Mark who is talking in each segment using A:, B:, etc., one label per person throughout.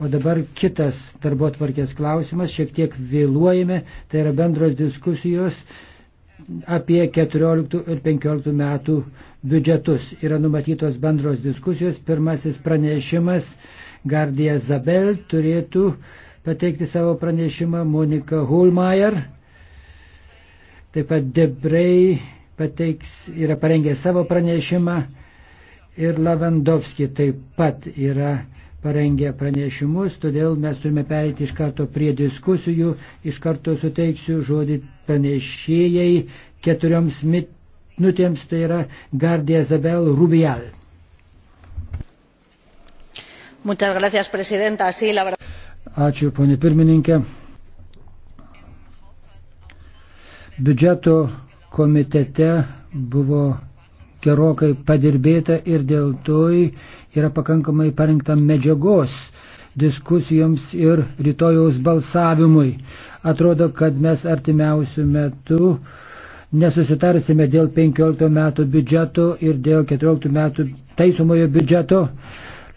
A: O dabar kitas darbo tvarkės klausimas, šiek tiek vėluojame, tai yra bendros diskusijos apie 14 ir 15 metų biudžetus. Yra numatytos bendros diskusijos, pirmasis pranešimas Gardija Zabel turėtų pateikti savo pranešimą Monika Hulmeier, taip pat Debrei pateiks, yra parengę savo pranešimą ir Lavandovski taip pat yra parengė pranešimus, todėl mes turime pereiti iš karto prie diskusijų. Iš karto suteiksiu žodį pranešėjai keturioms minutėms, tai yra Gardija Zabel Rubial.
B: Gracias, sí, la...
A: Ačiū, ponė pirmininkė. Biudžeto komitete buvo gerokai padirbėta ir dėl to yra pakankamai parengta medžiagos diskusijoms ir rytojaus balsavimui. Atrodo, kad mes artimiausių metų nesusitarsime dėl 15 metų biudžeto ir dėl 14 metų taisomojo biudžeto.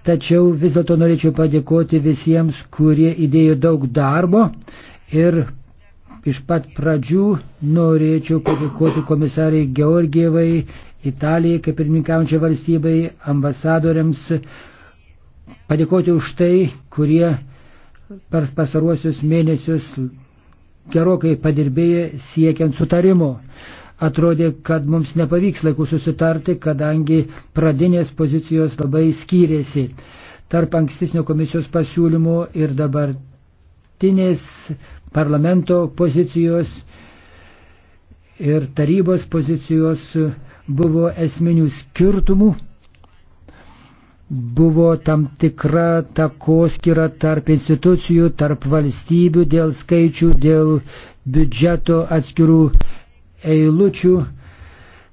A: Tačiau vis dėlto norėčiau padėkoti visiems, kurie įdėjo daug darbo ir iš pat pradžių norėčiau padėkoti komisariai Georgievai Italijai, kaip ir minkiaujančiai valstybei, ambasadoriams padėkoti už tai, kurie per pasaruosius mėnesius gerokai padirbėjo siekiant sutarimo. Atrodė, kad mums nepavyks laiku susitarti, kadangi pradinės pozicijos labai skyrėsi. Tarp ankstesnio komisijos pasiūlymų ir dabartinės parlamento pozicijos ir tarybos pozicijos uh, buvo esminių skirtumų, buvo tam tikra takoskira tarp institucijų, tarp valstybių dėl skaičių, dėl biudžeto atskirų eilučių.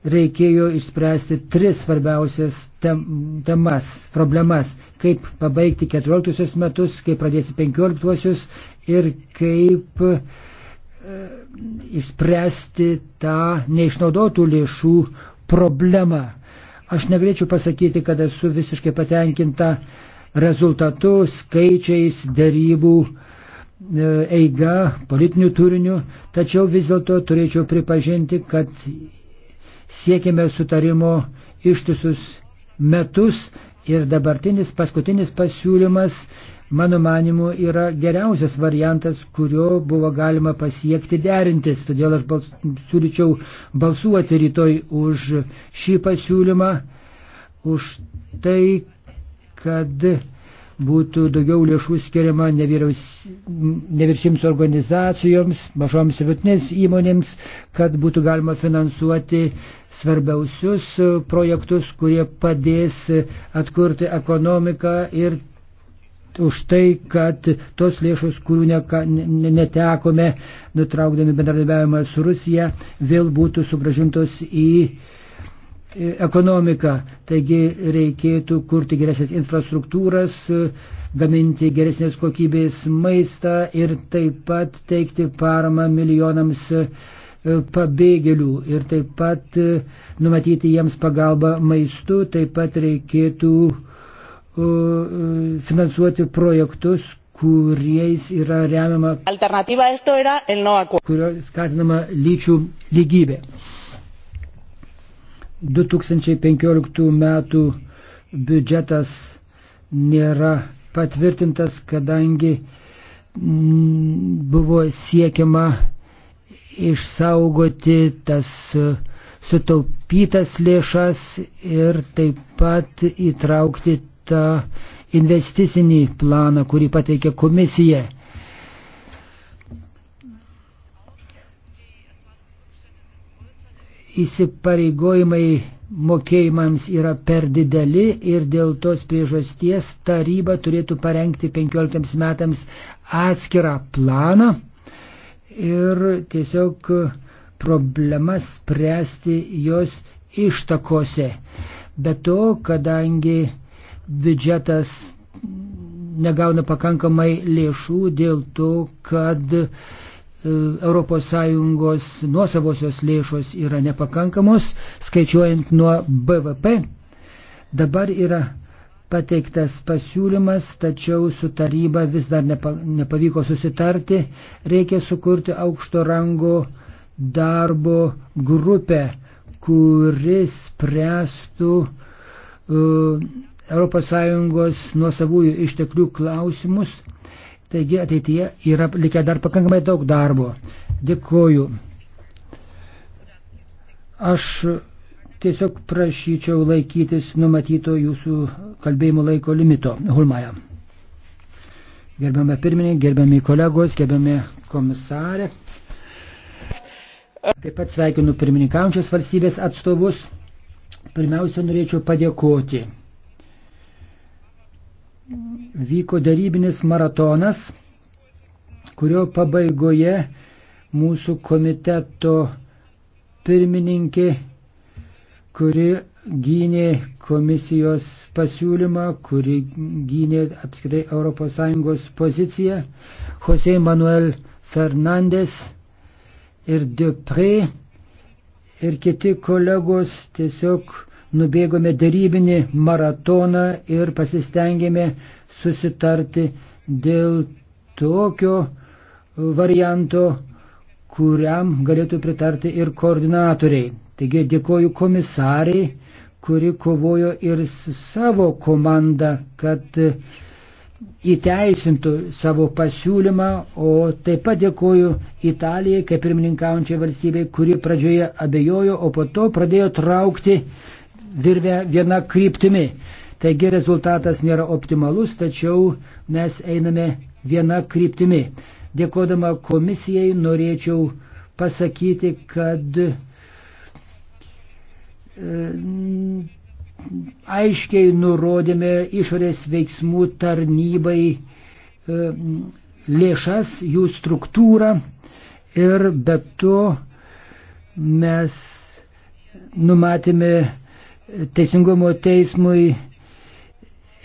A: Reikėjo išspręsti tris svarbiausias tem, temas, problemas, kaip pabaigti 14 metus, kaip pradėsi 15 ir kaip e, išspręsti tą neišnaudotų lėšų problemą. Aš negalėčiau pasakyti, kad esu visiškai patenkinta rezultatu, skaičiais, darybų e, eiga, politiniu turiniu, tačiau vis dėlto turėčiau pripažinti, kad siekime sutarimo ištisus metus ir dabartinis paskutinis pasiūlymas mano manimu, yra geriausias variantas, kurio buvo galima pasiekti derintis. Todėl aš bals, siūlyčiau balsuoti rytoj už šį pasiūlymą, už tai, kad būtų daugiau lėšų skiriama neviršims organizacijoms, mažoms ir vidutinės įmonėms, kad būtų galima finansuoti svarbiausius projektus, kurie padės atkurti ekonomiką ir už tai, kad tos lėšos, kurių netekome, nutraukdami bendradarbiavimą su Rusija, vėl būtų sugražintos į ekonomiką. Taigi reikėtų kurti geresnės infrastruktūras, gaminti geresnės kokybės maistą ir taip pat teikti paramą milijonams e, pabėgėlių ir taip pat e, numatyti jiems pagalbą maistu, taip pat reikėtų E, e, finansuoti projektus, kuriais yra remiama, no kurio skatinama lyčių lygybė. 2015 metų biudžetas nėra patvirtintas, kadangi buvo siekiama išsaugoti tas sutaupytas lėšas ir taip pat įtraukti tą investicinį planą, kurį pateikė komisija. Įsipareigojimai mokėjimams yra per dideli ir dėl tos priežasties taryba turėtų parengti 15 metams atskirą planą ir tiesiog problemas spręsti jos ištakose. Be to, kadangi biudžetas negauna pakankamai lėšų dėl to, kad ES nuosavosios lėšos yra nepakankamos, skaičiuojant nuo BVP. Dabar yra pateiktas pasiūlymas, tačiau su taryba vis dar nepa, nepavyko susitarti. Reikia sukurti aukšto rango darbo grupę, kuris spręstų uh, ES nuosavųjų išteklių klausimus. Taigi ateityje yra likę dar pakankamai daug darbo. Dėkoju. Aš tiesiog prašyčiau laikytis numatyto jūsų kalbėjimo laiko limito. Hulmaja. Gerbiame pirmininkai, gerbiami kolegos, gerbiami komisarė. Taip pat sveikinu pirmininkaujančios valstybės atstovus. Pirmiausia, norėčiau padėkoti vyko darybinis maratonas, kurio pabaigoje mūsų komiteto pirmininkė, kuri gynė komisijos pasiūlymą, kuri gynė apskritai ES poziciją, Jose Manuel Fernandes ir Dupre ir kiti kolegos tiesiog nubėgome darybinį maratoną ir pasistengėme susitarti dėl tokio varianto, kuriam galėtų pritarti ir koordinatoriai. Taigi dėkoju komisariai, kuri kovojo ir su savo komanda, kad įteisintų savo pasiūlymą, o taip pat dėkoju Italijai, kaip pirmininkaujančiai valstybei, kuri pradžioje abejojo, o po to pradėjo traukti dirbę vieną kryptimį. Taigi rezultatas nėra optimalus, tačiau mes einame vieną kryptimį. Dėkodama komisijai norėčiau pasakyti, kad e, aiškiai nurodėme išorės veiksmų tarnybai e, lėšas, jų struktūrą ir be to mes numatėme Teisingumo teismui,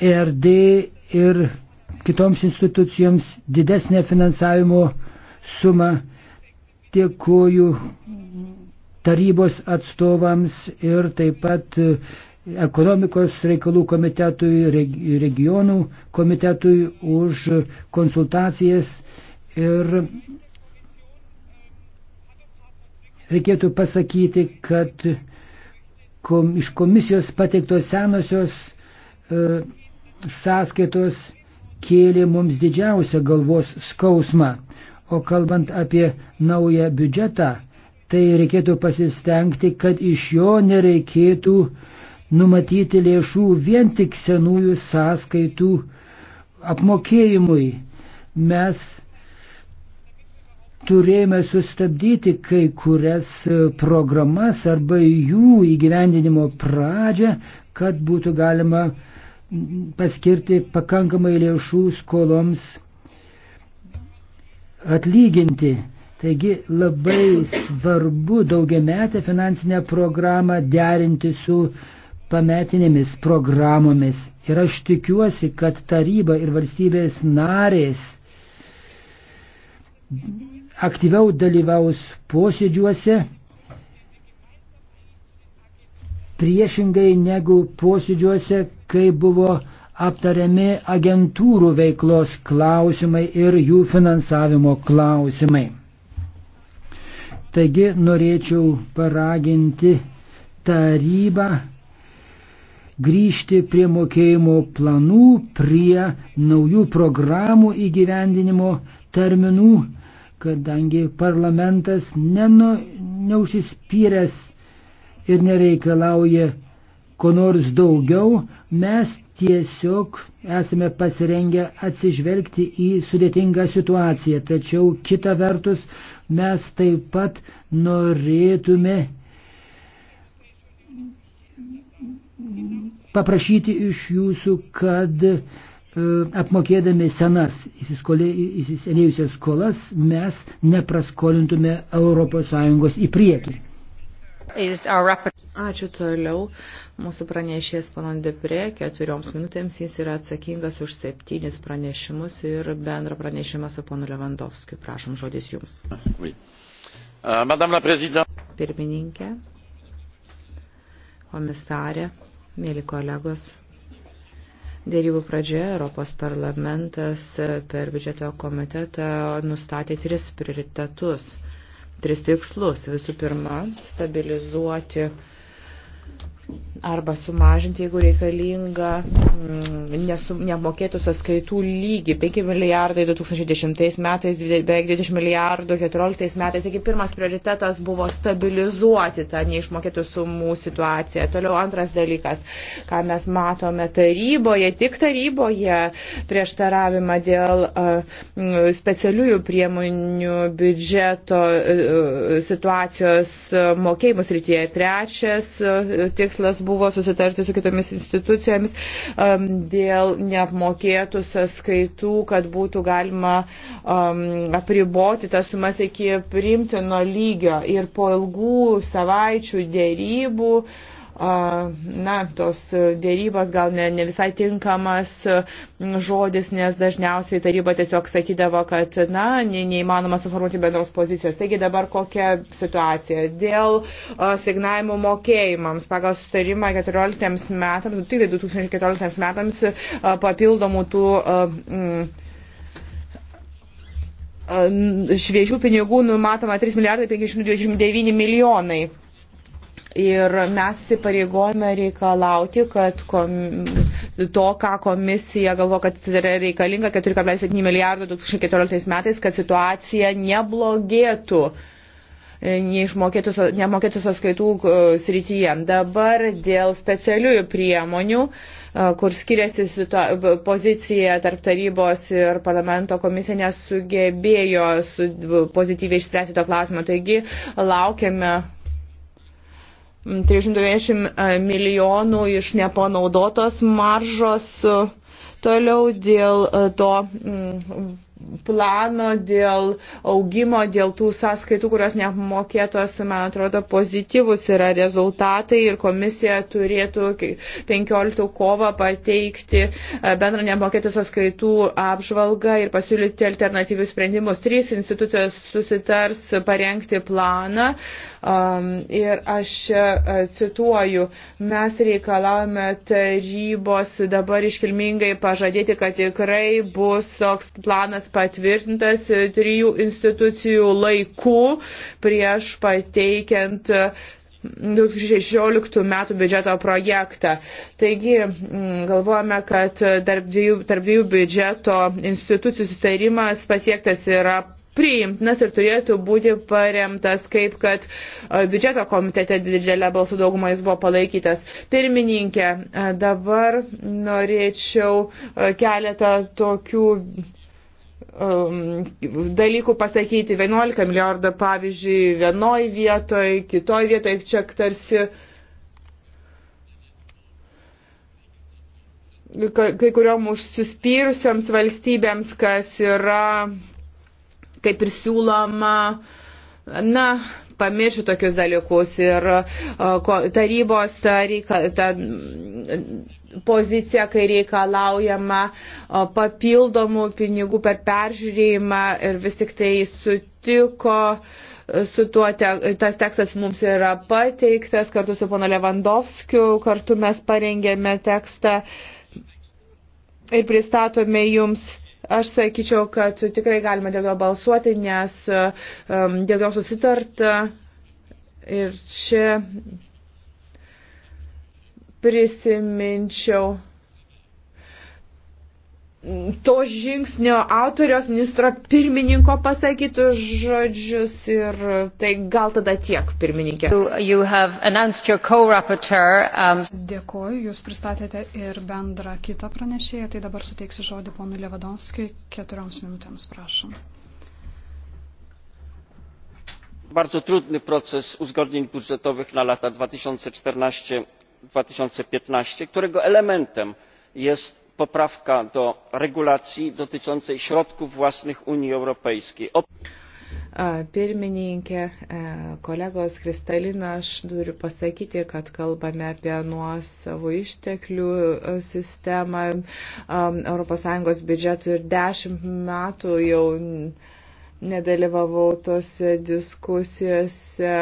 A: ERD ir kitoms institucijoms didesnę finansavimo sumą. Dėkuoju tarybos atstovams ir taip pat e, ekonomikos reikalų komitetui, regionų komitetui už konsultacijas ir reikėtų pasakyti, kad kom, iš komisijos pateiktos senosios e, sąskaitos kėlė mums didžiausią galvos skausmą. O kalbant apie naują biudžetą, tai reikėtų pasistengti, kad iš jo nereikėtų numatyti lėšų vien tik senųjų sąskaitų apmokėjimui. Mes turėjome sustabdyti kai kurias e, programas arba jų įgyvendinimo pradžią, kad būtų galima paskirti pakankamai lėšų skoloms atlyginti. Taigi labai svarbu daugiametę finansinę programą derinti su pametinėmis programomis. Ir aš tikiuosi, kad taryba ir valstybės narės aktyviau dalyvaus posėdžiuose, priešingai negu posėdžiuose, kai buvo aptariami agentūrų veiklos klausimai ir jų finansavimo klausimai. Taigi norėčiau paraginti tarybą grįžti prie mokėjimo planų, prie naujų programų įgyvendinimo terminų, kadangi parlamentas nenu, neužsispyręs ir nereikalauja ko nors daugiau, mes tiesiog esame pasirengę atsižvelgti į sudėtingą situaciją. Tačiau kita vertus, mes taip pat norėtume paprašyti iš jūsų, kad E, apmokėdami senas įsisenėjusias skolas mes nepraskolintume ES į priekį.
C: Ačiū toliau. Mūsų pranešėjas Panon Depre, keturioms minutėms jis yra atsakingas už septynis pranešimus ir bendrą pranešimą su ponu Levandovskiu. Prašom, žodis jums.
D: Oui. Uh,
C: Pirmininkė, komisarė, mėly kolegos, Dėrybų pradžioje Europos parlamentas e, per biudžeto komitetą nustatė tris prioritetus, tris tikslus. Visų pirma, stabilizuoti arba sumažinti, jeigu reikalinga, mm, nesu, nemokėtų sąskaitų lygį. 5 milijardai 2010 metais, beveik 20 milijardų 2014 metais. Taigi pirmas prioritetas buvo stabilizuoti tą neišmokėtų sumų situaciją. Toliau antras dalykas, ką mes matome taryboje, tik taryboje prieštaravimą dėl mm, specialiųjų priemonių biudžeto e, e, situacijos e, mokėjimus rytyje. Ir trečias, tik tikslas buvo susitarti su kitomis institucijomis um, dėl neapmokėtų sąskaitų, kad būtų galima um, apriboti tas sumas iki priimtino lygio. Ir po ilgų savaičių dėrybų uh, na, tos dėrybos gal ne, ne visai tinkamas žodis, nes dažniausiai taryba tiesiog sakydavo, kad, na, neįmanoma suformuoti bendros pozicijos. Taigi dabar kokia situacija? Dėl signavimų mokėjimams pagal sustarimą 14 metams, tai 2014 metams papildomų tų mm, šviežių pinigų numatoma 3 milijardai 529 milijonai. Ir mes įsipareigojame reikalauti, kad kom, to, ką komisija galvo, kad yra reikalinga 4,7 milijardų 2014 metais, kad situacija neblogėtų nemokėtų sąskaitų e, srityje. Dabar dėl specialiųjų priemonių, e, kur skiriasi pozicija tarp tarybos ir parlamento komisija nesugebėjo su pozityviai išspręsti to klausimą. Taigi laukiame 320 milijonų iš nepanaudotos maržos e, toliau dėl e, to mm, plano, dėl augimo, dėl tų sąskaitų, kurios neapmokėtos, man atrodo, pozityvus yra rezultatai ir komisija turėtų 15 kovo pateikti e, bendrą neapmokėtų sąskaitų apžvalgą ir pasiūlyti alternatyvius sprendimus. Trys institucijos susitars parengti planą. Uh, Ir aš cituoju, mes reikalavome tarybos dabar iškilmingai pažadėti, kad tikrai bus toks planas patvirtintas trijų institucijų laiku prieš pateikiant 2016 metų biudžeto projektą. Taigi galvojame, kad tarp dviejų, tarp dviejų biudžeto institucijų sustarimas pasiektas yra priimtinas ir turėtų būti paremtas, kaip kad e, biudžeto komitete didelė balsų dauguma jis buvo palaikytas. Pirmininkė, e, dabar norėčiau e, keletą tokių um, dalykų pasakyti 11 milijardų, pavyzdžiui, vienoj vietoj, kitoj vietoj, čia tarsi kai kuriuom užsispyrusioms valstybėms, kas yra kaip ir siūloma, na, pamiršiu tokius dalykus ir tarybos reika, ta, pozicija, kai reikalaujama papildomų pinigų per peržiūrėjimą ir vis tik tai sutiko su tuo, te, tas tekstas mums yra pateiktas, kartu su pono Levandovskiu, kartu mes parengėme tekstą ir pristatome jums Aš sakyčiau, kad tikrai galima dėl jo balsuoti, nes um, dėl jo susitarta ir čia prisiminčiau to žingsnio autorios ministro pirmininko pasakytų žodžius ir tai gal tada tiek, pirmininkė. Um...
E: Dėkuoju, jūs pristatėte ir bendrą kitą pranešėją, tai dabar suteiksiu žodį ponui Levadonskijui keturioms minutėms, prašom.
B: Bardzo trudny proces uzgodnień budżetowych na lata 2014-2015, którego elementem jest poprawka do regulacji dotyczącej środków własnych unii europejskiej.
C: Pirmininkė, e, kolegos Kristalina, aš turiu pasakyti, kad kalbame apie nuosavų išteklių e, sistemą ES biudžetų ir dešimt metų jau nedalyvavau tose diskusijose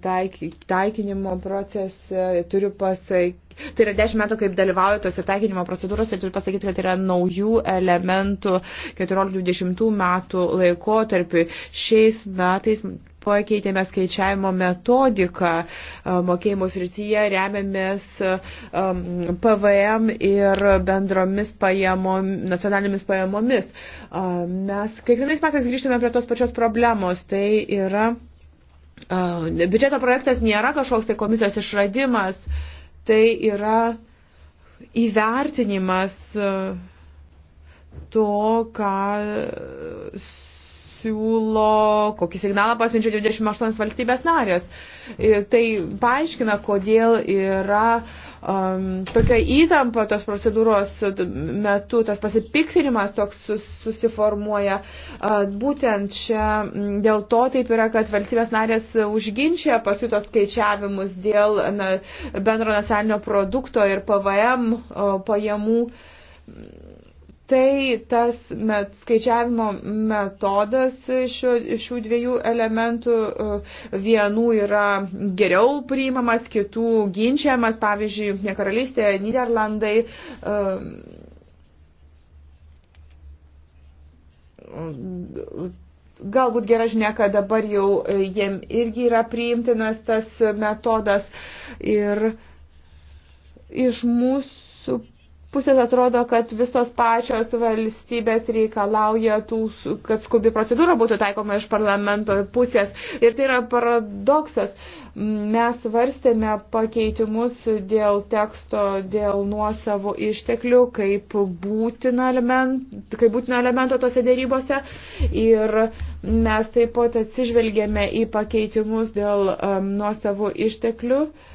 C: taik, taikinimo procese, turiu pasakyti, tai yra dešimt metų, kaip dalyvauju tose taikinimo procedūrose, turiu pasakyti, kad yra naujų elementų 14-20 metų laikotarpiu. Šiais metais pakeitėme skaičiavimo metodiką mokėjimų srityje, remiamės PVM ir bendromis pajamom, nacionalinėmis pajamomis. Mes kiekvienais metais grįžtame prie tos pačios problemos. Tai yra Biudžeto projektas nėra kažkoks tai komisijos išradimas, tai yra įvertinimas to, ką siūlo, kokį signalą pasiunčia 28 valstybės narės. Tai paaiškina, kodėl yra um, tokia įtampa tos procedūros metu, tas pasipiktinimas toks susiformuoja. Uh, būtent čia dėl to taip yra, kad valstybės narės užginčia paskui tos skaičiavimus dėl na, bendro nacionalinio produkto ir PVM uh, pajamų. Uh, tai tas met, skaičiavimo metodas šio, šių dviejų elementų e, vienų yra geriau priimamas, kitų ginčiamas, pavyzdžiui, Junktinė karalystė, Niderlandai. E, galbūt gera žinia, kad dabar jau jiem irgi yra priimtinas tas metodas ir iš mūsų pusės atrodo, kad visos pačios valstybės reikalauja, tų, kad skubi procedūra būtų taikoma iš parlamento pusės. Ir tai yra paradoksas. Mes svarstėme pakeitimus dėl teksto, dėl nuosavų išteklių, kaip būtino elemento, kaip būtino elemento tose dėrybose. Ir mes taip pat atsižvelgėme į pakeitimus dėl um, nuosavų išteklių. Uh,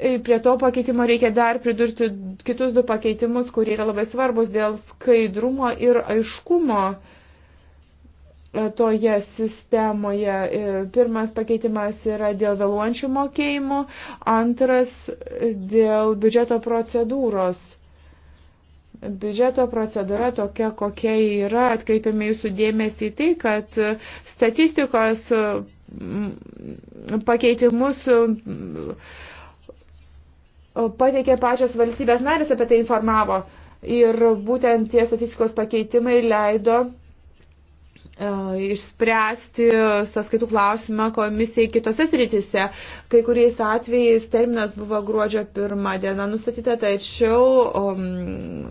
C: E, prie to pakeitimo reikia dar pridurti kitus du pakeitimus, kurie yra labai svarbus dėl skaidrumo ir aiškumo e, toje sistemoje. E, pirmas pakeitimas yra dėl vėluojančių mokėjimų, antras dėl biudžeto procedūros biudžeto procedūra tokia, kokia yra, atkreipiame jūsų dėmesį į tai, kad statistikos pakeitimus pateikė pačios valstybės narės apie tai informavo. Ir būtent tie statistikos pakeitimai leido e, išspręsti sąskaitų klausimą komisijai kitose sritise. Kai kuriais atvejais terminas buvo gruodžio pirmą dieną nustatyta, tačiau um,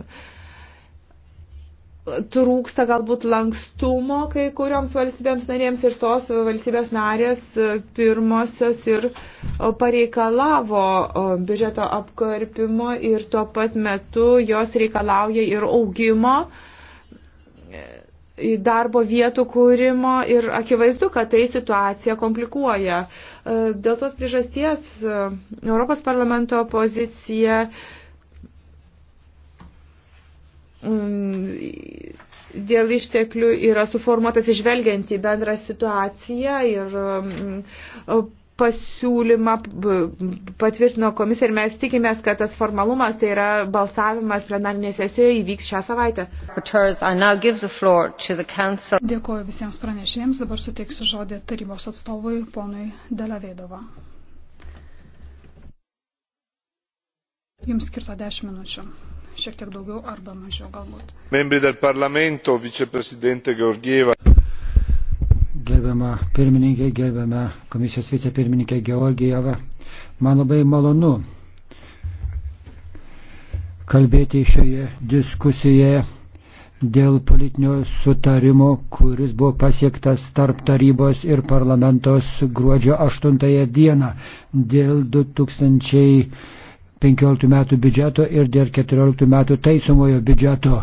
C: trūksta galbūt lankstumo kai kurioms valstybėms narėms ir tos valstybės narės e, pirmosios ir e, pareikalavo e, biudžeto apkarpimo ir tuo pat metu jos reikalauja ir augimo darbo vietų kūrimo ir akivaizdu, kad tai situacija komplikuoja. Dėl tos priežasties Europos parlamento pozicija Mm, dėl išteklių yra suformuotas išvelgiant į bendrą situaciją ir mm, pasiūlymą patvirtino komisija ir mes tikimės, kad tas formalumas, tai yra balsavimas plenarinėje sesijoje įvyks šią savaitę. Dėkuoju visiems
E: pranešėjams, dabar suteiksiu žodį tarybos atstovui ponui Delavedova. Jums skirta 10 minučių šiek tiek daugiau
A: arba mažiau galbūt.
D: Membri del parlamento, viceprezidente Georgieva.
A: Gerbiama pirmininkė, gerbiama komisijos vicepirmininkė Georgieva, man labai malonu kalbėti šioje diskusijoje dėl politinio sutarimo, kuris buvo pasiektas tarp tarybos ir parlamentos gruodžio 8 dieną dėl 2000 15 metų biudžeto ir dėl 14 metų taisomojo biudžeto.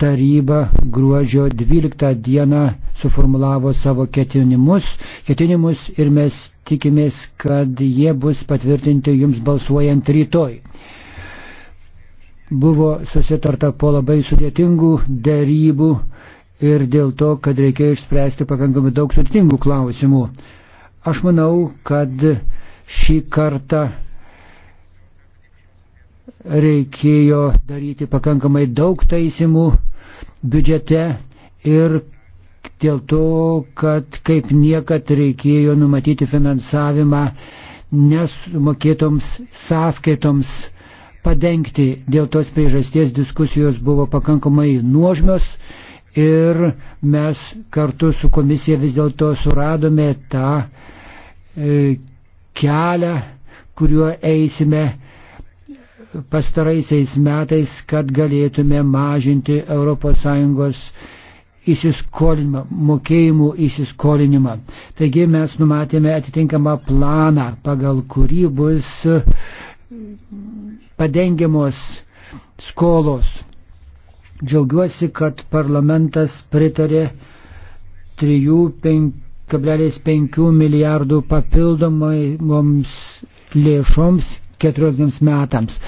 A: Taryba gruodžio 12 dieną suformulavo savo ketinimus, ketinimus ir mes tikimės, kad jie bus patvirtinti jums balsuojant rytoj. Buvo susitarta po labai sudėtingų dėrybų ir dėl to, kad reikėjo išspręsti pakankamai daug sudėtingų klausimų. Aš manau, kad šį kartą reikėjo daryti pakankamai daug taisimų biudžete ir dėl to, kad kaip niekad reikėjo numatyti finansavimą nesumokėtoms sąskaitoms padengti. Dėl tos priežasties diskusijos buvo pakankamai nuožmios ir mes kartu su komisija vis dėlto suradome tą e, kelią, kuriuo eisime pastaraisiais metais, kad galėtume mažinti ES įsiskolinimą, mokėjimų įsiskolinimą. Taigi mes numatėme atitinkamą planą, pagal kurį bus padengiamos skolos. Džiaugiuosi, kad parlamentas pritarė 3,5 milijardų papildomoms lėšoms 14 metams.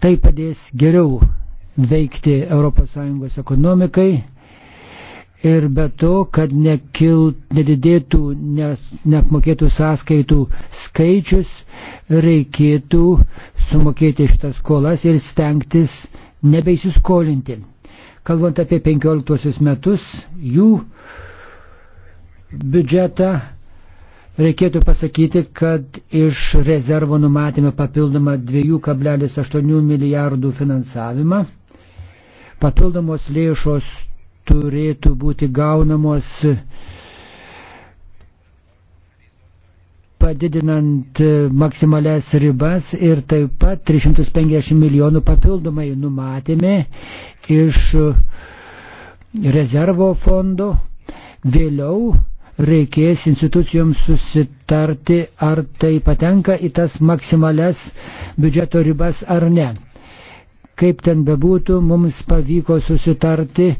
A: Tai padės geriau veikti ES ekonomikai ir be to, kad nekilt, nedidėtų nes, neapmokėtų sąskaitų skaičius, reikėtų sumokėti šitas skolas ir stengtis nebeisiskolinti. Kalbant apie 15 metus, jų biudžetą Reikėtų pasakyti, kad iš rezervo numatėme papildomą 2,8 milijardų finansavimą. Papildomos lėšos turėtų būti gaunamos padidinant maksimalias ribas ir taip pat 350 milijonų papildomai numatėme iš rezervo fondo. Vėliau reikės institucijoms susitarti, ar tai patenka į tas maksimales biudžeto ribas ar ne. Kaip ten bebūtų, mums pavyko susitarti,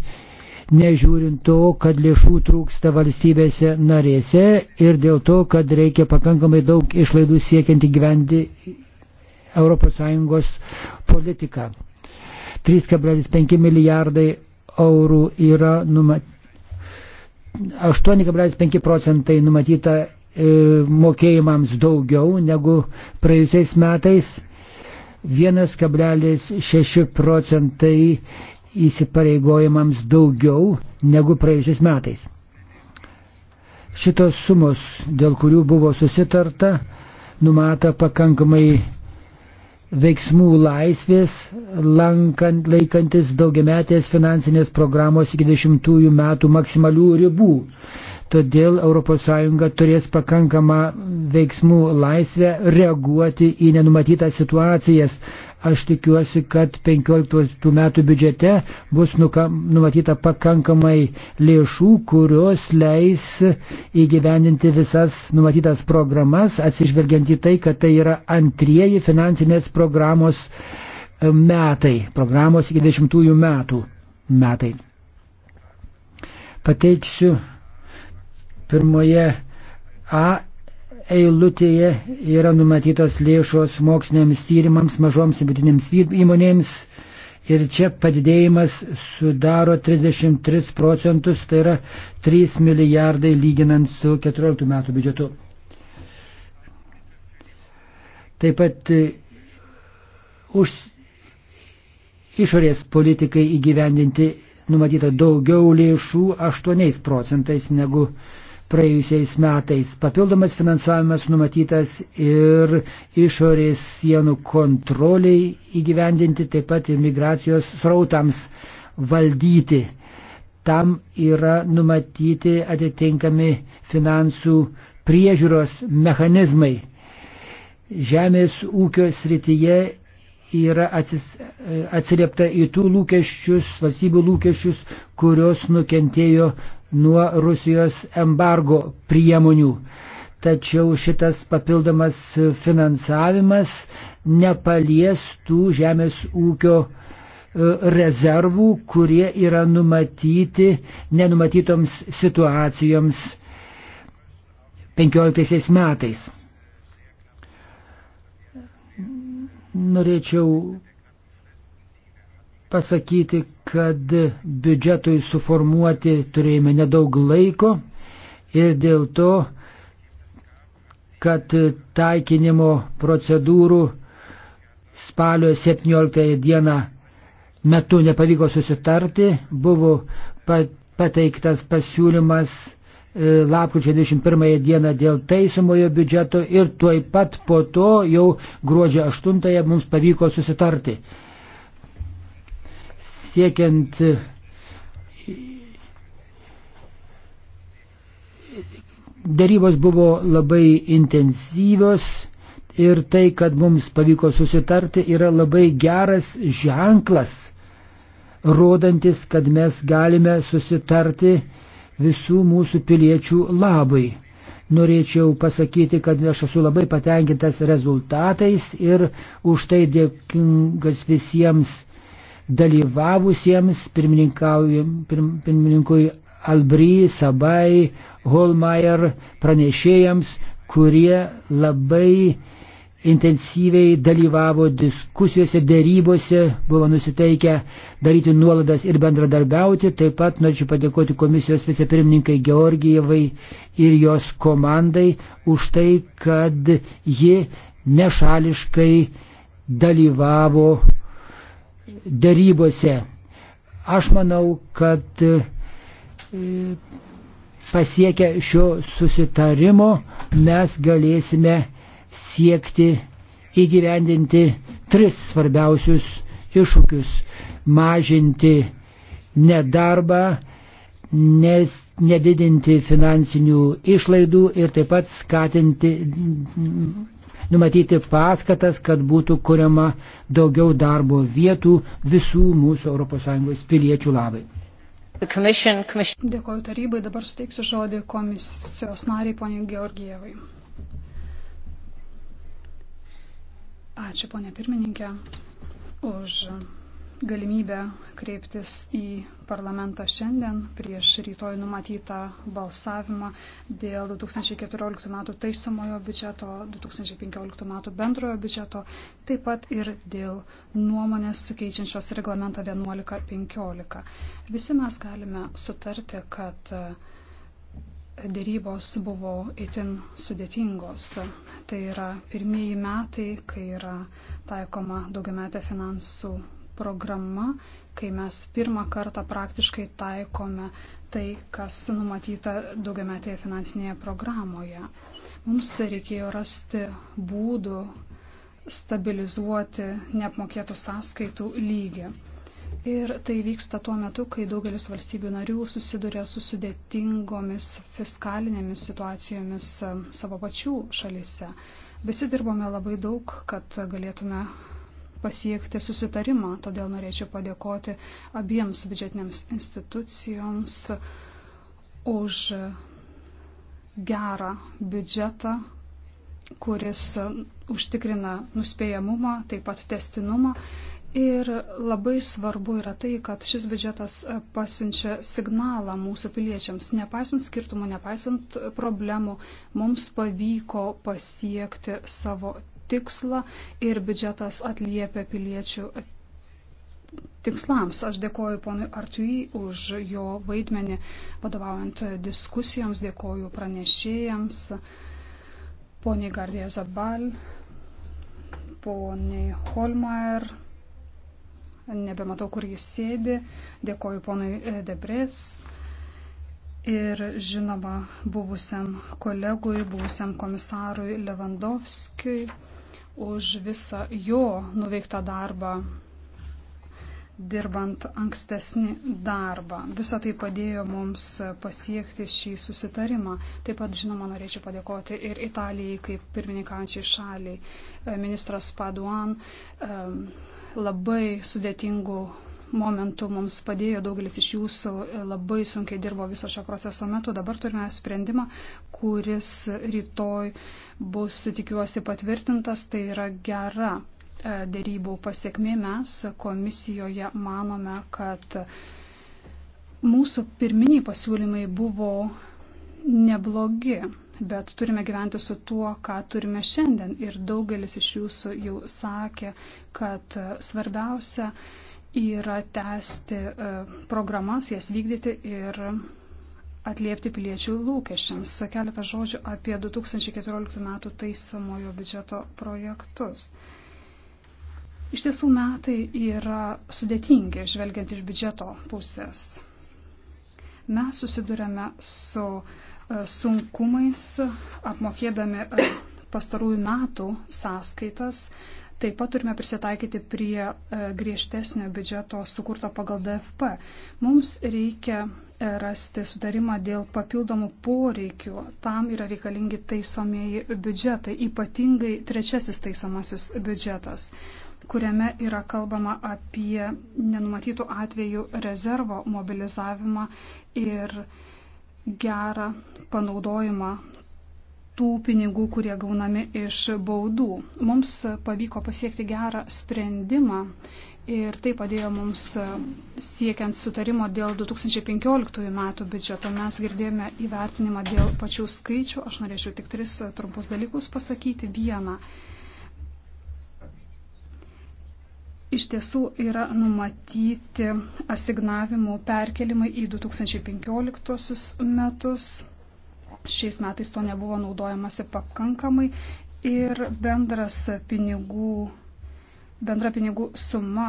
A: nežiūrint to, kad lėšų trūksta valstybėse narėse ir dėl to, kad reikia pakankamai daug išlaidų siekiant įgyvendi ES politiką. 3,5 milijardai eurų yra numatyti 8,5 procentai numatyta e, mokėjimams daugiau negu praėjusiais metais, 1,6 procentai įsipareigojimams daugiau negu praėjusiais metais. Šitos sumos, dėl kurių buvo susitarta, numata pakankamai veiksmų laisvės, lankant, laikantis daugiametės finansinės programos iki 10 metų maksimalių ribų. Todėl ES turės pakankamą veiksmų laisvę reaguoti į nenumatytas situacijas. Aš tikiuosi, kad 15 metų biudžete bus numatyta pakankamai lėšų, kurios leis įgyvendinti visas numatytas programas, atsižvelgiant į tai, kad tai yra antrieji finansinės programos e, metai, programos iki 20 metų metai. Pateiksiu Pirmoje A eilutėje yra numatytos lėšos moksliniams tyrimams mažoms ir vidutinėms įmonėms ir čia padidėjimas sudaro 33 procentus, tai yra 3 milijardai lyginant su 14 metų biudžetu. Taip pat e, už išorės politikai įgyvendinti numatyta daugiau lėšų 8 procentais negu praėjusiais metais. Papildomas finansavimas numatytas ir išorės sienų kontroliai įgyvendinti, taip pat ir migracijos srautams valdyti. Tam yra numatyti atitinkami finansų priežiūros mechanizmai. Žemės ūkio srityje yra atsis, atsiliepta į tų lūkesčius, valstybių lūkesčius, kurios nukentėjo nuo Rusijos embargo priemonių. Tačiau šitas papildomas finansavimas nepalies tų žemės ūkio e, rezervų, kurie yra numatyti nenumatytoms situacijoms 15 metais. Norėčiau pasakyti, kad biudžetui suformuoti turėjome nedaug laiko ir dėl to, kad taikinimo procedūrų spalio 17 dieną metu nepavyko susitarti, buvo pateiktas pasiūlymas e, lapkričio 21 dieną dėl taisomojo biudžeto ir tuoj pat po to jau gruodžio 8 mums pavyko susitarti siekiant e, Darybos buvo labai intensyvios ir tai, kad mums pavyko susitarti, yra labai geras ženklas, rodantis, kad mes galime susitarti visų mūsų piliečių labai. Norėčiau pasakyti, kad aš esu labai patenkintas rezultatais ir už tai dėkingas visiems dalyvavusiems pirmininkui Albry, Sabai, Holmeier pranešėjams, kurie labai intensyviai dalyvavo diskusijose, dėrybose, buvo nusiteikę daryti nuolaidas ir bendradarbiauti. Taip pat norėčiau padėkoti komisijos vicepirmininkai Georgijevai ir jos komandai už tai, kad ji nešališkai dalyvavo dėrybose. Aš manau, kad e, pasiekę šio susitarimo mes galėsime siekti įgyvendinti tris svarbiausius iššūkius - mažinti nedarbą, nes nedidinti finansinių išlaidų ir taip pat skatinti numatyti paskatas, kad būtų kuriama daugiau darbo vietų visų mūsų ES piliečių labai.
E: Commission, commission... Dėkoju tarybai, dabar suteiksiu žodį komisijos nariai poniai Georgievai. Ačiū ponė pirmininkė už galimybę kreiptis į parlamentą šiandien prieš rytoj numatytą balsavimą dėl 2014 metų taisamojo biudžeto, 2015 metų bendrojo biudžeto, taip pat ir dėl nuomonės keičiančios reglamentą 1115. Visi mes galime sutarti, kad e, dėrybos buvo itin sudėtingos. Tai yra pirmieji metai, kai yra taikoma daugiametė finansų programa, kai mes pirmą kartą praktiškai taikome tai, kas numatyta daugiametėje finansinėje programoje. Mums reikėjo rasti būdų stabilizuoti neapmokėtų sąskaitų lygį. Ir tai vyksta tuo metu, kai daugelis valstybių narių susiduria su sudėtingomis fiskalinėmis situacijomis savo pačių šalyse. Visi dirbome labai daug, kad galėtume pasiekti susitarimą. Todėl norėčiau padėkoti abiems biudžetinėms institucijoms už gerą biudžetą, kuris užtikrina nuspėjamumą, taip pat testinumą. Ir labai svarbu yra tai, kad šis biudžetas pasiunčia signalą mūsų piliečiams. Nepaisant skirtumų, nepaisant problemų, mums pavyko pasiekti savo tikslą ir biudžetas atliepia piliečių tikslams. Aš dėkoju ponui Artui už jo vaidmenį vadovaujant diskusijoms, dėkoju pranešėjams, poniai Gardija Zabal, poniai Holmeier, nebematau, kur jis sėdi, dėkoju ponui Debres. Ir žinoma, buvusiam kolegui, buvusiam komisarui Levandovskijui už visą jo nuveiktą darbą, dirbant ankstesnį darbą. Visą tai padėjo mums pasiekti šį susitarimą. Taip pat, žinoma, norėčiau padėkoti ir Italijai kaip pirmininkančiai šaliai. Ministras Paduan labai sudėtingų momentu mums padėjo, daugelis iš jūsų e, labai sunkiai dirbo viso šio proceso metu. Dabar turime sprendimą, kuris rytoj bus, tikiuosi, patvirtintas, tai yra gera e, dėrybų pasiekmė. Mes komisijoje manome, kad mūsų pirminiai pasiūlymai buvo neblogi, bet turime gyventi su tuo, ką turime šiandien. Ir daugelis iš jūsų jau sakė, kad svarbiausia yra tęsti e, programas, jas vykdyti ir atliepti piliečių lūkesčiams. Keletą žodžių apie 2014 metų taisamojo biudžeto projektus. Iš tiesų metai yra sudėtingi, žvelgiant iš biudžeto pusės. Mes susidurėme su e, sunkumais apmokėdami e, pastarųjų metų sąskaitas Taip pat turime prisitaikyti prie e, griežtesnio biudžeto sukurto pagal DFP. Mums reikia e, rasti sudarimą dėl papildomų poreikių. Tam yra reikalingi taisomieji biudžetai, ypatingai trečiasis taisomasis biudžetas kuriame yra kalbama apie nenumatytų atvejų rezervo mobilizavimą ir gerą panaudojimą tų pinigų, kurie gaunami iš baudų. Mums pavyko pasiekti gerą sprendimą ir tai padėjo mums siekiant sutarimo dėl 2015 metų biudžeto. Mes girdėjome įvertinimą dėl pačių skaičių. Aš norėčiau tik tris trumpus dalykus pasakyti. Vieną. Iš tiesų yra numatyti asignavimų perkelimai į 2015 metus Šiais metais to nebuvo naudojamasi pakankamai ir bendras pinigų, bendra pinigų suma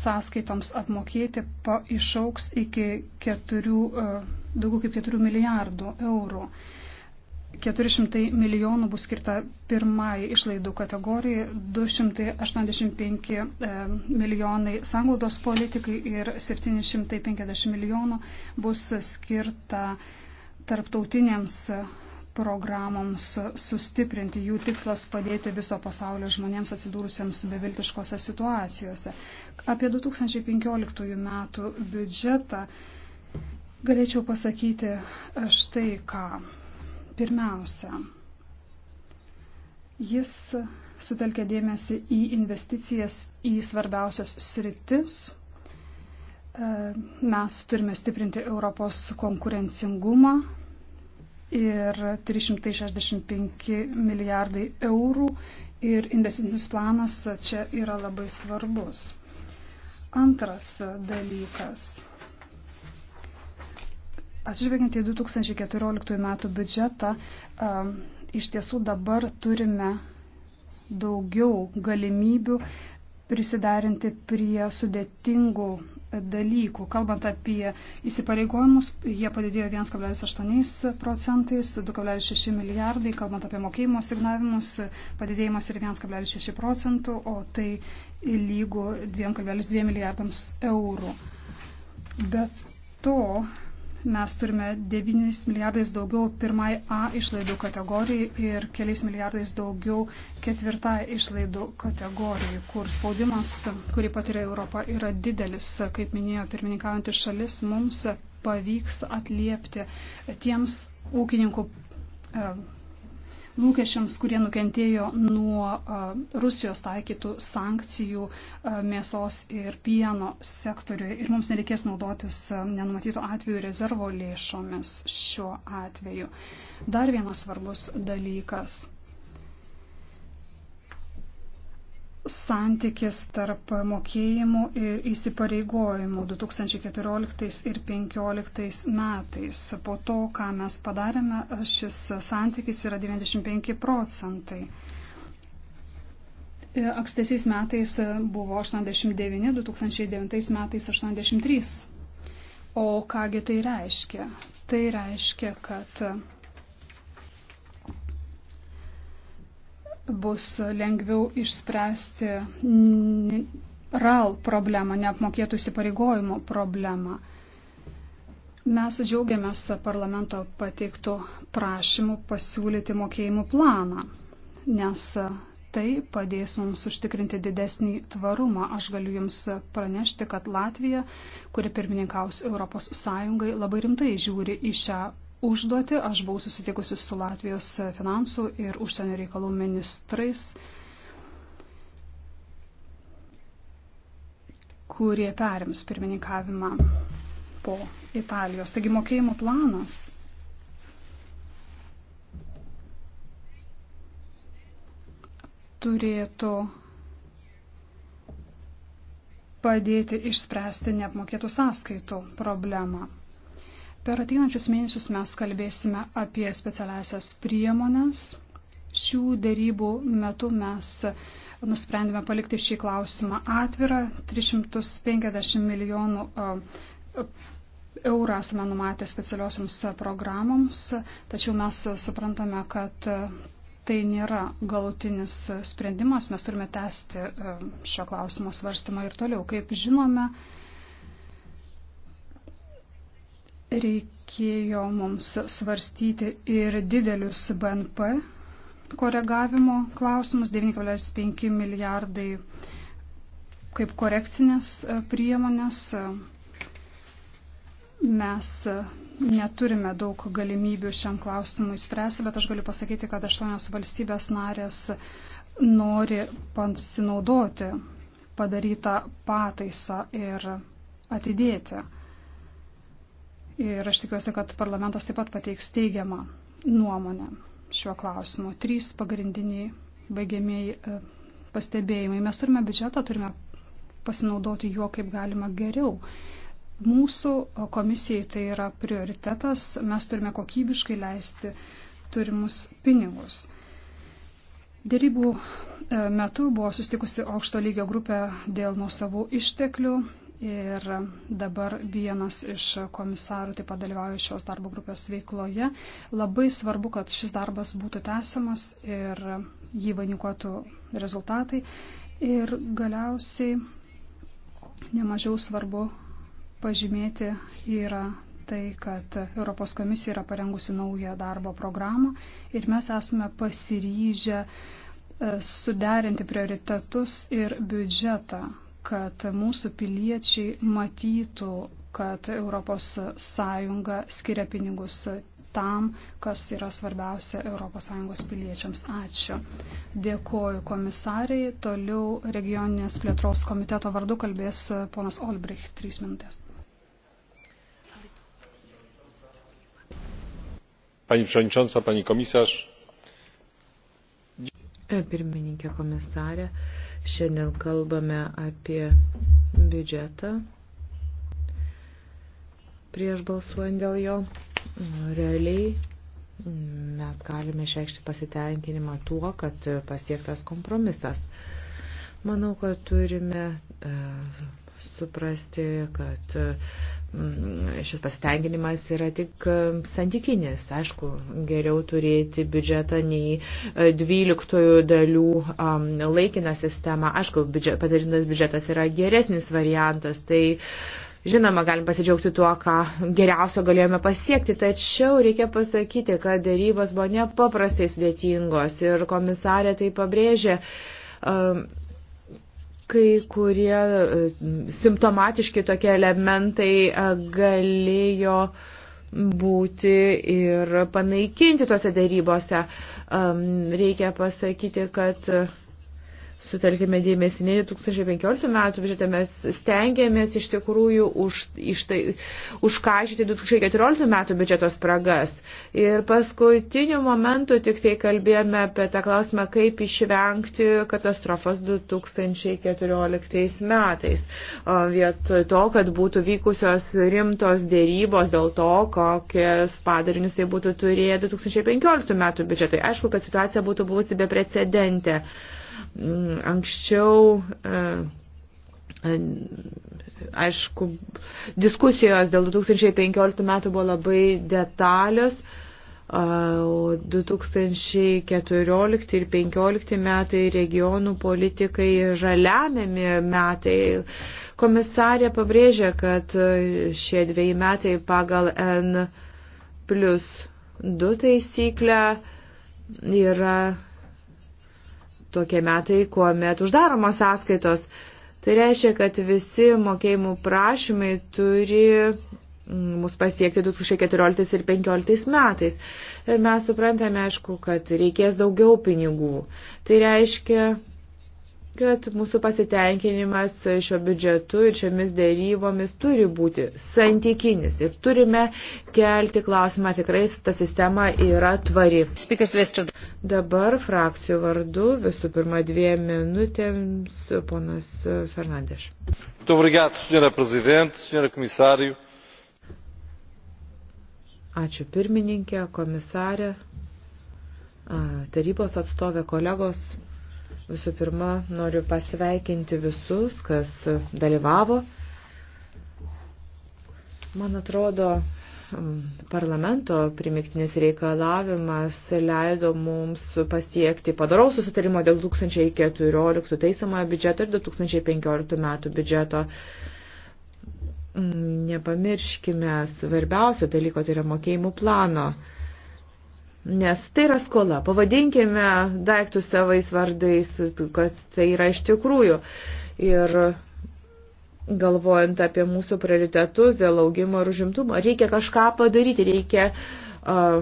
E: sąskaitoms apmokėti pa, išauks iki 4, e, daugiau kaip 4 milijardų eurų. 400 milijonų bus skirta pirmai išlaidų kategorijai, 285 e, milijonai sanglaudos politikai ir 750 milijonų bus skirta tarptautinėms programoms sustiprinti. Jų tikslas padėti viso pasaulio žmonėms atsidūrusiems beviltiškose situacijose. Apie 2015 metų biudžetą galėčiau pasakyti štai ką. Pirmiausia, jis sutelkia dėmesį į investicijas į svarbiausias sritis. Mes turime stiprinti Europos konkurencingumą, ir 365 milijardai eurų ir investicinis planas čia yra labai svarbus. Antras dalykas. Atsižvelgiant į 2014 metų biudžetą, um, iš tiesų dabar turime daugiau galimybių prisidarinti prie sudėtingų dalykų. Kalbant apie įsipareigojimus, jie padidėjo 1,8 procentais, 2,6 milijardai, kalbant apie mokėjimo signavimus, padidėjimas yra 1,6 procentų, o tai lygu 2,2 milijardams eurų. Bet to Mes turime 9 milijardais daugiau pirmai A išlaidų kategorijai ir keliais milijardais daugiau ketvirtai išlaidų kategorijai, kur spaudimas, kurį patiria Europa, yra didelis. Kaip minėjo pirmininkaujantis šalis, mums pavyks atliepti tiems ūkininkų e, lūkesčiams, kurie nukentėjo nuo Rusijos taikytų sankcijų mėsos ir pieno sektoriui. Ir mums nereikės naudotis nenumatytų atvejų rezervo lėšomis šiuo atveju. Dar vienas svarbus dalykas santykis tarp mokėjimų ir įsipareigojimų 2014 ir 2015 metais. Po to, ką mes padarėme, šis santykis yra 95 procentai. Ankstesiais metais buvo 89, 2009 metais 83. O kągi tai reiškia? Tai reiškia, kad bus lengviau išspręsti RAL problemą, neapmokėtų įsipareigojimų problemą. Mes džiaugiamės parlamento pateiktų prašymų pasiūlyti mokėjimų planą, nes tai padės mums užtikrinti didesnį tvarumą. Aš galiu Jums pranešti, kad Latvija, kuri pirmininkaus ES, labai rimtai žiūri į šią užduoti. Aš buvau susitikusi su Latvijos finansų ir užsienio reikalų ministrais, kurie perims pirmininkavimą po Italijos. Taigi mokėjimo planas turėtų padėti išspręsti neapmokėtų sąskaitų problemą. Per ateinančius mėnesius mes kalbėsime apie specialiasias priemonės. Šių dėrybų metu mes nusprendėme palikti šį klausimą atvirą. 350 milijonų eurų esame numatę specialiosiams programoms, tačiau mes suprantame, kad tai nėra galutinis sprendimas, mes turime tęsti šio klausimo svarstymą ir toliau. Kaip žinome, reikėjo mums svarstyti ir didelius BNP koregavimo klausimus 9,5 milijardai kaip korekcinės e, priemonės. Mes e, neturime daug galimybių šiam klausimui spręsti, bet aš galiu pasakyti, kad aštuonios valstybės narės nori pasinaudoti padarytą pataisą ir atidėti Ir aš tikiuosi, kad parlamentas taip pat pateiks teigiamą nuomonę šiuo klausimu. Trys pagrindiniai baigiamieji e, pastebėjimai. Mes turime biudžetą, turime pasinaudoti juo kaip galima geriau. Mūsų komisijai tai yra prioritetas, mes turime kokybiškai leisti turimus pinigus. Dėrybų e, metu buvo sustikusi aukšto lygio grupė dėl nuosavų išteklių Ir dabar vienas iš komisarų taip pat dalyvauja šios darbo grupės veikloje. Labai svarbu, kad šis darbas būtų tęsiamas ir jį vainikuotų rezultatai. Ir galiausiai nemažiau svarbu pažymėti yra tai, kad Europos komisija yra parengusi naują darbo programą ir mes esame pasiryžę e, suderinti prioritetus ir biudžetą kad mūsų piliečiai matytų, kad ES skiria pinigus tam, kas yra svarbiausia ES piliečiams. Ačiū. Dėkoju komisariai. Toliau regioninės plėtros komiteto vardu kalbės ponas Olbrich. Trys
C: minutės.
D: Pani Przewodnicząca, Pani Komisarz.
C: E, pirmininkė komisarė. Šiandien kalbame apie biudžetą prieš balsuojant dėl jo. Realiai mes galime išreikšti pasitenkinimą tuo, kad pasiektas kompromisas. Manau, kad turime e, suprasti, kad Mm, šis pasitenkinimas yra tik um, santykinis. Aišku, geriau turėti biudžetą nei 12 e, dalių um, laikiną sistemą. Aišku, biudžet, padarintas biudžetas yra geresnis variantas. Tai, Žinoma, galim pasidžiaugti tuo, ką geriausio galėjome pasiekti, tačiau reikia pasakyti, kad dėrybos buvo nepaprastai sudėtingos ir komisarė tai pabrėžė. Um, kai kurie e, simptomatiški tokie elementai e, galėjo būti ir panaikinti tose darybose. Reikia pasakyti, kad sutelkime dėmesį, ne 2015 metų biudžetą mes stengiamės iš tikrųjų už, iš tai, užkažyti 2014 metų biudžeto spragas. Ir paskutiniu momentu tik tai kalbėjome apie tą klausimą, kaip išvengti katastrofos 2014 metais. Vietoj to, kad būtų vykusios rimtos dėrybos dėl to, kokias padarinius tai būtų turėję 2015 metų biudžetai. Aišku, kad situacija būtų buvusi beprecedentė. Yeah. Mm, anksčiau e, e, aišku, diskusijos dėl 2015 metų buvo labai detalios, e, o 2014 ir 2015 metai regionų politikai žaliamiami metai. Komisarė pabrėžė, kad šie dviejai metai pagal N plus 2 taisyklę yra tokie metai, kuomet uždaromos sąskaitos. Tai reiškia, kad visi mokėjimų prašymai turi mm, mus pasiekti 2014 ir 2015 metais. Ir mes suprantame, aišku, kad reikės daugiau pinigų. Tai reiškia, kad mūsų pasitenkinimas šio biudžetu ir šiomis dėrybomis turi būti santykinis ir turime kelti klausimą, tikrai ta sistema yra tvari. Dabar frakcijų vardu visų pirma dviem minutėms ponas Fernandes. Ačiū pirmininkė, komisarė, tarybos atstovė, kolegos. Visų pirma, noriu pasveikinti visus, kas dalyvavo. Man atrodo, parlamento primiktinis reikalavimas leido mums pasiekti padaraus susitarimo dėl 2014 teisamojo biudžeto ir 2015 metų biudžeto nepamirškime svarbiausio dalyko, tai yra mokėjimų plano. Nes tai yra skola. Pavadinkime daiktus savais vardais, kas tai yra iš tikrųjų. Ir galvojant apie mūsų prioritetus dėl augimo ir užimtumo, reikia kažką padaryti, reikia uh,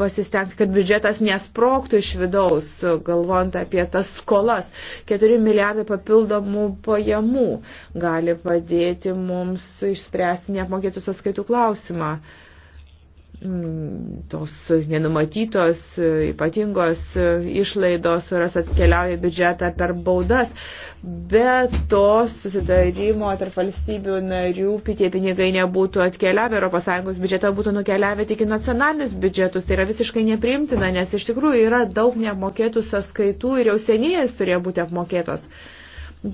C: pasistengti, kad biudžetas nesproktų iš vidaus, galvojant apie tas skolas. 4 milijardai papildomų pajamų gali padėti mums išspręsti neapmokėtų sąskaitų klausimą. Uh, Mm, tos nenumatytos e, ypatingos e, išlaidos, kurios atkeliauja biudžetą per baudas, bet tos susidarimo tarp valstybių narių tie pinigai nebūtų atkeliavę ES biudžetą, būtų nukeliavę tik į nacionalinius biudžetus. Tai yra visiškai nepriimtina, nes iš tikrųjų yra daug neapmokėtų sąskaitų ir jau seniai jas turėjo būti apmokėtos.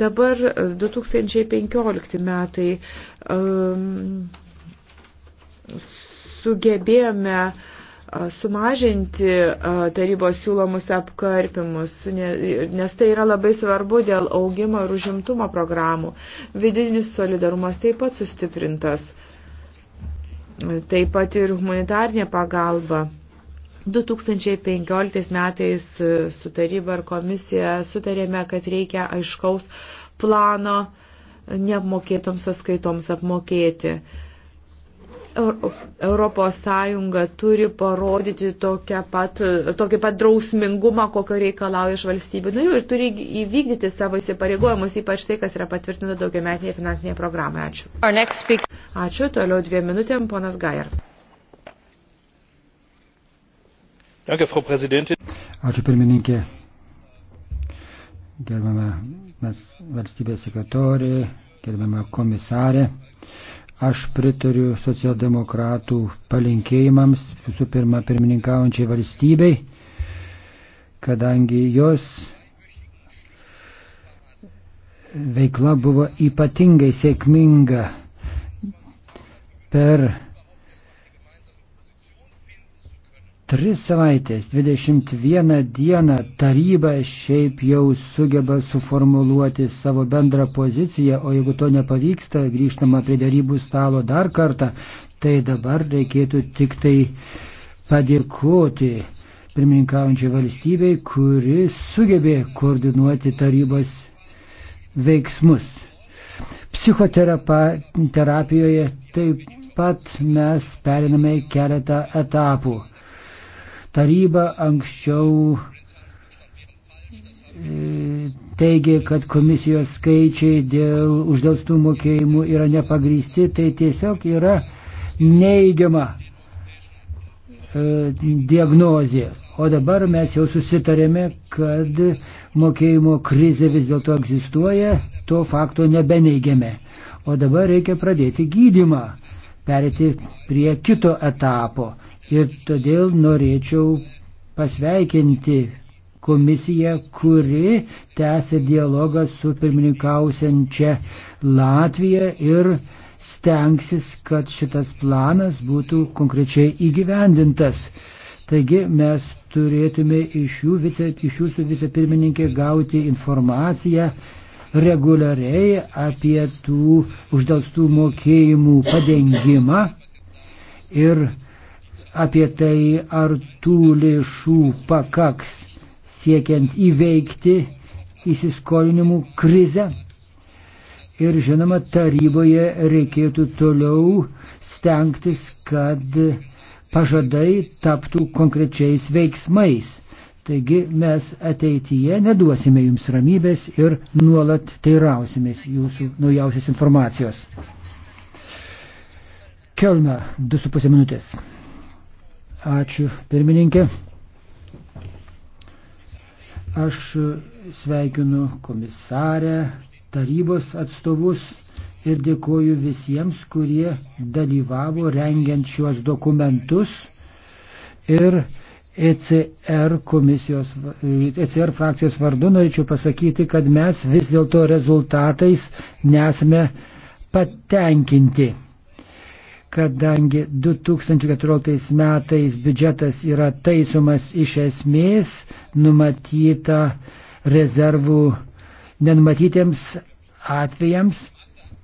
C: Dabar 2015 e, metai. Um, sugebėjome sumažinti tarybos siūlomus apkarpimus, nes tai yra labai svarbu dėl augimo ir užimtumo programų. Vidinis solidarumas taip pat sustiprintas, taip pat ir humanitarnė pagalba. 2015 metais su taryba ir komisija sutarėme, kad reikia aiškaus plano neapmokėtoms sąskaitoms apmokėti. Europos Sąjunga turi parodyti pat, tokį pat drausmingumą, kokio reikalauja iš valstybių narių ir turi įvykdyti savo įsipareigojimus, ypač tai, kas yra patvirtinta daugiametinėje finansinėje programoje. Ačiū. Ačiū. Toliau dviem minutėm, ponas Gajar.
B: Ačiū
A: pirmininkė. Gerbama valstybės sekretorė, gerbama komisarė. Aš pritariu socialdemokratų palinkėjimams visų pirma pirmininkaujančiai valstybei, kadangi jos veikla buvo ypatingai sėkminga per Tris savaitės, 21 dieną taryba šiaip jau sugeba suformuluoti savo bendrą poziciją, o jeigu to nepavyksta, grįžtama prie darybų stalo dar kartą, tai dabar reikėtų tik tai padėkoti pirmininkaujančiai valstybei, kuri sugebė koordinuoti tarybos veiksmus. Psichoterapijoje taip pat mes periname keletą etapų. Taryba anksčiau e, teigė, kad komisijos skaičiai dėl uždėlstų mokėjimų yra nepagrysti, tai tiesiog yra neigiama e, diagnozė. O dabar mes jau susitarėme, kad mokėjimo krizė vis dėlto egzistuoja, to fakto nebeneigiame. O dabar reikia pradėti gydimą, perėti prie kito etapo. Ir todėl norėčiau pasveikinti komisiją, kuri tęsė dialogą su pirmininkausiančia Latvija ir stengsis, kad šitas planas būtų konkrečiai įgyvendintas. Taigi mes turėtume iš, jų vice, iš jūsų vicepirmininkė gauti informaciją reguliariai apie tų uždalstų mokėjimų padengimą ir apie tai, ar tų lėšų pakaks siekiant įveikti įsiskolinimų krizę. Ir žinoma, taryboje reikėtų toliau stengtis, kad pažadai taptų konkrečiais veiksmais. Taigi mes ateityje neduosime jums ramybės ir nuolat teirausimės jūsų naujausios informacijos. Kelna, 2,5 minutės. Ačiū pirmininkė. Aš sveikinu komisarę, tarybos atstovus ir dėkoju visiems, kurie dalyvavo rengiant šiuos dokumentus ir ECR, komisijos, ECR e frakcijos vardu norėčiau pasakyti, kad mes vis dėlto rezultatais nesame patenkinti kadangi 2014 metais biudžetas yra taisomas iš esmės numatyta rezervų nenumatytiems atvejams,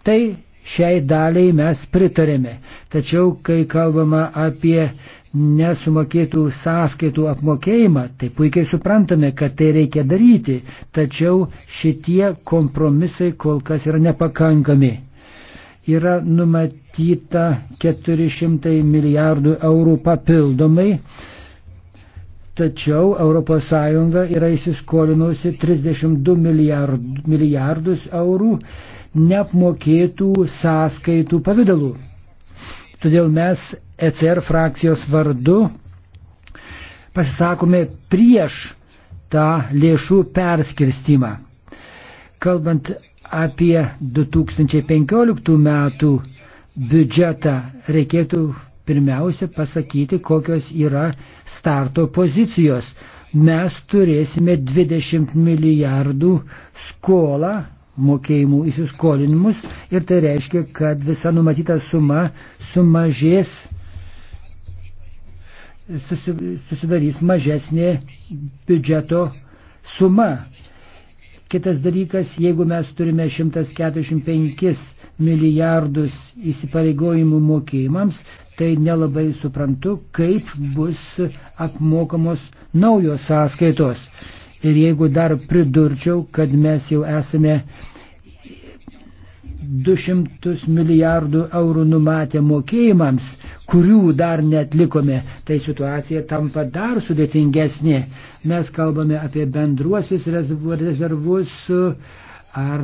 A: tai šiai daliai mes pritarėme. Tačiau, kai kalbama apie nesumokėtų sąskaitų apmokėjimą, tai puikiai suprantame, kad tai reikia daryti, tačiau šitie kompromisai kol kas yra nepakankami. Yra numatyti numatyta 400 milijardų eurų papildomai. Tačiau ES yra įsiskolinusi 32 milijardus, milijardus eurų neapmokėtų sąskaitų pavydalų. Todėl mes ECR frakcijos vardu pasisakome prieš tą lėšų perskirstimą. Kalbant apie 2015 metų biudžetą, reikėtų pirmiausia pasakyti, kokios yra starto pozicijos. Mes turėsime 20 milijardų skolą mokėjimų įsiskolinimus ir tai reiškia, kad visa numatyta suma sumažės, susi, susidarys mažesnė biudžeto suma. Kitas dalykas, jeigu mes turime 145 milijardus įsipareigojimų mokėjimams, tai nelabai suprantu, kaip bus apmokamos naujos sąskaitos. Ir jeigu dar pridurčiau, kad mes jau esame 200 milijardų eurų numatę mokėjimams, kurių dar netlikome, tai situacija tampa dar sudėtingesnė. Mes kalbame apie bendruosius rezervus, ar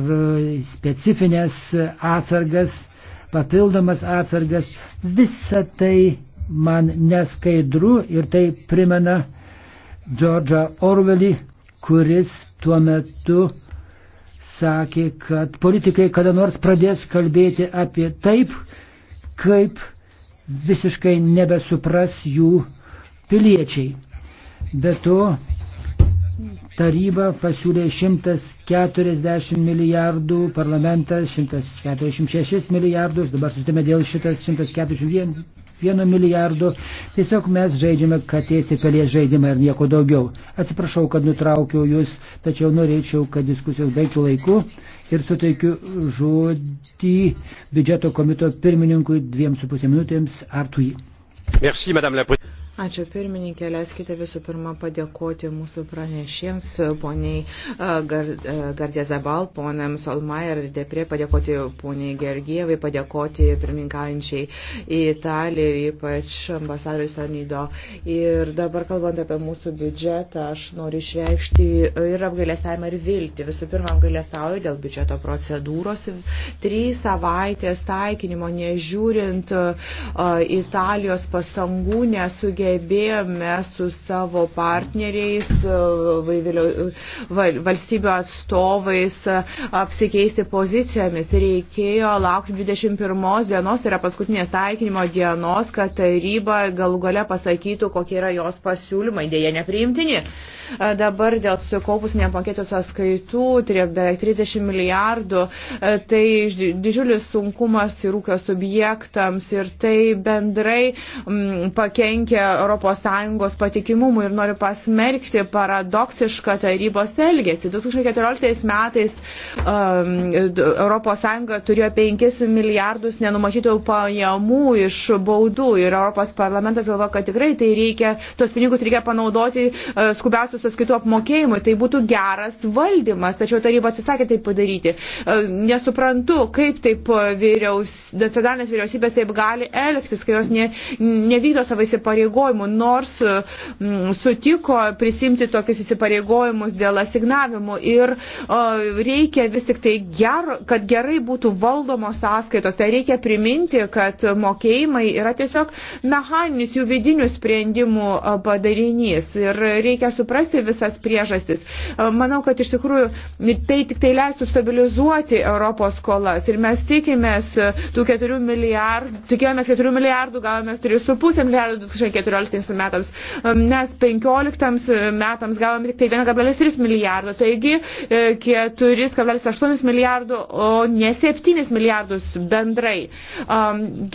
A: specifines atsargas, papildomas atsargas, visa tai man neskaidru ir tai primena Džordžą Orvelį, kuris tuo metu sakė, kad politikai kada nors pradės kalbėti apie taip, kaip visiškai nebesupras jų piliečiai. Be to, Taryba pasiūlė 140 milijardų, parlamentas 146 milijardus, dabar susitame dėl šitas 141 milijardo. Tiesiog mes žaidžiame katės ir pelės žaidimą ir nieko daugiau. Atsiprašau, kad nutraukiau jūs, tačiau norėčiau, kad diskusijos baigtų laiku ir suteikiu žodį biudžeto komito pirmininkui dviem su pusė minutėms Artui.
B: Merci, madame la
C: présidente. Ačiū pirmininkė, leiskite visų pirma padėkoti mūsų pranešėms, poniai Gardėzabal, ponams Solmajer ir Deprė, padėkoti poniai Gergievai, padėkoti pirmininkaujančiai Italijai ir ypač ambasadoriui Sanido. Ir dabar kalbant apie mūsų biudžetą, aš noriu išreikšti ir apgailėstavimą ir viltį. Visų pirma, apgailėstauju dėl biudžeto procedūros. Trys savaitės taikinimo, nežiūrint Italijos pasangų, nesugebėjimo sugebėjome su savo partneriais, valstybių atstovais apsikeisti pozicijomis. Reikėjo laukti 21 dienos, tai yra paskutinės taikinimo dienos, kad taryba galų gale pasakytų, kokie yra jos pasiūlymai, dėja nepriimtini. Dabar dėl sukaupus neapmokėtų sąskaitų, beveik 30 milijardų, tai didžiulis sunkumas ir ūkio subjektams ir tai bendrai m, mm, pakenkia ES patikimumui ir noriu pasmerkti paradoksišką tarybos elgesį. 2014 metais um, ES turėjo 5 milijardus nenumatytų pajamų iš baudų ir ES parlamentas galvo, kad tikrai tai reikia, tos pinigus reikia panaudoti uh, skubiausių sąskaitų apmokėjimui. Tai būtų geras valdymas, tačiau taryba atsisakė tai padaryti. Uh, nesuprantu, kaip taip vyriaus, nacionalinės vyriausybės taip gali elgtis, kai jos ne, nevykdo savo įsipareigojimų įsipareigojimų, nors e, sutiko prisimti tokius įsipareigojimus dėl asignavimų. Ir e, reikia vis tik tai, ger, kad gerai būtų valdomos sąskaitos. Tai reikia priminti, kad mokėjimai yra tiesiog mechaninis jų vidinių sprendimų e, padarinys. Ir reikia suprasti visas priežastis. Manau, kad iš tikrųjų tai tik tai leistų stabilizuoti Europos skolas. Ir mes tikimės tų 4 milijardų, tikėjomės 4 milijardų, gavome 3,5 milijardų 2014. 14 metams. Mes 15 metams gavom tik tai 1,3 milijardo, taigi 4,8 e, milijardo, o ne 7 milijardus bendrai.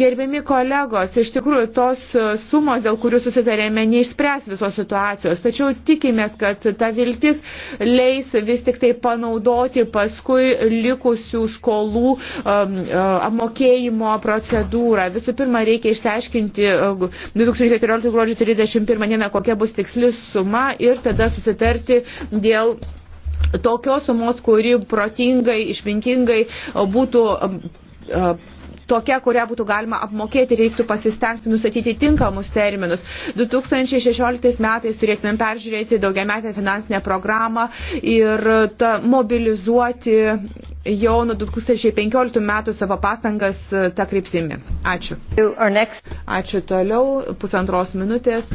C: Gerbiami kolegos, iš tikrųjų tos e, sumos, dėl kurių susitarėme, neišspręs visos situacijos, tačiau tikimės, kad ta viltis leis vis tik tai panaudoti paskui likusių skolų e, apmokėjimo procedūrą. Visų pirma, reikia išsiaiškinti 2014 pasakyti gruodžio 31 dieną, kokia bus tiksli suma ir tada susitarti dėl tokios sumos, kuri protingai, išmintingai būtų um, uh, tokia, kurią būtų galima apmokėti, reiktų pasistengti nustatyti tinkamus terminus. 2016 metais turėtumėm peržiūrėti daugiametę finansinę programą ir e, ta, mobilizuoti jau nuo 2015 metų savo pastangas e, tą kryptimį. Ačiū. Ačiū toliau, pusantros minutės.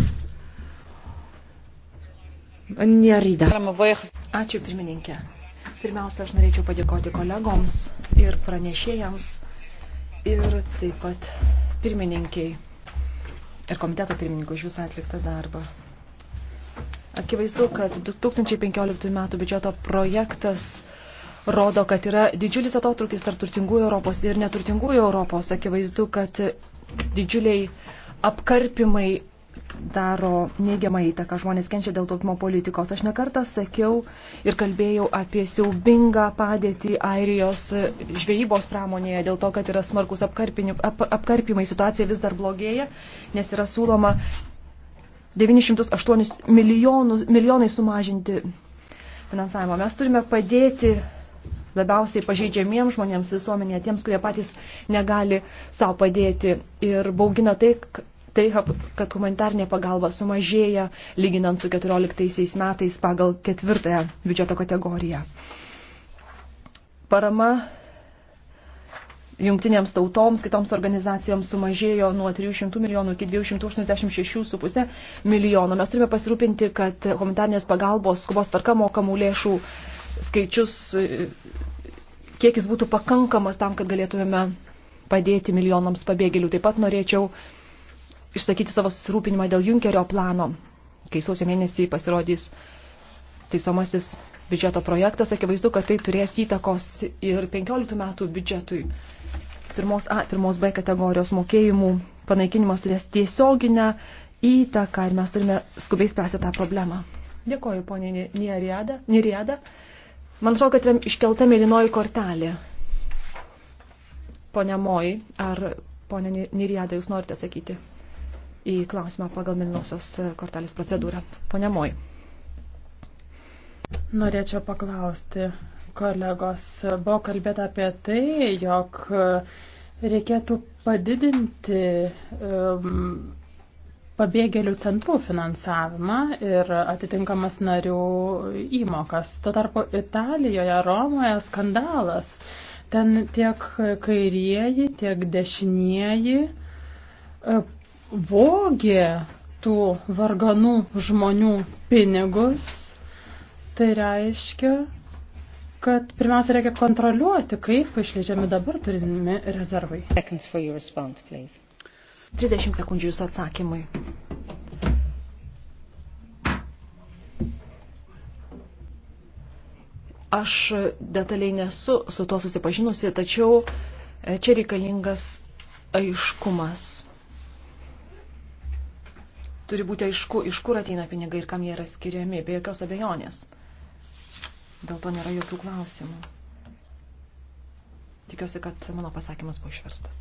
C: Nierida. Ačiū
F: pirmininkė. Pirmiausia, aš norėčiau padėkoti kolegoms ir pranešėjams ir taip pat pirmininkiai ir komiteto pirmininkų už visą atliktą darbą. Akivaizdu, kad 2015 metų biudžeto projektas rodo, kad yra didžiulis atotrukis tarp turtingųjų Europos ir neturtingųjų Europos. Akivaizdu, kad didžiuliai apkarpimai daro neigiamą įtaką, žmonės kenčia dėl taupimo politikos. Aš nekartą sakiau ir kalbėjau apie siaubingą padėtį Airijos žvejybos pramonėje dėl to, kad yra smarkus ap, apkarpimai, situacija vis dar blogėja, nes yra siūloma 908 milijonų, milijonai sumažinti finansavimo. Mes turime padėti labiausiai pažeidžiamiems žmonėms visuomenėje, tiems, kurie patys negali savo padėti. Ir baugina tai, tai, kad humanitarnė pagalba sumažėja lyginant su 14 metais pagal ketvirtąją biudžeto kategoriją. Parama jungtinėms tautoms, kitoms organizacijoms sumažėjo nuo 300 milijonų iki 286,5 milijonų. Mes turime pasirūpinti, kad humanitarnės pagalbos skubos tvarka mokamų lėšų skaičius, kiekis būtų pakankamas tam, kad galėtumėme padėti milijonams pabėgėlių. Taip pat norėčiau uh, išsakyti savo susirūpinimą dėl Junkerio plano, kai sausio mėnesį pasirodys taisomasis biudžeto projektas, akivaizdu, kad tai turės įtakos ir 15 metų biudžetui. Pirmos A, pirmos B kategorijos mokėjimų panaikinimas turės tiesioginę įtaką ir mes turime skubiai spręsti tą problemą. Dėkoju, ponė Niriada. Man atrodo, kad yra iškelta mėlynoji kortelė. Pone Moj, ar ponė Niriada, jūs norite sakyti? į klausimą pagal Milinosios kortelės procedūrą. Pone Moj. Norėčiau
G: paklausti, kolegos, buvo kalbėta apie tai, jog reikėtų padidinti um, pabėgėlių centrų finansavimą ir atitinkamas narių įmokas. Tuo tarpu Italijoje, Romoje skandalas. Ten tiek kairieji, tiek dešinieji vogė tų varganų žmonių pinigus, tai reiškia, kad pirmiausia reikia kontroliuoti, kaip išleidžiami dabar turimi
F: rezervai. 30 sekundžių jūsų atsakymui. Aš detaliai nesu su to susipažinusi, tačiau e, čia reikalingas aiškumas turi būti aišku, iš kur ateina pinigai ir kam jie yra skiriami, be jokios abejonės. Dėl to nėra jokių klausimų. Tikiuosi, kad mano pasakymas buvo išverstas.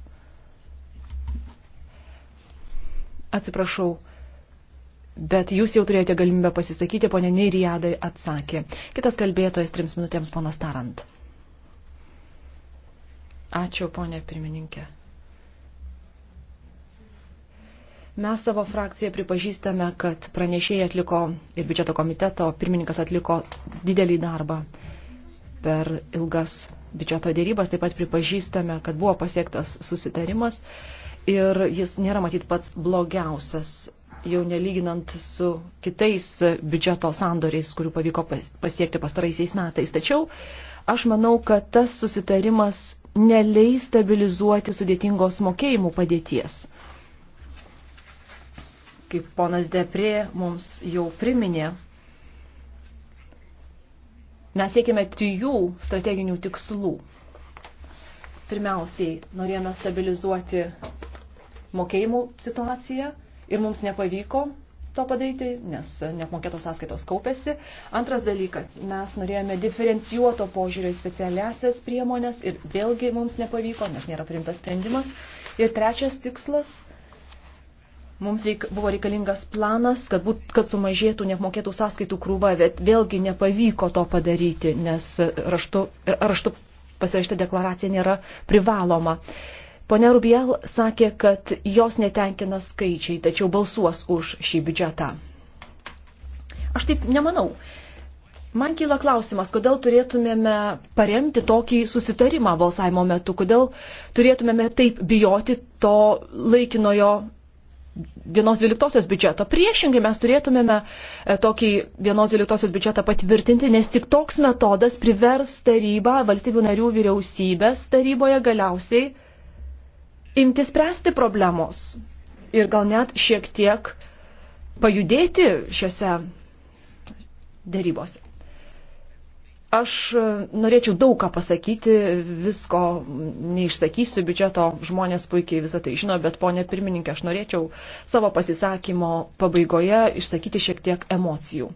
F: Atsiprašau, bet jūs jau turėjote galimybę pasisakyti, ponė Neiriadai atsakė. Kitas kalbėtojas trims minutėms, ponas Tarant. Ačiū, ponė pirmininkė. Mes savo frakciją pripažįstame, kad pranešėjai atliko ir biudžeto komiteto pirmininkas atliko didelį darbą per ilgas biudžeto dėrybas. Taip pat pripažįstame, kad buvo pasiektas susitarimas ir jis nėra matyt pats blogiausias, jau nelyginant su kitais biudžeto sandoriais, kurių pavyko pasiekti pastaraisiais metais. Tačiau aš manau, kad tas susitarimas neleis stabilizuoti sudėtingos mokėjimų padėties kaip ponas Deprė mums jau priminė, mes siekime trijų strateginių tikslų. Pirmiausiai, norėjome stabilizuoti mokėjimų situaciją ir mums nepavyko to padaryti, nes neapmokėtos sąskaitos kaupėsi. Antras dalykas, mes norėjome diferencijuoto požiūrio į specialiasias priemonės ir vėlgi mums nepavyko, nes nėra priimtas sprendimas. Ir trečias tikslas – Mums reik, buvo reikalingas planas, kad, būt, kad sumažėtų neapmokėtų sąskaitų krūva, bet vėlgi nepavyko to padaryti, nes raštu, raštu pasirašyta deklaracija nėra privaloma. Pone Rubiel sakė, kad jos netenkina skaičiai, tačiau balsuos už šį biudžetą. Aš taip nemanau. Man kyla klausimas, kodėl turėtumėme paremti tokį susitarimą balsavimo metu, kodėl turėtumėme taip bijoti to laikinojo vienos dvyliktosios biudžeto. Priešingai mes turėtumėme e, tokį vienos dvyliktosios biudžetą patvirtinti, nes tik toks metodas privers tarybą, valstybių narių vyriausybės taryboje galiausiai imti spręsti problemos ir gal net šiek tiek pajudėti šiuose darybose. Aš e, norėčiau daug ką pasakyti, visko neišsakysiu, biudžeto žmonės puikiai visą tai žino, bet ponė pirmininkė, aš norėčiau savo pasisakymo pabaigoje išsakyti šiek tiek emocijų.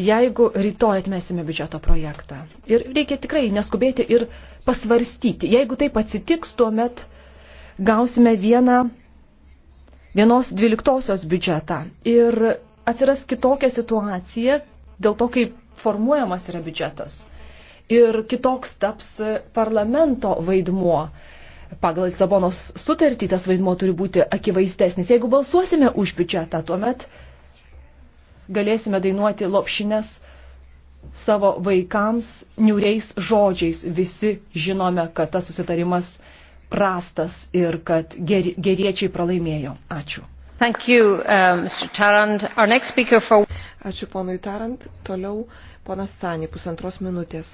F: Jeigu rytoj atmesime biudžeto projektą ir reikia tikrai neskubėti ir pasvarstyti, jeigu taip atsitiks, tuomet gausime vieną, vienos dvyliktosios biudžetą ir atsiras kitokia situacija dėl to, kaip formuojamas yra biudžetas. Ir kitoks taps parlamento vaidmuo. Pagal Lisabonos sutartį tas vaidmuo turi būti akivaizdesnis. Jeigu balsuosime už biudžetą, tuomet galėsime dainuoti lopšines savo vaikams niūriais žodžiais. Visi žinome, kad tas susitarimas prastas ir kad ger, geriečiai pralaimėjo. Ačiū.
H: Thank you, uh, Mr. Tarand. Our next speaker for... Ačiū ponui Tarant. Toliau ponas Cani, pusantros minutės.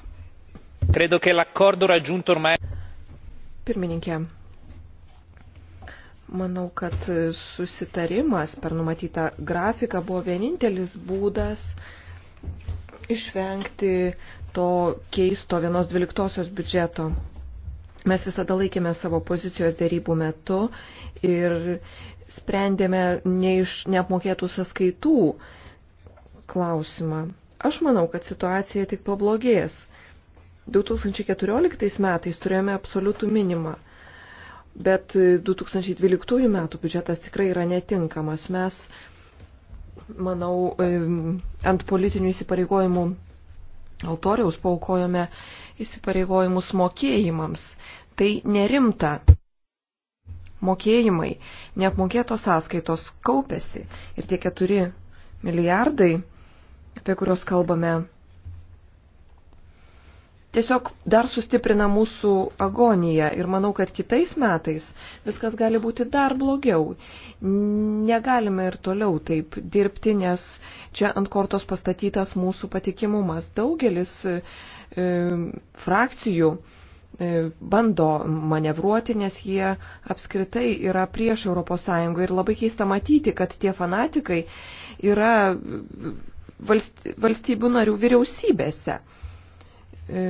B: Credo che l'accordo raggiunto ormai.
H: Pirmininkė, manau, kad susitarimas per numatytą grafiką buvo vienintelis būdas išvengti to keisto vienos dvyliktosios biudžeto. Mes visada laikėme savo pozicijos dėrybų metu ir sprendėme neiš, neapmokėtų sąskaitų klausimą. Aš manau, kad situacija tik pablogės. 2014 metais turėjome absoliutų minimą, bet 2012 metų biudžetas tikrai yra netinkamas. Mes, manau, ant politinių įsipareigojimų altoriaus paukojome įsipareigojimus mokėjimams. Tai nerimta. Mokėjimai, neapmokėtos sąskaitos kaupėsi ir tie keturi milijardai apie kuriuos kalbame, tiesiog dar sustiprina mūsų agoniją ir manau, kad kitais metais viskas gali būti dar blogiau. Negalime ir toliau taip dirbti, nes čia ant kortos pastatytas mūsų patikimumas. Daugelis e, frakcijų e, bando manevruoti, nes jie apskritai yra prieš ES ir labai keista matyti, kad tie fanatikai yra valstybių narių vyriausybėse. E,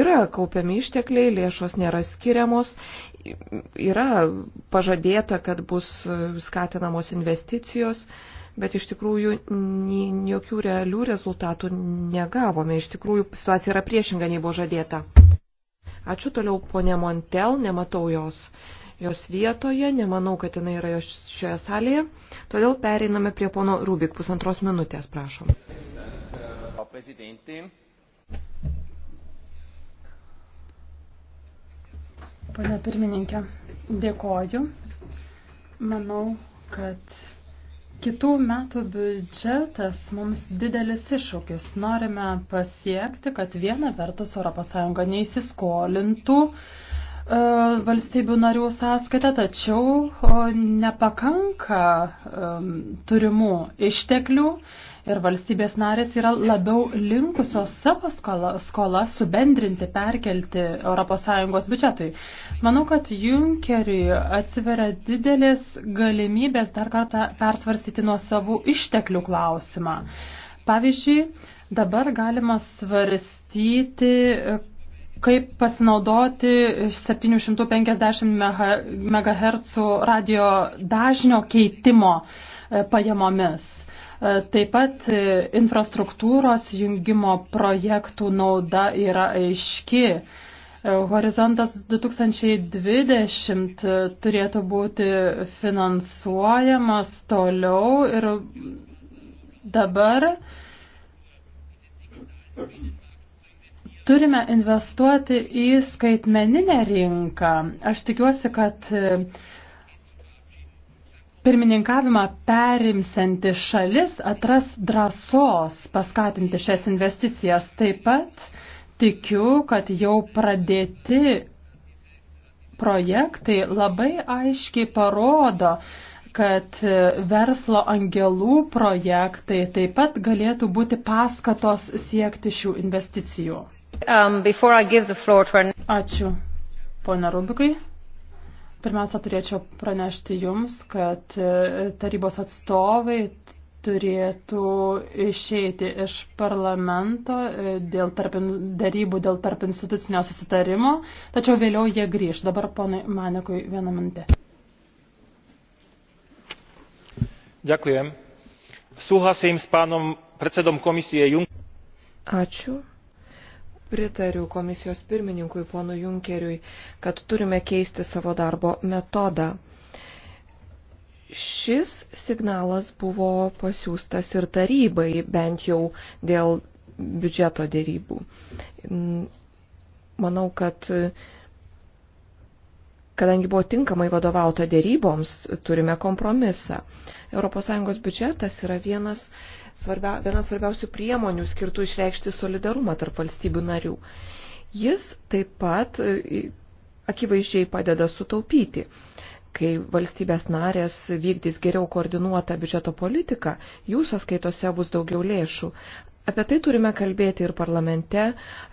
H: yra kaupiami ištekliai, lėšos nėra skiriamos, yra pažadėta, kad bus skatinamos investicijos, bet iš tikrųjų jokių realių rezultatų negavome. Iš tikrųjų situacija yra priešinga nei buvo žadėta. Ačiū toliau ponė Montel, nematau jos jos vietoje, nemanau, kad jinai yra šioje salėje, todėl pereiname prie pono Rubik pusantros minutės, prašom.
G: Pane pirmininkė, dėkoju. Manau, kad kitų metų biudžetas mums didelis iššūkis. Norime pasiekti, kad viena vertus ES neįsiskolintų, E, valstybių narių sąskaita, tačiau e, nepakanka e, turimų išteklių ir valstybės narės yra labiau linkusios savo skolą, skolą subendrinti, perkelti ES biudžetui. Manau, kad Junkeriui atsiveria didelis galimybės dar kartą persvarstyti nuo savų išteklių klausimą. Pavyzdžiui, dabar galima svarstyti, kaip pasinaudoti 750 MHz radio dažnio keitimo e, pajamomis. E, taip pat e, infrastruktūros jungimo projektų nauda yra aiški. Horizontas 2020 turėtų būti finansuojamas toliau ir dabar Turime investuoti į skaitmeninę rinką. Aš tikiuosi, kad e, pirmininkavimą perimsianti šalis atras drąsos paskatinti šias investicijas. Taip pat tikiu, kad jau pradėti projektai labai aiškiai parodo, kad e, verslo angelų projektai taip pat galėtų būti paskatos siekti šių investicijų.
H: Um, to...
G: Ačiū, ponia Rubikai. Pirmiausia, turėčiau pranešti Jums, kad e, tarybos atstovai turėtų išeiti iš parlamento e, dėl tarp, darybų dėl tarp institucinio susitarimo, tačiau vėliau jie grįž. Dabar ponai Manekui vieną mintį.
D: Ďakujem. Súhlasím s pánom predsedom komisie Jung.
H: Ačiū. Pritariu komisijos pirmininkui ponu Junkeriui, kad turime keisti savo darbo metodą. Šis signalas buvo pasiūstas ir tarybai, bent jau dėl biudžeto dėrybų. Manau, kad kadangi buvo tinkamai vadovauta dėryboms, turime kompromisą. ES biudžetas yra vienas svarbia, viena svarbiausių priemonių skirtų išreikšti solidarumą tarp valstybių narių. Jis taip pat e, akivaizdžiai padeda sutaupyti. Kai valstybės narės vykdys geriau koordinuotą biudžeto politiką, jų sąskaitose bus daugiau lėšų. Apie tai turime kalbėti ir parlamente,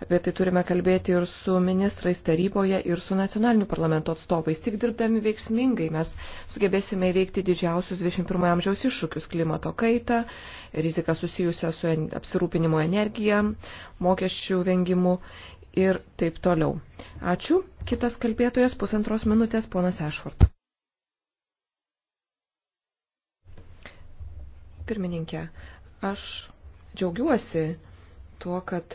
H: apie tai turime kalbėti ir su ministrais taryboje, ir su nacionaliniu parlamento atstovais. Tik dirbdami veiksmingai mes sugebėsime įveikti didžiausius 21 amžiaus iššūkius - klimato kaitą, riziką susijusią su apsirūpinimo energija, mokesčių vengimu ir taip toliau. Ačiū. Kitas kalbėtojas pusantros minutės, ponas Ešvart. Pirmininkė, aš džiaugiuosi tuo, kad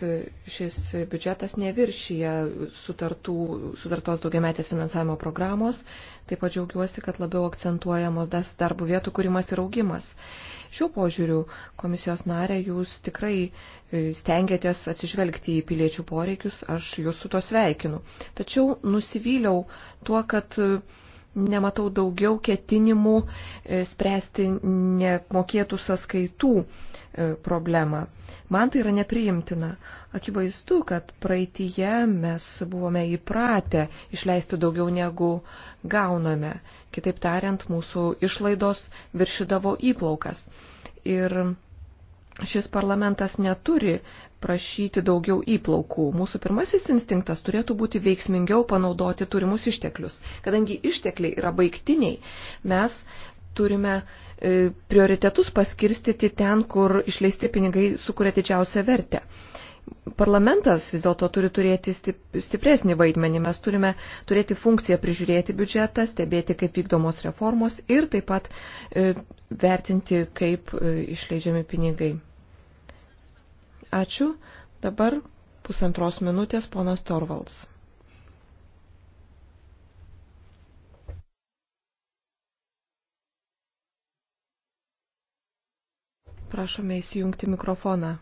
H: šis biudžetas neviršyje sutartų, sutartos daugiametės finansavimo programos. Taip pat džiaugiuosi, kad labiau akcentuojamos tas darbo vietų kūrimas ir augimas. Šiuo požiūriu, komisijos narė, jūs tikrai e, stengiatės atsižvelgti į piliečių poreikius, aš jūs su to sveikinu. Tačiau nusivyliau tuo, kad nematau daugiau ketinimų e, spręsti nemokėtų sąskaitų e, problemą. Man tai yra nepriimtina. Akivaizdu, kad praeitie mes buvome įpratę išleisti daugiau negu gauname. Kitaip tariant, mūsų išlaidos viršydavo įplaukas. Ir šis parlamentas neturi prašyti daugiau įplaukų. Mūsų pirmasis instinktas turėtų būti veiksmingiau panaudoti turimus išteklius. Kadangi ištekliai yra baigtiniai, mes turime e, prioritetus paskirstyti ten, kur išleisti pinigai sukuria didžiausią vertę parlamentas vis dėlto turi turėti stipresnį vaidmenį. Mes turime turėti funkciją prižiūrėti biudžetą, stebėti, kaip vykdomos reformos ir taip pat e, vertinti, kaip e, išleidžiami pinigai. Ačiū. Dabar pusantros minutės ponas Torvalds. Prašome įsijungti mikrofoną.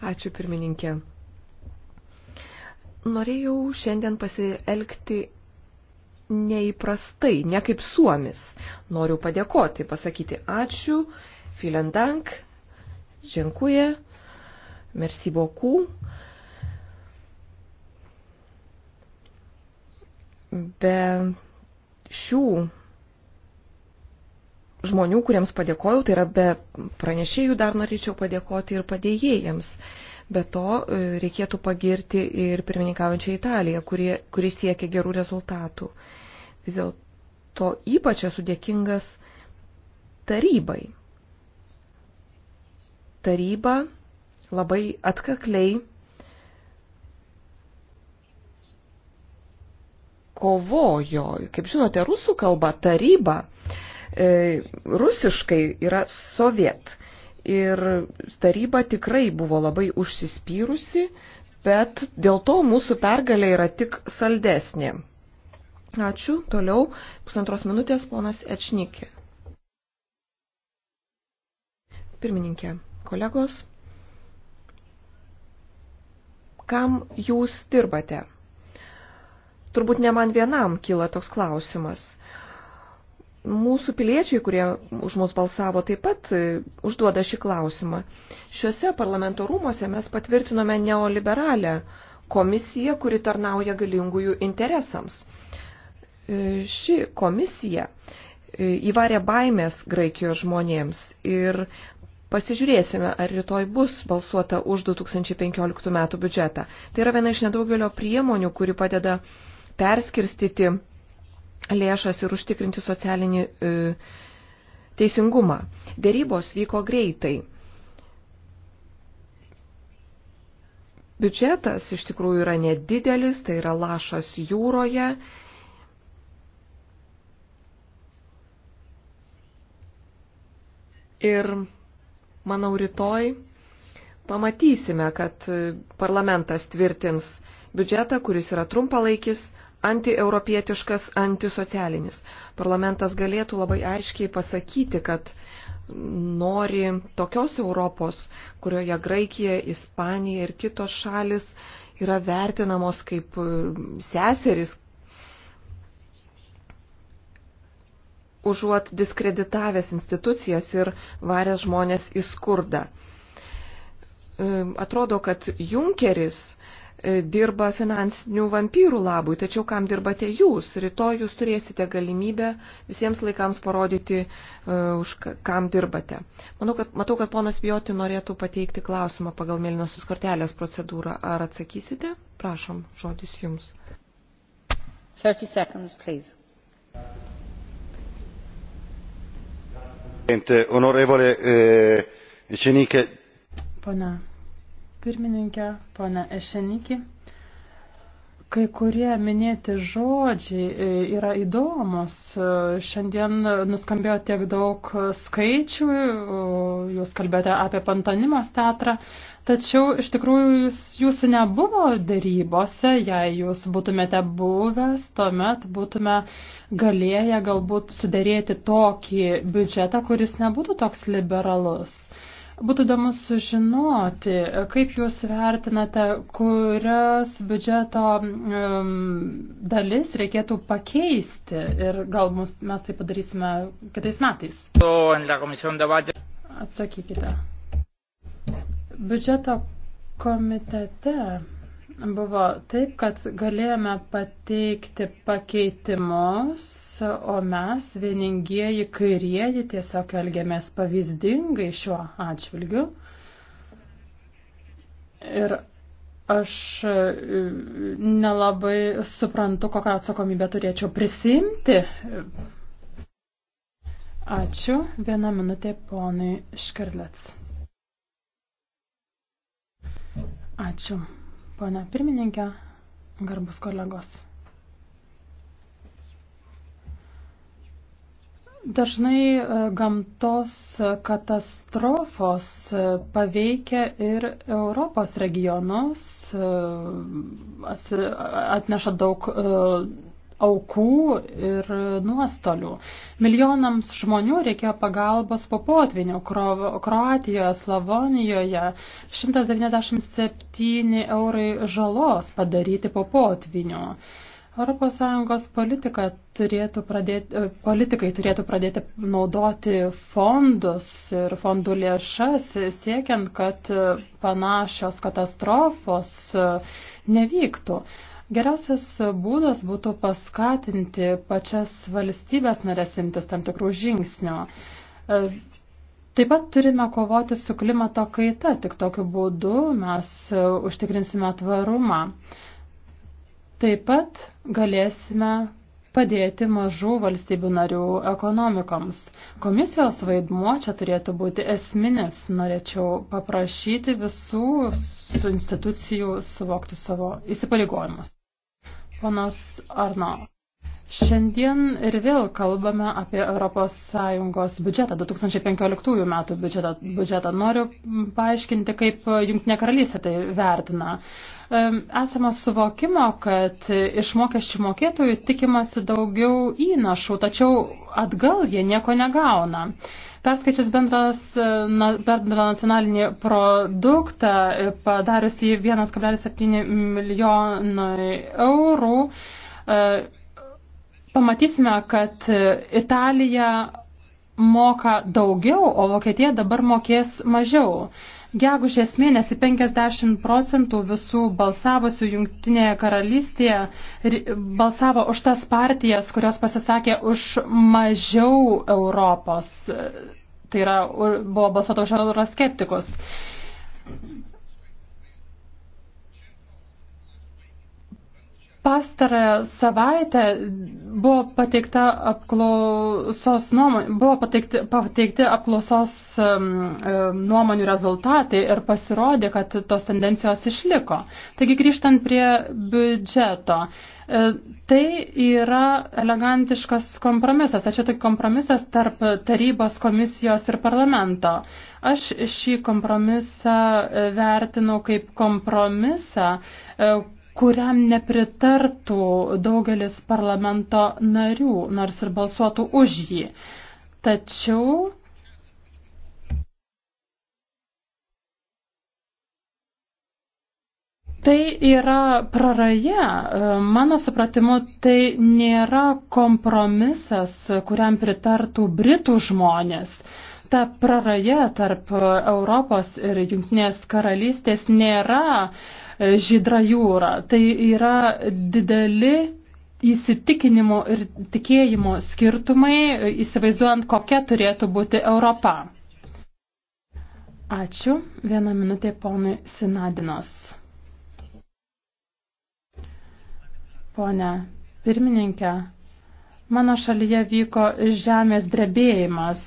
H: Ačiū pirmininkė. Norėjau šiandien pasielgti neįprastai, ne kaip suomis. Noriu padėkoti, pasakyti ačiū, filendank, džinkuje, merci beaucoup. Be šių žmonių, kuriems padėkojau, tai yra be pranešėjų dar norėčiau padėkoti ir padėjėjams. Be to e, reikėtų pagirti ir pirmininkaujančią Italiją, kuri, kuri siekia gerų rezultatų. Vis dėlto ypač esu dėkingas tarybai. Taryba labai atkakliai kovojo, kaip žinote, rusų kalba taryba E, rusiškai yra soviet. Ir taryba tikrai buvo labai užsispyrusi, bet dėl to mūsų pergalė yra tik saldesnė. Ačiū. Toliau pusantros minutės ponas Ečnikė. Pirmininkė, kolegos, kam jūs dirbate? Turbūt ne man vienam kyla toks klausimas mūsų piliečiai, kurie už mus balsavo, taip pat e, užduoda šį klausimą. Šiuose parlamento rūmose mes patvirtinome neoliberalę komisiją, kuri tarnauja galingųjų interesams. E, ši komisija e, įvarė baimės Graikijos žmonėms ir Pasižiūrėsime, ar rytoj bus balsuota už 2015 metų biudžetą. Tai yra viena iš nedaugelio priemonių, kuri padeda perskirstyti lėšas ir užtikrinti socialinį e, teisingumą. Dėrybos vyko greitai. Biudžetas iš tikrųjų yra nedidelis, tai yra lašas jūroje. Ir manau, rytoj pamatysime, kad e, parlamentas tvirtins biudžetą, kuris yra trumpalaikis antieuropietiškas, antisocialinis. Parlamentas galėtų labai aiškiai pasakyti, kad nori tokios Europos, kurioje Graikija, Ispanija ir kitos šalis yra vertinamos kaip e, seseris, užuot diskreditavęs institucijas ir varęs žmonės į skurdą. E, atrodo, kad Junkeris E, dirba finansinių vampyrų labui, tačiau kam dirbate jūs? Rytoj jūs turėsite galimybę visiems laikams parodyti, uh, už kam dirbate. Manau, kad, matau, kad ponas Bijoti norėtų pateikti klausimą pagal mėlynosios kortelės procedūrą. Ar atsakysite? Prašom, žodis jums.
B: 30 seconds, please.
D: Onorevole eh, Cenike.
G: Pana pirmininkė, ponė Ešenikė. Kai kurie minėti žodžiai e, yra įdomus. E, šiandien nuskambėjo tiek daug skaičių, jūs kalbėjote apie pantanimos teatrą, tačiau iš tikrųjų jūs, jūsų nebuvo darybose, jei jūs būtumėte buvęs, tuomet būtume galėję galbūt sudėrėti tokį biudžetą, kuris nebūtų toks liberalus. Būtų įdomu sužinoti, kaip Jūs vertinate, kurias biudžeto um, dalis reikėtų pakeisti ir gal mus, mes tai padarysime kitais metais. Atsakykite. Biudžeto komitete buvo taip, kad galėjome pateikti pakeitimus, o mes vieningieji kairieji tiesiog elgėmės pavyzdingai šiuo atžvilgiu. Ir aš e, nelabai suprantu, kokią atsakomybę turėčiau prisimti. Ačiū. Viena minutė ponui Škerlets. Ačiū. Pane pirmininkė, garbus kolegos. Dažnai e, gamtos katastrofos e, paveikia ir Europos regionus, e, atneša daug aukų ir nuostolių. Milijonams žmonių reikėjo pagalbos po potvinių. Kro, Kroatijoje, Slavonijoje 197 eurai žalos padaryti po potvinių. ES politika turėtų pradėti, e, politikai turėtų pradėti naudoti fondus ir fondų lėšas, siekiant, kad e, panašios katastrofos e, nevyktų. Geriausias būdas būtų paskatinti pačias valstybės narės imtis tam tikrų žingsnio. E, Taip pat turime kovoti su klimato kaita, tik tokiu būdu mes užtikrinsime tvarumą. Taip pat galėsime padėti mažų valstybių narių ekonomikoms. Komisijos vaidmuo čia turėtų būti esminis. Norėčiau paprašyti visų institucijų suvokti savo įsipareigojimus. Ponas Arno. Šiandien ir vėl kalbame apie ES biudžetą, 2015 metų biudžetą, biudžetą. Noriu paaiškinti, kaip Junktinė karalystė tai vertina. Esama suvokimo, kad iš mokesčių mokėtojų tikimasi daugiau įnašų, tačiau atgal jie nieko negauna. Perskaičius bendras, e, bendrą nacionalinį produktą, e, padarius jį 1,7 milijonai eurų, e, pamatysime, kad Italija moka daugiau, o Vokietija dabar mokės mažiau. Gegužės mėnesį 50 procentų visų balsavusių Junktinėje karalystėje balsavo už tas partijas, kurios pasisakė už mažiau Europos. Tai yra, buvo balsuota už euroskeptikus. pastarąją savaitę buvo pateikta apklausos nuomonė, buvo pateikti, pateikti apklausos um, nuomonių rezultatai ir pasirodė, kad tos tendencijos išliko. Taigi grįžtant prie biudžeto. E, tai yra elegantiškas kompromisas, tačiau tai kompromisas tarp tarybos komisijos ir parlamento. Aš šį kompromisą e, vertinu kaip kompromisą, e, kuriam nepritartų daugelis parlamento narių, nors ir balsuotų už jį. Tačiau Tai yra praraja. Mano supratimu, tai nėra kompromisas, kuriam pritartų Britų žmonės ta praraja tarp Europos ir Junktinės karalystės nėra žydra jūra. Tai yra dideli įsitikinimo ir tikėjimo skirtumai, įsivaizduojant, kokia turėtų būti Europa. Ačiū. Vieną minutę ponui Sinadinos. Pone pirmininkė, Mano šalyje vyko žemės drebėjimas.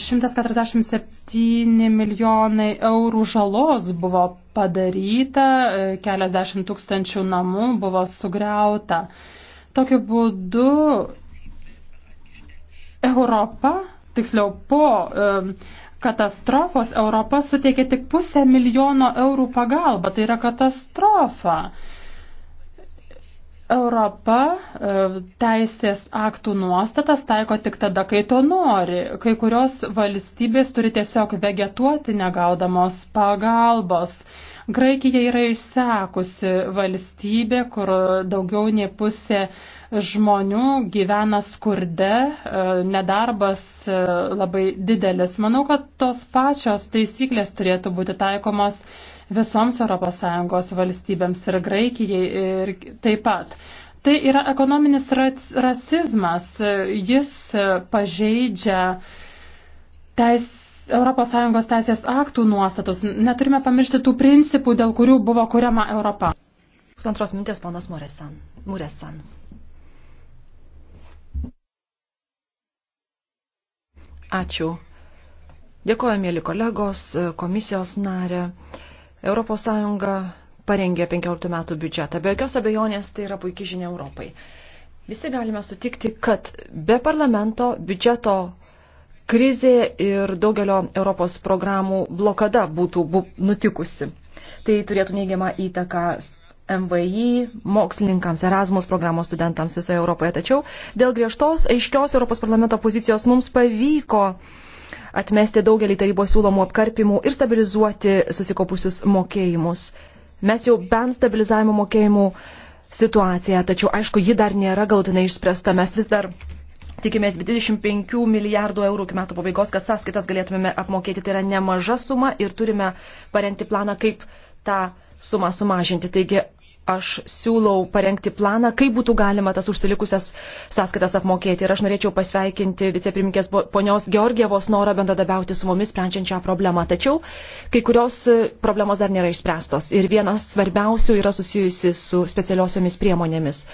G: 147 milijonai eurų žalos buvo padaryta, keliasdešimt tūkstančių namų buvo sugriauta. Tokiu būdu Europa, tiksliau po katastrofos, Europa suteikė tik pusę milijono eurų pagalbą. Tai yra katastrofa. Europa e, teisės aktų nuostatas taiko tik tada, kai to nori. Kai kurios valstybės turi tiesiog vegetuoti negaudamos pagalbos. Graikija yra išsekusi valstybė, kur daugiau nei pusė žmonių gyvena skurde, e, nedarbas e, labai didelis. Manau, kad tos pačios taisyklės turėtų būti taikomas visoms ES valstybėms ir Graikijai ir taip pat. Tai yra ekonominis rasizmas, jis pažeidžia teis, ES teisės aktų nuostatus. Neturime pamiršti tų principų, dėl kurių buvo kuriama Europa.
F: Pusantros mintės ponas Muresan. Muresan. Ačiū. Dėkoju, mėly kolegos, komisijos narė. ES parengė 15 metų biudžetą. Be jokios abejonės tai yra puikia žinia Europai. Visi galime sutikti, kad be parlamento biudžeto krizė ir daugelio Europos programų blokada būtų bu, nutikusi. Tai turėtų neigiamą įtaką MVI, mokslininkams, Erasmus programos studentams visoje Europoje. Tačiau dėl griežtos, aiškios Europos parlamento pozicijos mums pavyko uh, atmesti daugelį tarybos siūlomų apkarpimų ir stabilizuoti susikopusius mokėjimus. Mes jau bent stabilizavimo mokėjimų situaciją, tačiau aišku, ji dar nėra galutinai išspręsta. Mes vis dar tikimės 25 milijardų eurų iki metų pabaigos, kad sąskaitas galėtumėme apmokėti. Tai yra nemaža suma ir turime parengti planą, kaip tą sumą sumažinti. Taigi aš siūlau parengti planą, kaip būtų galima tas užsilikusias sąskaitas apmokėti. Ir aš norėčiau pasveikinti vicepirminkės ponios Georgievos norą bendradabiauti su mumis, sprendžiant šią problemą. Tačiau kai kurios e, problemos dar nėra išspręstos. Ir vienas svarbiausių yra susijusi su specialiosiomis priemonėmis.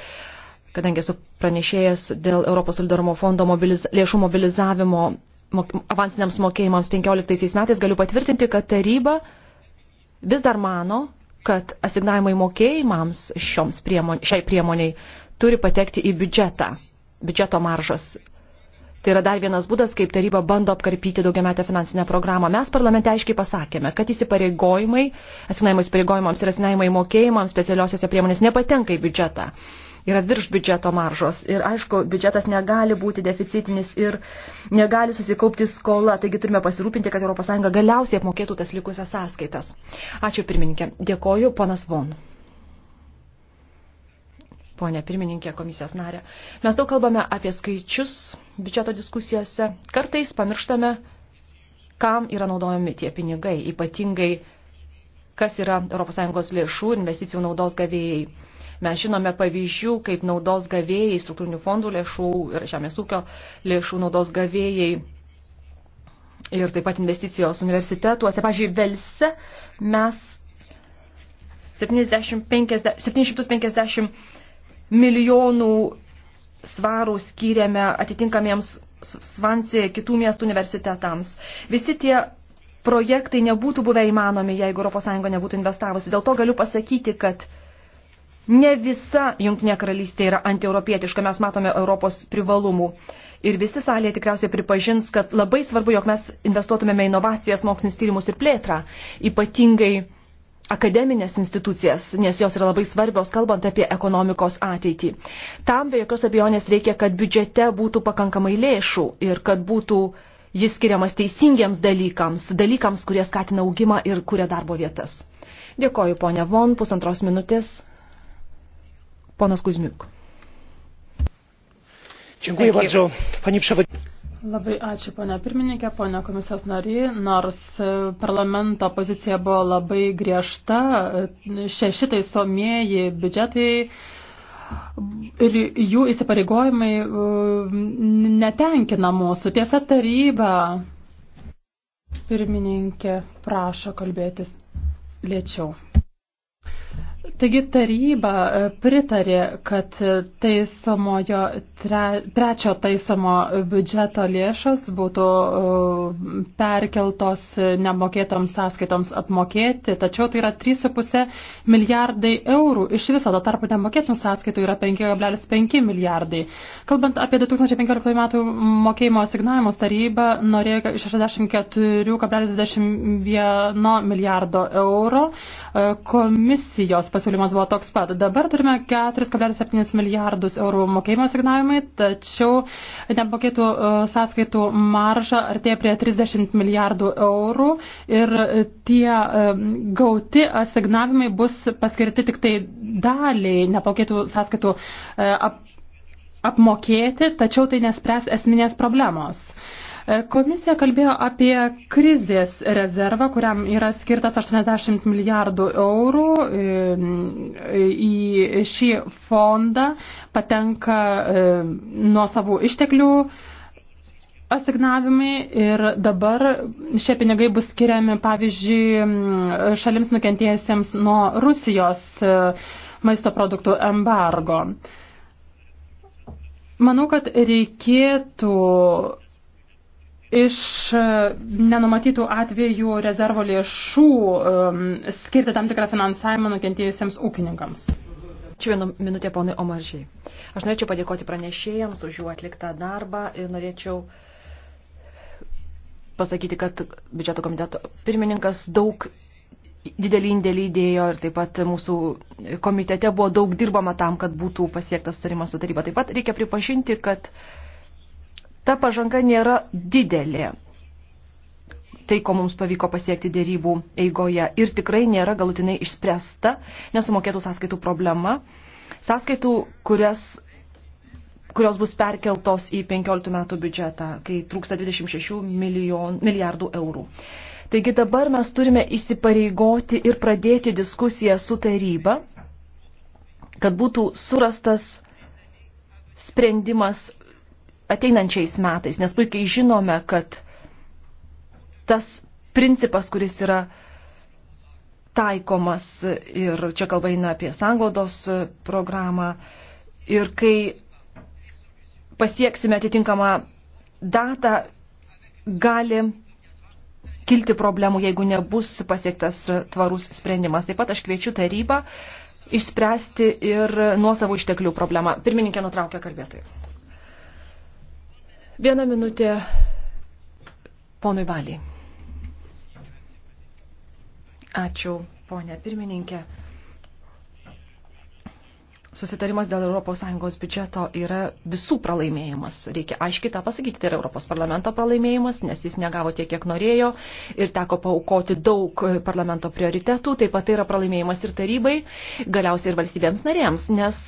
F: Kadangi esu pranešėjęs dėl Europos solidarumo fondo mobiliz lėšų mobilizavimo avansiniams mokėjimams 15 metais, galiu patvirtinti, kad taryba vis dar mano, kad asignavimai mokėjimams šioms priemon, šiai priemoniai turi patekti į biudžetą, biudžeto maržas. Tai yra dar vienas būdas, kaip taryba bando apkarpyti daugiametę finansinę programą. Mes parlamente aiškiai pasakėme, kad įsipareigojimai, asignavimai įsipareigojimams ir asignavimai mokėjimams specialiosiose priemonės nepatenka į biudžetą yra virš biudžeto maržos. Ir aišku, biudžetas negali būti deficitinis ir negali susikaupti skola, taigi turime pasirūpinti, kad ES galiausiai apmokėtų tas likusias sąskaitas. Ačiū pirmininkė. Dėkoju, ponas Von. Pone pirmininkė, komisijos narė. Mes daug kalbame apie skaičius biudžeto diskusijose. Kartais pamirštame, kam yra naudojami tie pinigai, ypatingai kas yra ES lėšų investicijų naudos gavėjai. Mes žinome pavyzdžių, kaip naudos gavėjai, struktūrinių fondų lėšų ir žemės ūkio lėšų naudos gavėjai ir taip pat investicijos universitetuose. Pavyzdžiui, Velse mes 70, 50, 750 milijonų svarų skyrėme atitinkamiems Svansė kitų miestų universitetams. Visi tie projektai nebūtų buvę įmanomi, jeigu ES nebūtų investavusi. Dėl to galiu pasakyti, kad ne visa Junktinė karalystė yra antieuropietiška, mes matome Europos privalumų. Ir visi salėje tikriausiai pripažins, kad labai svarbu, jog mes investuotumėme inovacijas, mokslinius tyrimus ir plėtrą, ypatingai akademinės institucijas, nes jos yra labai svarbios, kalbant apie ekonomikos ateitį. Tam be jokios abejonės reikia, kad biudžete būtų pakankamai lėšų ir kad būtų jis skiriamas teisingiems dalykams, dalykams, kurie skatina augimą ir kuria darbo vietas. Dėkoju, ponia Von, pusantros minutės Ponas Kuzmiuk.
A: Dziękuję bardzo, pani przewodnicząca.
G: Labai ačiū, ponia pirmininkė, ponia komisijos nariai. Nors e, parlamento pozicija buvo labai griežta, e, šešitai somieji biudžetai ir jų įsipareigojimai e, netenkina mūsų. Tiesa, taryba pirmininkė prašo kalbėtis lėčiau. Taigi taryba e, pritarė, kad taisomojo, tre, trečio taisomo biudžeto lėšas būtų e, perkeltos nemokėtoms sąskaitoms apmokėti, tačiau tai yra 3,5 milijardai eurų. Iš viso to tarpo nemokėtų sąskaitų yra 5,5 milijardai. Kalbant apie 2015 metų mokėjimo asignavimus, taryba norėjo 64,21 milijardo eurų. Komisijos pasiūlymas buvo toks pat. Dabar turime 4,7 milijardus eurų mokėjimo signavimai, tačiau nepokėtų e, sąskaitų marža artėja prie 30 milijardų eurų ir tie e, gauti asignavimai bus paskirti tik tai daliai nepokėtų sąskaitų e, apmokėti, tačiau tai nespręs esminės problemos. Uh, Komisija kalbėjo apie krizės rezervą, kuriam yra skirtas 80 milijardų eurų. Į šį fondą patenka e, nuo savų išteklių asignavimai ir dabar šie pinigai bus skiriami, pavyzdžiui, šalims nukentėjusiems nuo Rusijos e, maisto produktų embargo. Manau, kad reikėtų iš e, nenumatytų atvejų rezervo lėšų um, skirti tam tikrą
F: finansavimą nukentėjusiems ūkininkams. Čia vienu minutė ponui Omaržiai. Aš norėčiau padėkoti pranešėjams už jų atliktą darbą ir norėčiau pasakyti, kad biudžeto komiteto pirmininkas daug didelį indėlį įdėjo ir taip pat mūsų komitete buvo daug dirbama tam, kad būtų pasiektas sutarimas su taryba. Taip pat reikia pripažinti, kad uh, ta pažanga nėra didelė. Tai, ko mums pavyko pasiekti dėrybų eigoje ir tikrai nėra galutinai išspręsta nesumokėtų sąskaitų problema. Sąskaitų, kurias, kurios bus perkeltos į 15 metų biudžetą, kai trūksta 26 milijon, milijardų eurų. Taigi dabar mes turime įsipareigoti ir pradėti diskusiją su taryba, kad būtų surastas sprendimas ateinančiais metais, nes puikiai žinome, kad tas principas, kuris yra taikomas ir čia kalba eina apie sanglaudos programą ir kai pasieksime atitinkamą datą, gali kilti problemų, jeigu nebus pasiektas tvarus sprendimas. Taip pat aš kviečiu tarybą išspręsti ir nuosavų išteklių problemą. Pirmininkė nutraukė kalbėtojų. Vieną minutę ponui Valiai. Ačiū, ponė pirmininkė. Susitarimas dėl ES biudžeto yra visų pralaimėjimas. Reikia aiškiai tą pasakyti, tai yra Europos parlamento pralaimėjimas, nes jis negavo tiek, kiek norėjo ir teko paukoti daug parlamento prioritetų. Taip pat tai yra pralaimėjimas ir tarybai, galiausiai ir valstybėms narėms, nes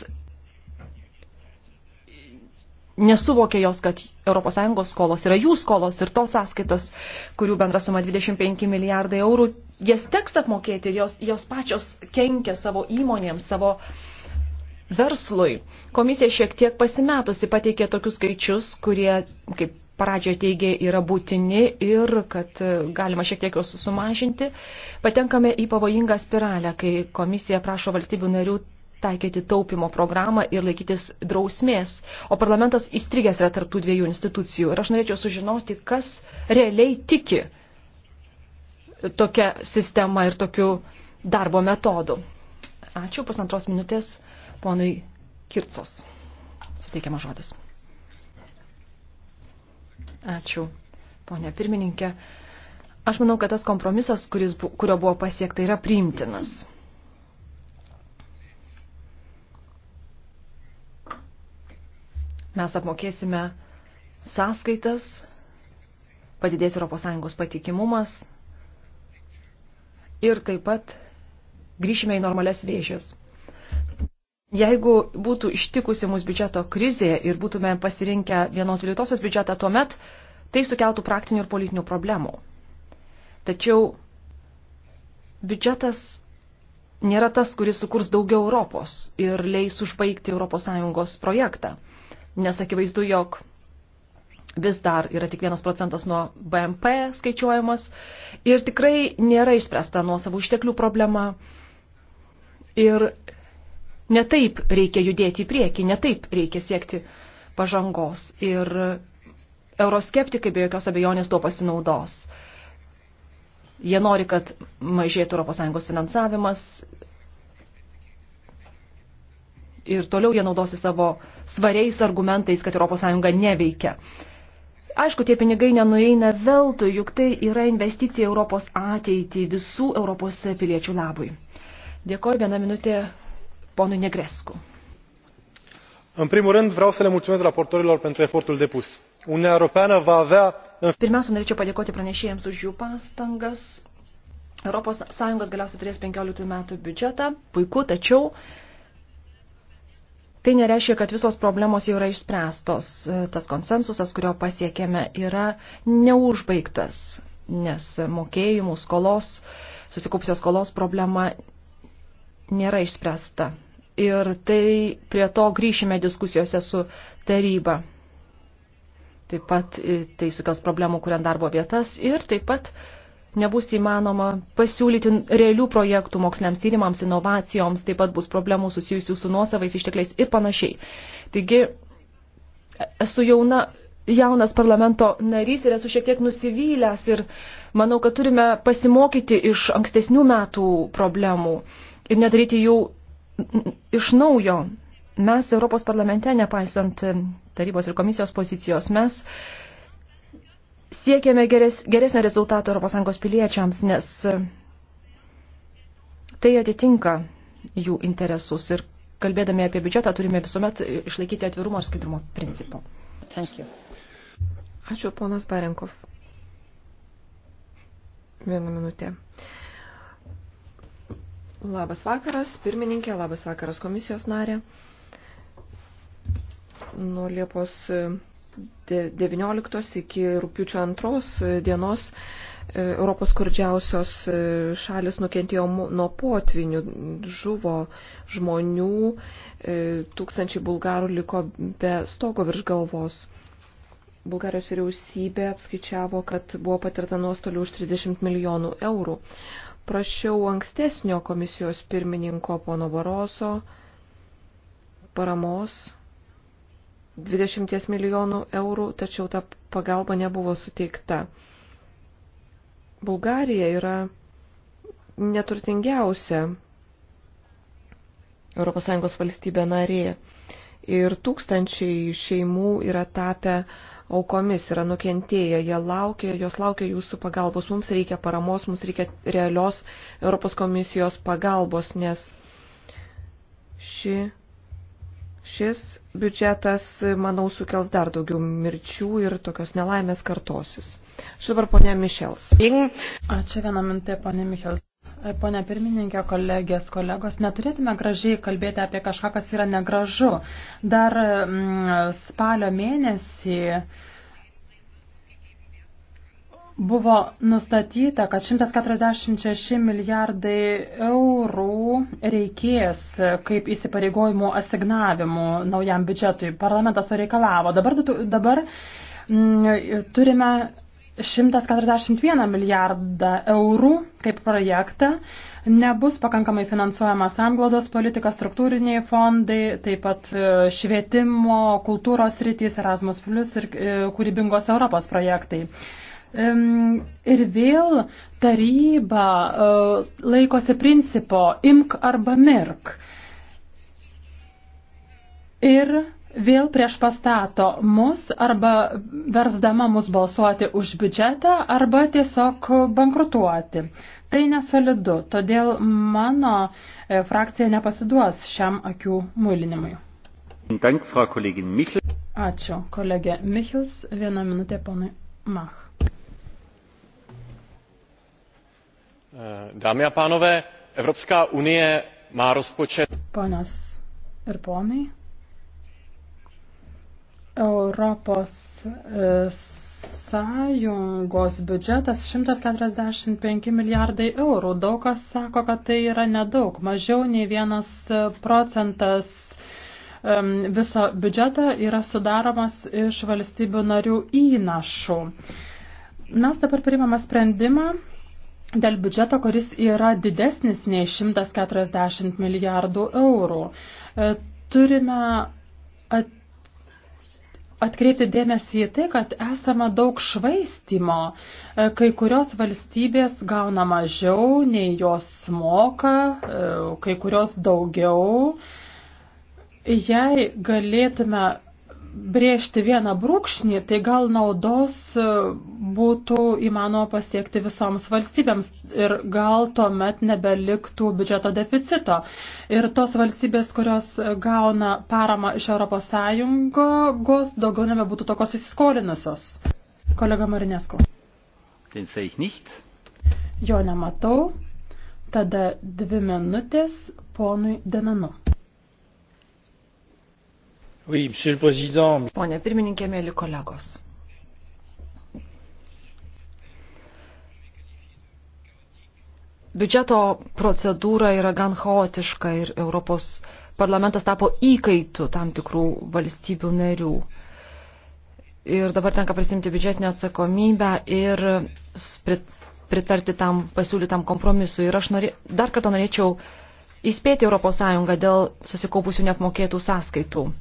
F: nesuvokė jos, kad ES skolos yra jų skolos ir tos sąskaitos, kurių bendra suma 25 milijardai eurų, jas teks apmokėti ir jos, jos pačios kenkia savo įmonėms, savo verslui. Komisija šiek tiek pasimetusi pateikė tokius skaičius, kurie, kaip pradžioje teigė, yra būtini ir kad galima šiek tiek juos sumažinti. Patenkame į pavojingą spiralę, kai komisija prašo valstybių narių taikyti taupimo programą ir laikytis drausmės, o parlamentas įstrigęs yra tarptų dviejų institucijų. Ir aš norėčiau sužinoti, kas realiai tiki tokia sistema ir tokiu darbo metodu. Ačiū, pusantros minutės ponui Kircos. Suteikiamas žodis. Ačiū, ponė pirmininkė. Aš manau, kad tas kompromisas, kuris, kurio buvo pasiekta, yra priimtinas Mes apmokėsime sąskaitas, padidės ES patikimumas ir taip pat grįšime į normales vėžės. Jeigu būtų ištikusi mūsų biudžeto krizė ir būtume pasirinkę vienos dvyliktosios biudžetą, tuomet tai sukeltų praktinių ir politinių problemų. Tačiau biudžetas nėra tas, kuris sukurs daugiau Europos ir leis užbaigti ES projektą nes akivaizdu, jog vis dar yra tik vienas procentas nuo BMP skaičiuojamas ir tikrai nėra išspręsta nuo savo išteklių problema. Ir netaip reikia judėti į priekį, netaip reikia siekti pažangos. Ir euroskeptikai be jokios abejonės tuo pasinaudos. Jie nori, kad mažėtų ES finansavimas, ir toliau jie naudosi savo svariais argumentais, kad ES neveikia. Aišku, tie pinigai nenueina veltui, juk tai yra investicija Europos ateitį visų Europos piliečių labui. Dėkoju vieną minutę ponui Negrescu.
D: În primul rând, vreau să le mulțumesc raportorilor pentru efortul depus. Uniunea Europeană va avea... Pirmiausia, norėčiau
F: padėkoti pranešėjams už jų pastangas. Europos Sąjungos galiausiai turės 15 metų biudžetą. Puiku, tačiau Tai nereiškia, kad visos problemos jau yra išspręstos. Tas konsensusas, kurio pasiekėme, yra neužbaigtas, nes mokėjimų skolos, susikūpusios skolos problema nėra išspręsta. Ir tai prie to grįšime diskusijose su taryba. Taip pat e, tai sukels problemų, kuriant darbo vietas ir taip pat uh, nebus įmanoma pasiūlyti realių projektų moksliniams tyrimams, inovacijoms, taip pat bus problemų susijusių su nuosavais ištekliais ir panašiai. Taigi, esu jauna, jaunas parlamento narys ir esu šiek tiek nusivylęs ir manau, kad turime pasimokyti iš ankstesnių metų problemų ir nedaryti jų iš naujo. Mes Europos parlamente, nepaisant tarybos ir komisijos pozicijos, mes uh, siekiame geres, geresnio rezultato ES piliečiams, nes tai atitinka jų interesus ir kalbėdami apie biudžetą turime visuomet išlaikyti atvirumo ir skaidrumo principą. Ačiū, ponas Barenkov.
H: Vieną minutę. Labas vakaras, pirmininkė, labas vakaras komisijos narė. Nuo Liepos 19 iki rūpiučio 2 dienos e, Europos skurdžiausios e, šalis nukentėjo nuo potvinių, žuvo žmonių, e, tūkstančiai bulgarų liko be stogo virš galvos. Bulgarijos vyriausybė apskaičiavo, kad buvo patirta nuostolių už 30 milijonų eurų. Prašiau ankstesnio komisijos pirmininko pono Baroso paramos 20 milijonų eurų, tačiau ta pagalba nebuvo suteikta. Bulgarija yra neturtingiausia ES valstybė narė ir tūkstančiai šeimų yra tapę aukomis, yra nukentėję, jie laukia, jos laukia jūsų pagalbos, mums reikia paramos, mums reikia realios Europos komisijos pagalbos, nes ši Šis biudžetas, manau, sukels dar daugiau mirčių ir tokios nelaimės kartosis. Aš dabar ponė Mišels. Ačiū vieną mintę, ponė Mišels. E, Pone pirmininkė, kolegės,
G: kolegos, neturėtume gražiai kalbėti apie kažką, kas yra negražu. Dar mm, spalio mėnesį. Uh, buvo nustatyta, kad 146 milijardai eurų reikės kaip įsipareigojimų asignavimų naujam biudžetui. Parlamentas to reikalavo. Dabar, dabar m, mm, turime 141 milijardą eurų kaip projektą. Nebus pakankamai finansuojama samglodos politika, struktūriniai fondai, taip pat e, švietimo, kultūros rytis, Erasmus Plus ir e, kūrybingos Europos projektai. Ir vėl taryba e, laikosi principo imk arba mirk. Ir vėl prieš pastato mus arba versdama mus balsuoti už biudžetą arba tiesiog bankrutuoti. Tai nesolidu, todėl mano e, frakcija nepasiduos šiam akių mūlinimui. Ačiū, kolegė Michils. Vieną minutę ponui Mach.
D: Dámy a pánové, Evropská unie má rozpočet.
G: Ponios ir ponai, Europos e, sąjungos biudžetas 145 milijardai eurų. Daug kas sako, kad tai yra nedaug, mažiau nei vienas procentas viso biudžeto yra sudaromas iš valstybių narių įnašų. Mes dabar priimame sprendimą dėl biudžeto, kuris yra didesnis nei 140 milijardų eurų. E, turime atkreipti dėmesį į tai, kad esama daug švaistimo. E, kai kurios valstybės gauna mažiau, nei jos moka, e, kai kurios daugiau. Jei galėtume brėžti vieną brūkšnį, tai gal naudos e, būtų įmanoma pasiekti visoms valstybėms ir gal tuomet nebeliktų biudžeto deficito. Ir tos valstybės, kurios gauna paramą iš ES, daugiau nebebūtų tokios įsiskolinusios. Kolega Marinesko. Jo nematau. Tada dvi minutės
F: ponui Denanu. Oui, Pone pirmininkė, mėly kolegos. Biudžeto procedūra yra gan chaotiška ir Europos parlamentas tapo įkaitų tam tikrų valstybių narių. Ir dabar tenka prisimti biudžetinę atsakomybę ir pritarti tam pasiūlytam kompromisui. Ir aš norė, dar kartą norėčiau įspėti ES dėl susikaupusių neapmokėtų sąskaitų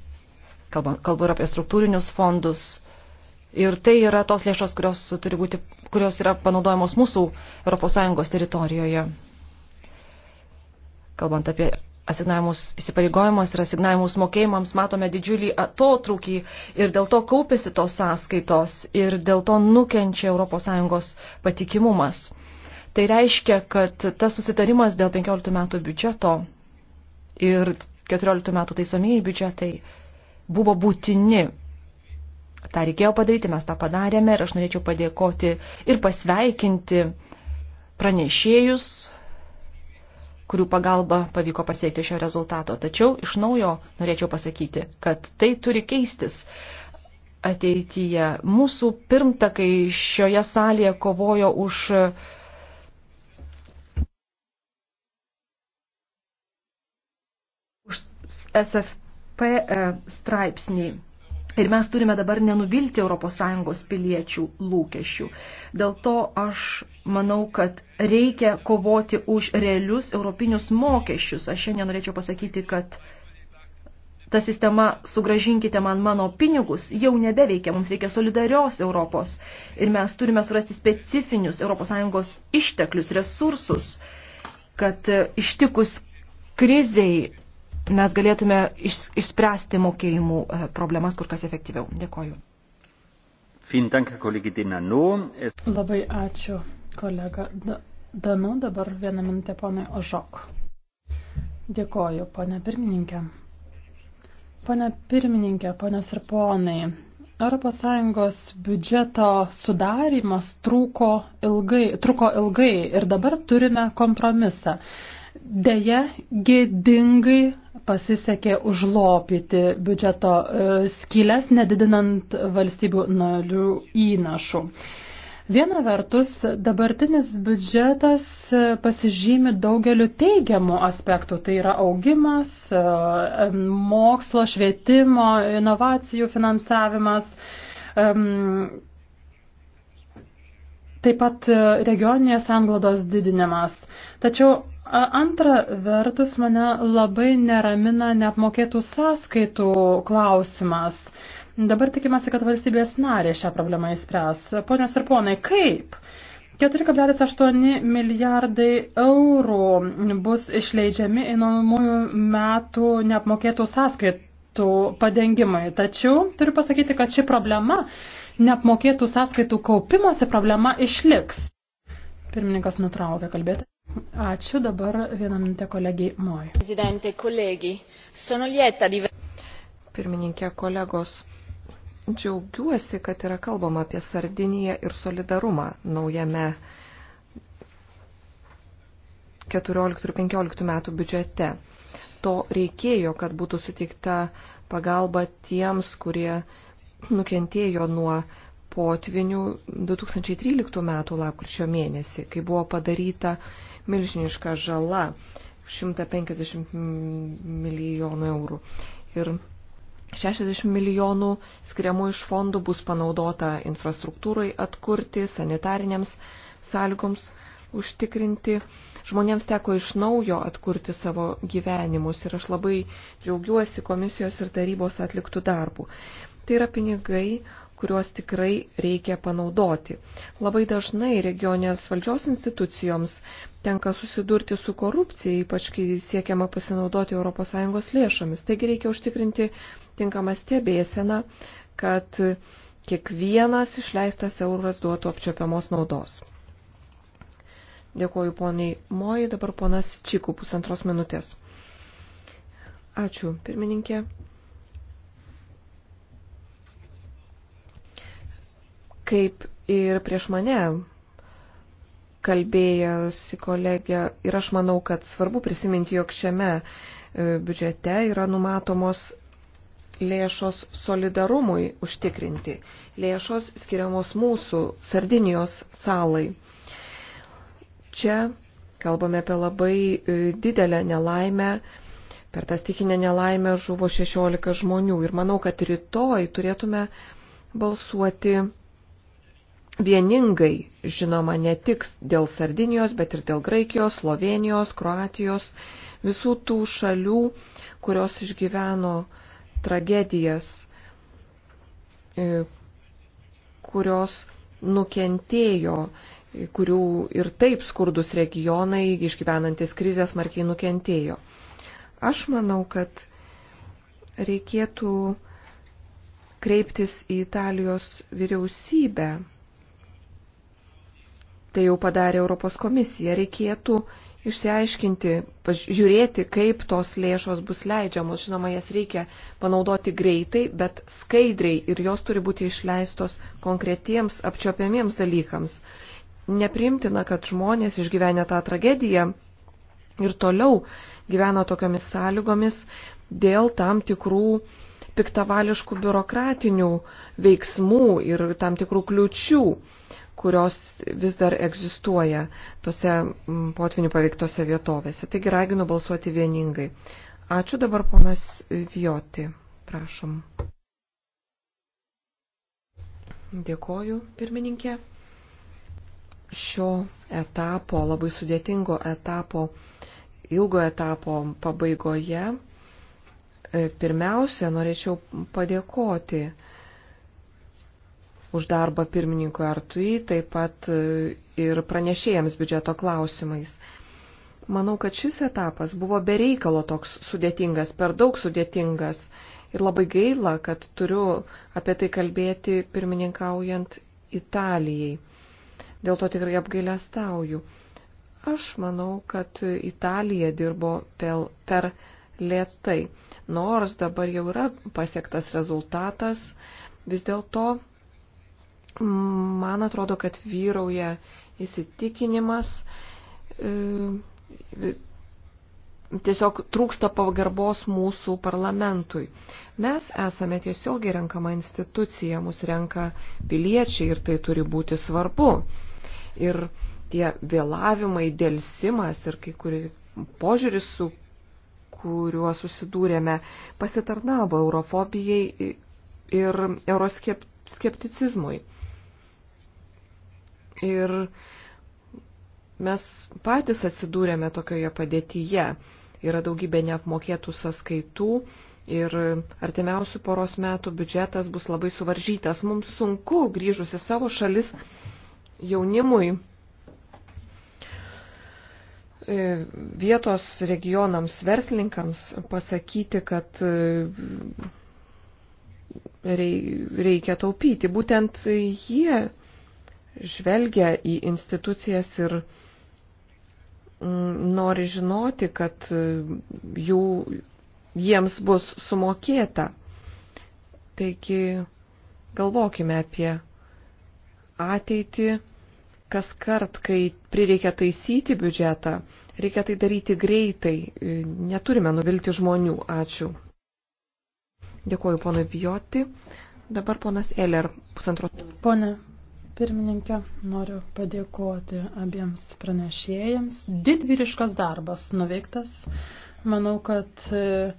F: kalbu, kalbu ir apie struktūrinius fondus. Ir tai yra tos lėšos, kurios, turi būti, kurios yra panaudojamos mūsų ES teritorijoje. Kalbant apie asignavimus įsipareigojimus ir asignavimus mokėjimams, matome didžiulį atotrūkį ir dėl to kaupėsi tos sąskaitos ir dėl to nukenčia ES patikimumas. Tai reiškia, kad tas susitarimas dėl 15 metų biudžeto ir 14 metų taisomieji biudžetai buvo būtini. Ta reikėjo padaryti, mes tą padarėme ir aš norėčiau padėkoti ir pasveikinti pranešėjus, kurių pagalba pavyko pasiekti šio rezultato. Tačiau iš naujo norėčiau pasakyti, kad tai turi keistis ateityje. Mūsų pirmtakai šioje salėje kovojo už SF P e, straipsniai. Ir mes turime dabar nenuvilti ES piliečių lūkesčių. Dėl to aš manau, kad reikia kovoti už realius europinius mokesčius. Aš šiandien norėčiau pasakyti, kad ta sistema sugražinkite man mano pinigus jau nebeveikia, mums reikia solidarios Europos ir mes turime surasti specifinius ES išteklius, resursus, kad e, ištikus kriziai mes galėtume išspręsti mokėjimų e, problemas kur kas efektyviau. Dėkoju. Labai
G: ačiū, kolega Danu. Dabar vieną minutę ponai Ožok. Dėkoju, ponė pirmininkė. Pone pirmininkė, ponės ir ponai, ES biudžeto sudarimas trūko ilgai, truko ilgai ir dabar turime kompromisą. Deja, gėdingai pasisekė užlopyti biudžeto e, skylės, nedidinant valstybių narių įnašų. Viena vertus, dabartinis biudžetas e, pasižymi daugeliu teigiamų aspektų. Tai yra augimas, e, mokslo, švietimo, inovacijų finansavimas. Taip pat regioninės anglodos didinimas. Tačiau Antra vertus, mane labai neramina neapmokėtų sąskaitų klausimas. Dabar tikimasi, kad valstybės narė šią problemą įspręs. Ponios ir ponai, kaip? 4,8 milijardai eurų bus išleidžiami einamųjų metų neapmokėtų sąskaitų padengimui. Tačiau turiu pasakyti, kad ši problema, neapmokėtų sąskaitų kaupimosi problema išliks. Pirmininkas nutraukė kalbėti. Ačiū dabar vieną minutę kolegijai
H: Moj. Prezidentė, kolegijai, sono lieta di... Pirmininkė, kolegos, džiaugiuosi, kad yra kalbama apie Sardiniją ir solidarumą naujame 14-15 metų biudžete. To reikėjo, kad būtų suteikta pagalba tiems, kurie nukentėjo nuo potvinių 2013 metų lapkričio mėnesį, kai buvo padaryta milžiniška žala 150 milijonų eurų. Ir 60 milijonų skiriamų iš fondų bus panaudota infrastruktūrai atkurti, sanitariniams sąlygoms užtikrinti. Žmonėms teko iš naujo atkurti savo gyvenimus ir aš labai džiaugiuosi komisijos ir tarybos atliktų darbų. Tai yra pinigai, kuriuos tikrai reikia panaudoti. Labai dažnai regionės valdžios institucijoms tenka susidurti su korupcija, ypač kai siekiama pasinaudoti ES lėšomis. Taigi reikia užtikrinti tinkamą stebėseną, kad kiekvienas išleistas euras duotų apčiopiamos naudos. Dėkuoju poniai Moji, dabar ponas Čikų pusantros minutės. Ačiū, pirmininkė. Kaip ir prieš mane kalbėjusi kolegė, ir aš manau, kad svarbu prisiminti, jog šiame e, biudžete yra numatomos lėšos solidarumui užtikrinti, lėšos skiriamos mūsų Sardinijos salai. Čia kalbame apie labai e, didelę nelaimę, per tą stikinę nelaimę žuvo 16 žmonių ir manau, kad rytoj turėtume balsuoti vieningai, žinoma, ne tik dėl Sardinijos, bet ir dėl Graikijos, Slovenijos, Kroatijos, visų tų šalių, kurios išgyveno tragedijas, e, kurios nukentėjo, kurių ir taip skurdus regionai išgyvenantis krizės markiai nukentėjo. Aš manau, kad reikėtų kreiptis į Italijos vyriausybę Tai jau padarė Europos komisija. Reikėtų išsiaiškinti, žiūrėti, kaip tos lėšos bus leidžiamos. Žinoma, jas reikia panaudoti greitai, bet skaidriai ir jos turi būti išleistos konkretiems apčiopiamiems dalykams. Neprimtina, kad žmonės išgyvenę tą tragediją ir toliau gyveno tokiamis sąlygomis dėl tam tikrų piktavališkų biurokratinių veiksmų ir tam tikrų kliučių kurios vis dar egzistuoja tose potvinių paveiktose vietovėse. Taigi raginu balsuoti vieningai. Ačiū dabar ponas Vijoti. Prašom. Dėkoju, pirmininkė. Šio etapo, labai sudėtingo etapo, ilgo etapo pabaigoje e, pirmiausia norėčiau padėkoti už darbą pirmininkui Artui, taip pat e, ir pranešėjams biudžeto klausimais. Manau, kad šis etapas buvo bereikalo toks sudėtingas, per daug sudėtingas ir labai gaila, kad turiu apie tai kalbėti pirmininkaujant Italijai. Dėl to tikrai apgailę stauju. Aš manau, kad Italija dirbo per, per lietai. Nors dabar jau yra pasiektas rezultatas, vis dėlto Man atrodo, kad vyrauja įsitikinimas, e, tiesiog trūksta pagarbos mūsų parlamentui. Mes esame tiesiogiai renkama institucija, mus renka piliečiai ir tai turi būti svarbu. Ir tie vėlavimai, dėlsimas ir kai kuri požiūris, su kuriuo susidūrėme, pasitarnavo eurofobijai ir euroskepticizmui. Euroskep Ir mes patys atsidūrėme tokioje padėtyje. Yra daugybė neapmokėtų sąskaitų ir artimiausių poros metų biudžetas bus labai suvaržytas. Mums sunku grįžus į savo šalis jaunimui e, vietos regionams, verslininkams pasakyti, kad e, reikia taupyti. Būtent jie žvelgia į institucijas ir mm, nori žinoti, kad mm, jų, jiems bus sumokėta. Taigi galvokime apie ateitį, kas kart, kai prireikia taisyti biudžetą, reikia tai daryti greitai, neturime nuvilti žmonių. Ačiū. Dėkuoju ponui Vijoti. Dabar ponas Eller, pusantro. Pone Pirmininkė, noriu
G: padėkoti abiems pranešėjams. Didvyriškas darbas nuveiktas. Manau, kad e,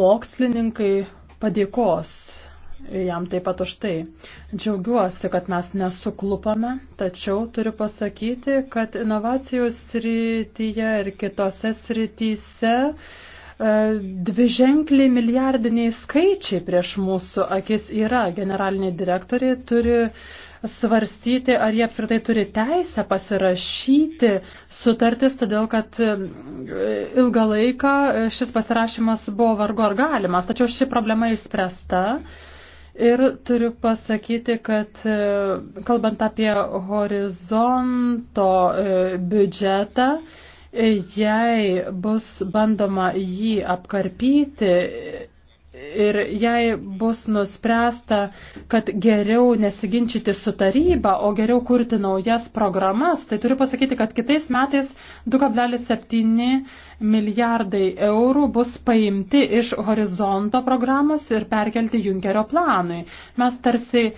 G: mokslininkai padėkos jam taip pat už tai. Džiaugiuosi, kad mes nesuklupame, tačiau turiu pasakyti, kad inovacijų srityje ir kitose srityse E, dviženkliai milijardiniai skaičiai prieš mūsų akis yra. Generaliniai direktoriai turi svarstyti, ar jie apskritai turi teisę pasirašyti sutartis, todėl kad e, ilgą laiką šis pasirašymas buvo vargo ar galimas. Tačiau ši problema išspręsta. Ir turiu pasakyti, kad e, kalbant apie horizonto biudžetą, jei bus bandoma jį apkarpyti ir jei bus nuspręsta, kad geriau nesiginčyti su taryba, o geriau kurti naujas programas, tai turiu pasakyti, kad kitais metais 2,7 milijardai eurų bus paimti iš horizonto programos ir perkelti Junkerio planui. Mes tarsi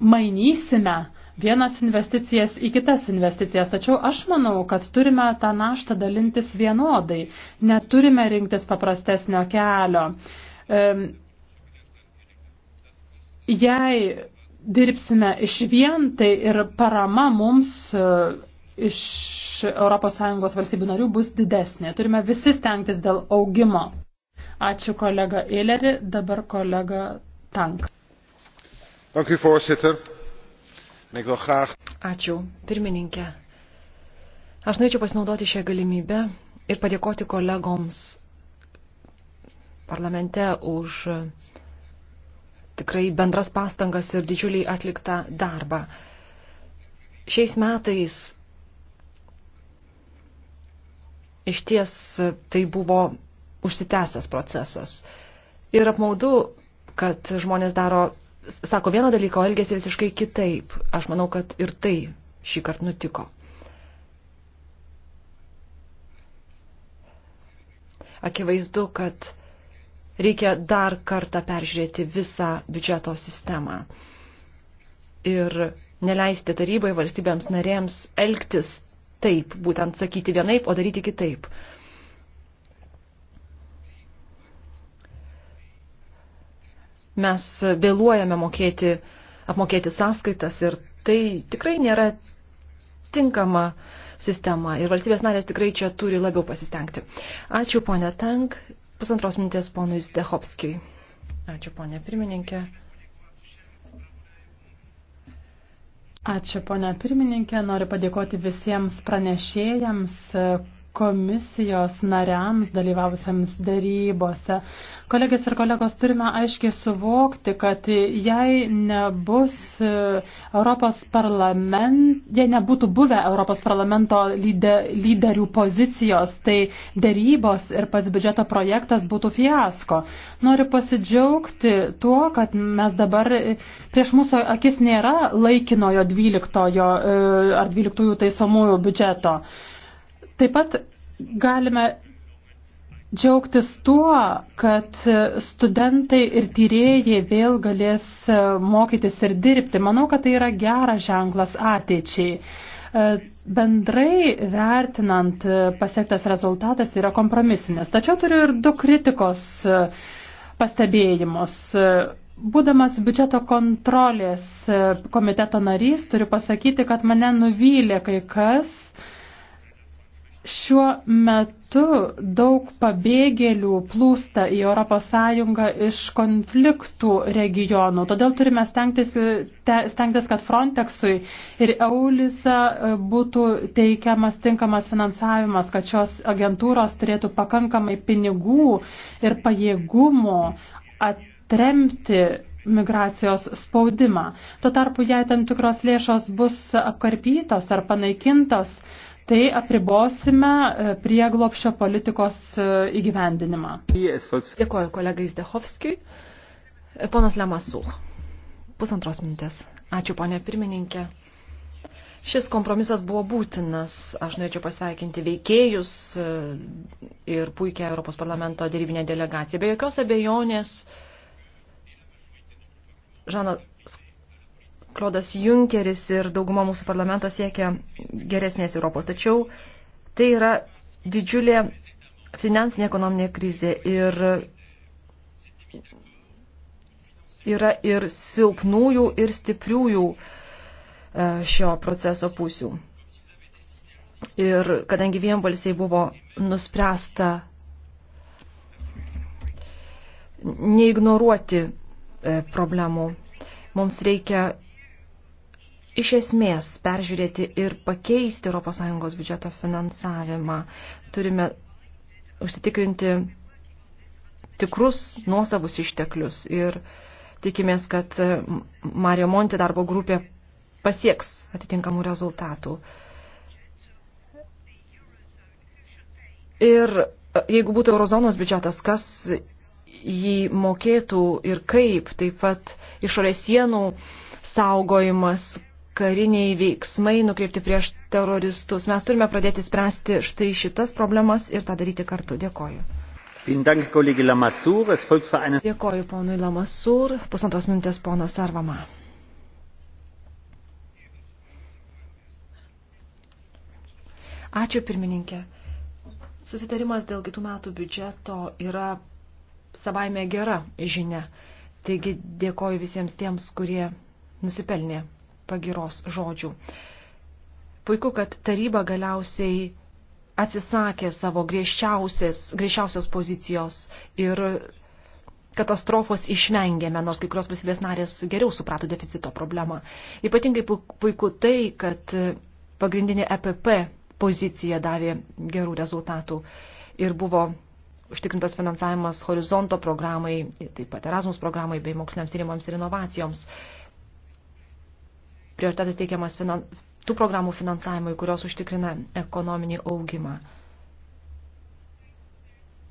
G: mainysime uh, vienas investicijas į kitas investicijas. Tačiau aš manau, kad turime tą naštą dalintis vienodai. Neturime rinktis paprastesnio kelio. Jei dirbsime iš vien, tai ir parama mums e, iš ES valstybių narių bus didesnė. Turime visi stengtis dėl augimo. Ačiū kolega Eileri, dabar kolega
F: Tank.
D: Dank u voorzitter. Ačiū,
F: pirmininkė. Aš norėčiau pasinaudoti šią galimybę ir padėkoti kolegoms parlamente už tikrai bendras pastangas ir didžiulį atliktą darbą. Šiais metais iš ties tai buvo užsitęsęs procesas. Ir apmaudu, kad žmonės daro sako vieną dalyką, o elgėsi visiškai kitaip. Aš manau, kad ir tai šį kartą nutiko. Akivaizdu, kad reikia dar kartą peržiūrėti visą biudžeto sistemą ir neleisti tarybai valstybėms narėms elgtis taip, būtent sakyti vienaip, o daryti kitaip. mes vėluojame mokėti, apmokėti sąskaitas ir tai tikrai nėra tinkama sistema ir valstybės narės tikrai čia turi labiau pasistengti. Ačiū ponė Tank, pusantros minties ponui Zdechovskijui. Ačiū ponė pirmininkė. Ačiū ponė
G: pirmininkė, noriu padėkoti visiems pranešėjams, komisijos nariams dalyvavusiems darybose. Kolegės ir kolegos, turime aiškiai suvokti, kad jei nebus e, Europos parlament, jei nebūtų buvę Europos parlamento lyderių pozicijos, tai darybos ir pats biudžeto projektas būtų fiasko. Noriu pasidžiaugti tuo, kad mes dabar e, prieš mūsų akis nėra laikinojo 12 e, ar 12 taisomųjų biudžeto. Taip pat galime džiaugtis tuo, kad studentai ir tyrėjai vėl galės mokytis ir dirbti. Manau, kad tai yra geras ženklas ateičiai. Bendrai vertinant pasiektas rezultatas yra kompromisinis. Tačiau turiu ir du kritikos pastebėjimus. Būdamas biudžeto kontrolės komiteto narys, turiu pasakyti, kad mane nuvylė kai kas, uh, Šiuo metu daug pabėgėlių plūsta į ES iš konfliktų regionų, todėl turime stengtis, stengtis kad Frontexui ir EULISA būtų teikiamas tinkamas finansavimas, kad šios agentūros turėtų pakankamai pinigų ir pajėgumų atremti migracijos spaudimą. Tuo tarpu, jei tam tikros lėšos bus apkarpytos ar panaikintos, tai apribosime e, prieglopšio politikos
F: e, įgyvendinimą.
B: Dėkoju
F: kolegai Zdehovskijui. E, ponas Lemasų, pusantros mintės. Ačiū, ponė pirmininkė. Šis kompromisas buvo būtinas. Aš norėčiau pasveikinti veikėjus ir puikia Europos parlamento dėrybinė delegacija. Be jokios abejonės, Žanas Klodas Junkeris ir dauguma mūsų parlamento siekia geresnės Europos. Tačiau tai yra didžiulė finansinė ekonominė krizė ir yra ir silpnųjų ir stipriųjų e, šio proceso pusių. Ir kadangi vienbalsiai buvo nuspręsta neignoruoti e, problemų, mums reikia iš esmės peržiūrėti ir pakeisti ES biudžeto finansavimą. Turime užsitikrinti tikrus nuosavus išteklius ir tikimės, kad Mario Monti darbo grupė pasieks atitinkamų rezultatų. Ir jeigu būtų eurozonos biudžetas, kas jį mokėtų ir kaip, taip pat išorės sienų saugojimas, kariniai veiksmai nukreipti prieš teroristus. Mes turime pradėti spręsti štai šitas problemas ir tą daryti kartu. Dėkoju.
B: Dėkoju ponui Lamassur.
F: Pusantros minutės ponas Arvama. Ačiū pirmininkė. Susitarimas dėl kitų metų biudžeto yra savaime gera žinia. Taigi dėkoju visiems tiems, kurie nusipelnė pagiros žodžių. Puiku, kad taryba galiausiai atsisakė savo griežčiausios pozicijos ir katastrofos išvengėme, nors kai kurios valstybės narės geriau suprato deficito problemą. Ypatingai puiku tai, kad pagrindinė EPP pozicija davė gerų rezultatų ir buvo užtikrintas finansavimas horizonto programai, taip pat Erasmus programai bei moksliniams tyrimams ir inovacijoms prioritetas teikiamas finan, tų programų finansavimui, kurios užtikrina ekonominį augimą.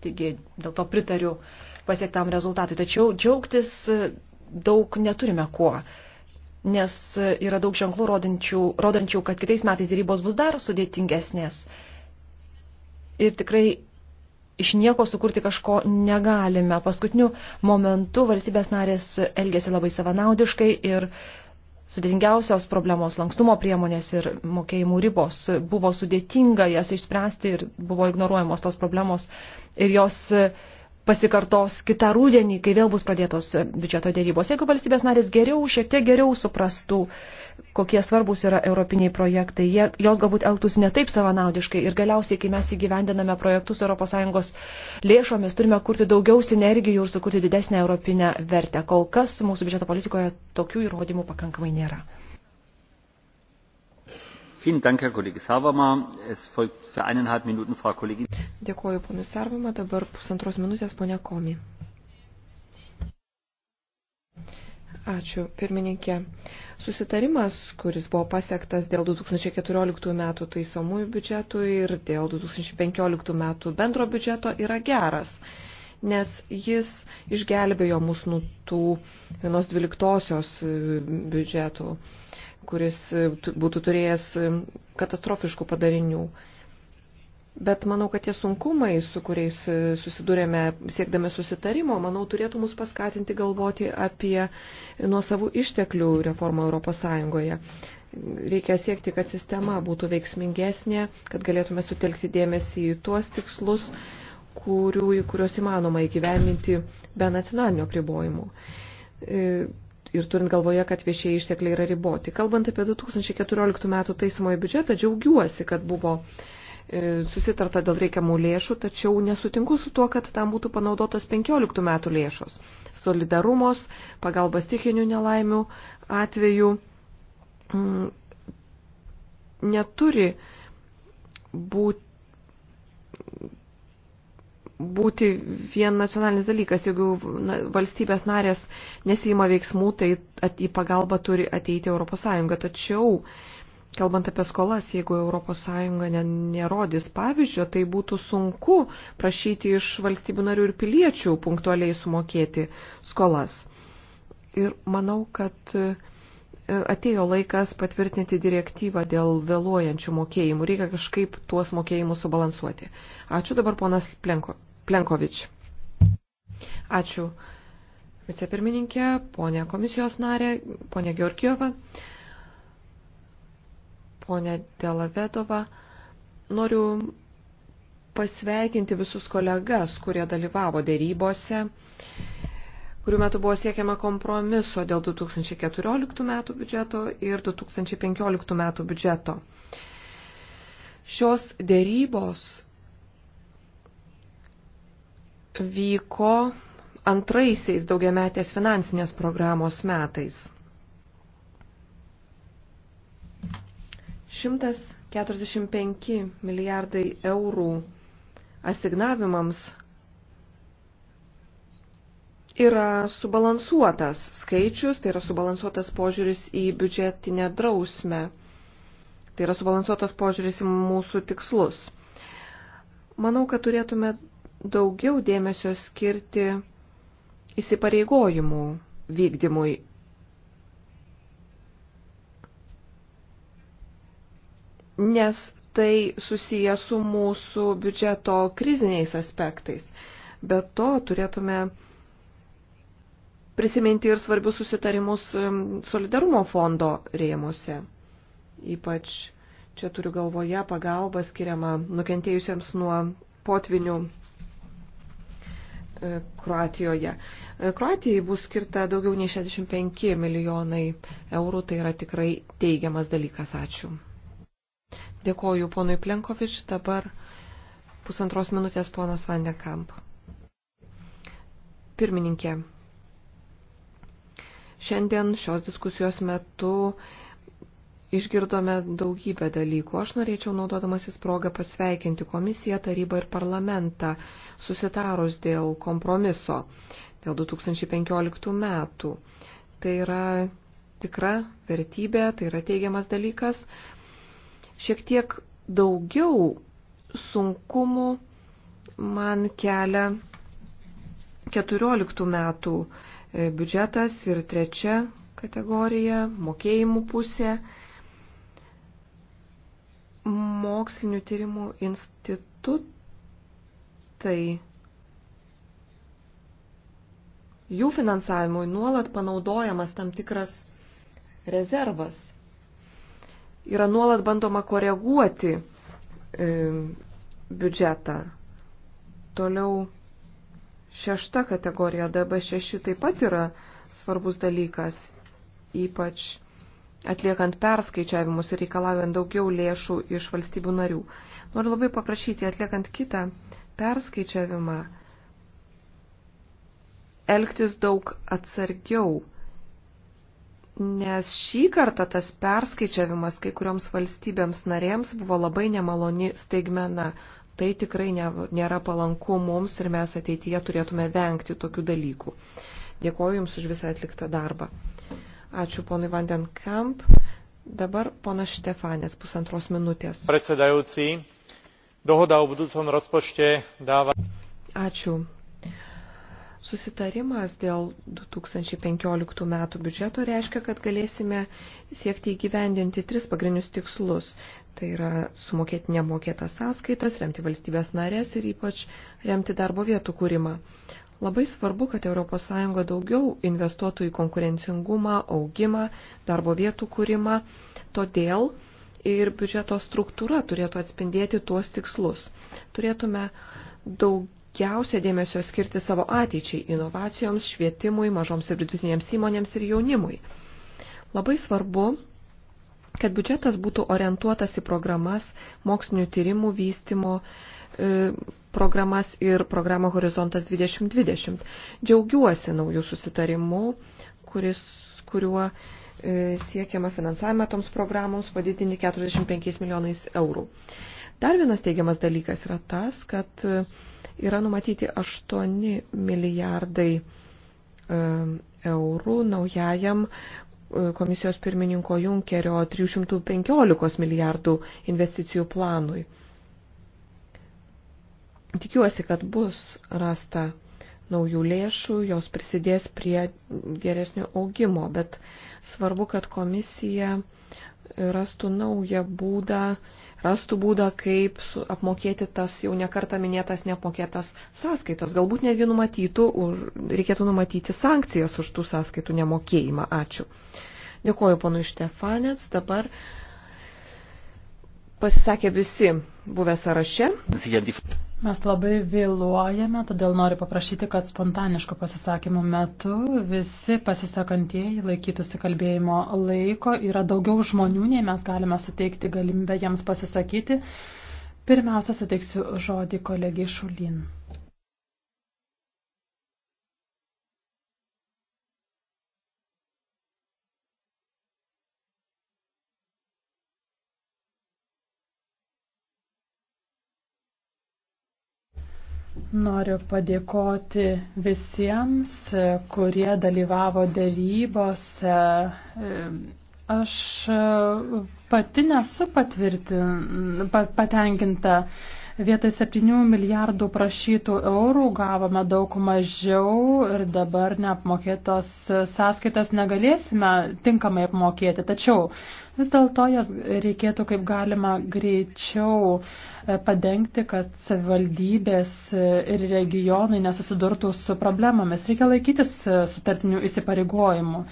F: Taigi dėl to pritariu pasiektam rezultatui. Tačiau džiaugtis e, daug neturime kuo, nes e, yra daug ženklų rodančių, rodančių kad kitais metais dėrybos bus dar sudėtingesnės. Ir tikrai iš nieko sukurti kažko negalime. Paskutiniu momentu valstybės narės elgėsi labai savanaudiškai ir sudėtingiausios problemos lankstumo priemonės ir mokėjimų ribos. Buvo sudėtinga jas išspręsti ir buvo ignoruojamos tos problemos ir jos pasikartos kitą rūdienį, kai vėl bus pradėtos e, biudžeto dėrybos. Jeigu valstybės narės geriau, šiek tiek geriau suprastų, kokie svarbus yra europiniai projektai, jie, jos galbūt elgtųsi ne taip savanaudiškai ir galiausiai, kai mes įgyvendiname projektus ES lėšomis, turime kurti daugiau sinergijų ir sukurti didesnę europinę vertę. Kol kas mūsų biudžeto politikoje tokių įrodymų pakankamai nėra.
B: Dėkuoju,
F: ponui
H: Sarvama. Dabar pusantros minutės, ponia Komi. Ačiū, pirmininkė. Susitarimas, kuris buvo pasiektas dėl 2014 metų taisomųjų biudžetų ir dėl 2015 metų bendro biudžeto yra geras, nes jis išgelbėjo mus nuo tų vienos dvyliktosios e, biudžetų kuris e, būtų turėjęs e, katastrofiškų padarinių. Bet manau, kad tie sunkumai, su kuriais e, susidūrėme siekdami susitarimo, manau, turėtų mus paskatinti galvoti apie nuosavų išteklių reformą ES. Reikia siekti, kad sistema būtų veiksmingesnė, kad galėtume sutelkti dėmesį į tuos tikslus, kurių, kuriuos įmanoma įgyvendinti be nacionalinio pribojimų ir turint galvoje, kad viešieji ištekliai yra riboti. Kalbant apie 2014 metų taisymojo biudžetą, džiaugiuosi, kad buvo e, susitarta dėl reikiamų lėšų, tačiau nesutinku su tuo, kad tam būtų panaudotos 15 metų lėšos. Solidarumos, pagalbas tikinių nelaimių atveju m, mm, neturi būti būti vien nacionalinis dalykas. Jeigu valstybės narės nesima veiksmų, tai at, į pagalbą turi ateiti ES. Tačiau, kalbant apie skolas, jeigu ES nerodys pavyzdžio, tai būtų sunku prašyti iš valstybių narių ir piliečių punktualiai sumokėti skolas. Ir manau, kad e, atėjo laikas patvirtinti direktyvą dėl vėluojančių mokėjimų. Reikia kažkaip tuos mokėjimus subalansuoti. Ačiū dabar ponas Plenko, Plenkovič. Ačiū vicepirmininkė, ponė komisijos narė, ponė Georgieva, ponė Delavedova. Noriu pasveikinti visus kolegas, kurie dalyvavo dėrybose, kurių metu buvo siekiama kompromiso dėl 2014 metų biudžeto ir 2015 metų biudžeto. Šios dėrybos vyko antraisiais daugiametės finansinės programos metais. 145 milijardai eurų asignavimams yra subalansuotas skaičius, tai yra subalansuotas požiūris į biudžetinę drausmę, tai yra subalansuotas požiūris į mūsų tikslus. Manau, kad turėtume daugiau dėmesio skirti įsipareigojimų vykdymui. Nes tai susiję su mūsų biudžeto kriziniais aspektais. Bet to turėtume prisiminti ir svarbius susitarimus um, solidarumo fondo rėmose. Ypač čia turiu galvoje pagalbą skiriamą nukentėjusiems nuo potvinių E, Kroatijoje. E, Kroatijai bus skirta daugiau nei 65 milijonai eurų, tai yra tikrai teigiamas dalykas. Ačiū. Dėkoju ponui Plenkovič, dabar pusantros minutės ponas Vandekamp. Pirmininkė. Šiandien šios diskusijos metu išgirdome daugybę dalykų. Aš norėčiau naudodamasis progą pasveikinti komisiją, tarybą ir parlamentą, susitarus dėl kompromiso dėl 2015 metų. Tai yra tikra vertybė, tai yra teigiamas dalykas. Šiek tiek daugiau sunkumų man kelia 14 metų e, biudžetas ir trečia kategorija - mokėjimų pusė Mokslinių tyrimų institutai jų finansavimui nuolat panaudojamas tam tikras rezervas. Yra nuolat bandoma koreguoti e, biudžetą. Toliau šešta kategorija DB6 taip pat yra svarbus dalykas, ypač atliekant perskaičiavimus ir reikalaujant daugiau lėšų iš valstybių narių. Noriu labai paprašyti, atliekant kitą perskaičiavimą, elgtis daug atsargiau, nes šį kartą tas perskaičiavimas kai kurioms valstybėms narėms buvo labai nemaloni staigmena. Tai tikrai nėra palanku mums ir mes ateityje turėtume vengti tokių dalykų. Dėkoju Jums už visą atliktą darbą. Ačiū ponui Vandenkamp. Dabar ponas Štefanės pusantros minutės.
D: Predsedajúci, dohoda o budúcom rozpočte dáva.
H: Ačiū. Susitarimas dėl 2015 metų biudžeto reiškia, kad galėsime siekti įgyvendinti tris pagrindinius tikslus. Tai yra sumokėti nemokėtas sąskaitas, remti valstybės narės ir ypač remti darbo vietų kūrimą. Labai svarbu, kad ES daugiau investuotų į konkurencingumą, augimą, darbo vietų kūrimą, todėl ir biudžeto struktūra turėtų atspindėti tuos tikslus. Turėtume daugiausia dėmesio skirti savo ateičiai - inovacijoms, švietimui, mažoms ir vidutinėms įmonėms ir jaunimui. Labai svarbu, kad biudžetas būtų orientuotas į programas, mokslinių tyrimų vystimo, E, programas ir programą Horizontas 2020. Džiaugiuosi naujų susitarimu, kuris, kuriuo e, siekiama finansavimą toms programoms padidinti 45 milijonais eurų. Dar vienas teigiamas dalykas yra tas, kad e, yra numatyti 8 milijardai eurų naujajam komisijos pirmininko Junkerio 315 milijardų investicijų planui. Tikiuosi, kad bus rasta naujų lėšų, jos prisidės prie geresnio augimo, bet svarbu, kad komisija rastų naują būdą, rastų būdą, kaip apmokėti tas jau nekartą minėtas neapmokėtas sąskaitas. Galbūt netgi numatytų, už, reikėtų numatyti sankcijas už tų sąskaitų nemokėjimą. Ačiū. Dėkuoju ponui Štefanets. Dabar Pasisakė visi buvę sąraše. Mes labai
G: vėluojame, todėl noriu paprašyti, kad spontaniško pasisakymų metu visi pasisakantieji laikytųsi kalbėjimo laiko. Yra daugiau žmonių, nei mes galime suteikti galimybę jiems pasisakyti. Pirmiausia, suteiksiu žodį kolegiai Šulin. Noriu padėkoti visiems, kurie dalyvavo dėrybose. Aš pati nesu patenkinta. Vietoj 7 milijardų prašytų eurų gavome daug mažiau ir dabar neapmokėtos sąskaitas negalėsime tinkamai apmokėti. Tačiau Vis dėlto jas reikėtų kaip galima greičiau e, padengti, kad savivaldybės ir regionai nesusidurtų su problemomis. Reikia laikytis e, sutartinių įsipareigojimų.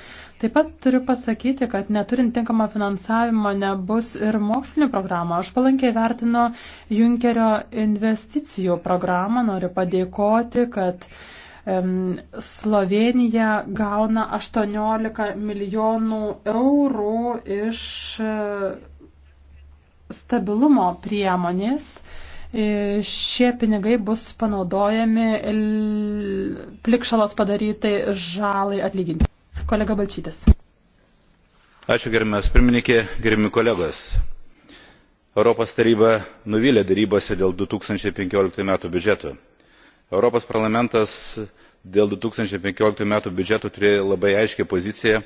G: Taip pat turiu pasakyti, kad neturint tinkamo finansavimo nebus ir mokslinių programų. Aš palankiai vertinu Junkerio investicijų programą. Noriu padėkoti, kad uh, Slovenija gauna 18 milijonų eurų iš e, stabilumo priemonės. E, šie pinigai bus panaudojami plikšalos padarytai žalai atlyginti. Kolega Balčytis.
D: Ačiū gerbiamas pirmininkė, gerbiami kolegos europos taryba nuvylė derybose dėl du tūkstančiai penkiolika metų biudžeto europos parlamentas dėl du tūkstančiai penkiolika metų biudžeto turėjo labai aiškią poziciją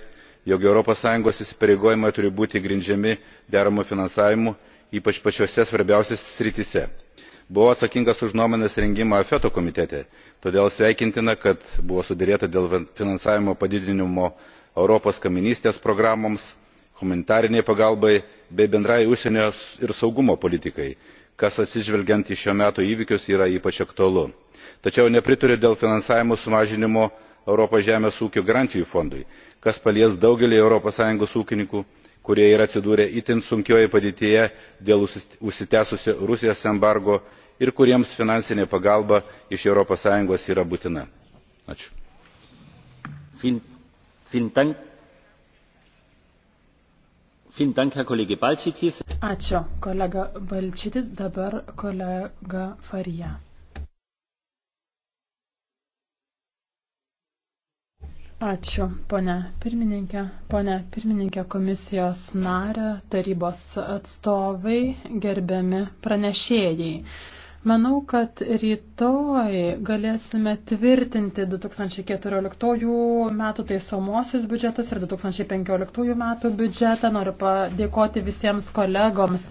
D: jog europos sąjungos įsipareigojimai turi būti grindžiami deramu finansavimu ypač pačiose svarbiausiose srityse. buvau atsakingas už nuomonės rengimą afet komitete todėl sveikintina kad buvo suderėta dėl finansavimo padidinimo europos kaimynystės programoms humanitarinei pagalbai bei bendrai užsienio ir saugumo politikai kas atsižvelgiant į šių metų įvykius yra ypač aktualu tačiau nepritariu dėl finansavimo sumažinimo europos žemės ūkio garantijų fondui kas palies daugelį europos sąjungos ūkininkų kurie yra atsidūrę itin sunkioje padėtyje dėl užsitęsusio rusijos embargo ir kuriems finansinė pagalba iš europos sąjungos yra būtina.
G: ačiū kolega balčytis dabar kolega farija. Ačiū, ponė pirmininkė. Ponė pirmininkė komisijos narė, tarybos atstovai, gerbiami pranešėjai. Manau, kad rytoj galėsime tvirtinti 2014 metų taisomosius biudžetus ir 2015 metų biudžetą. Noriu padėkoti visiems kolegoms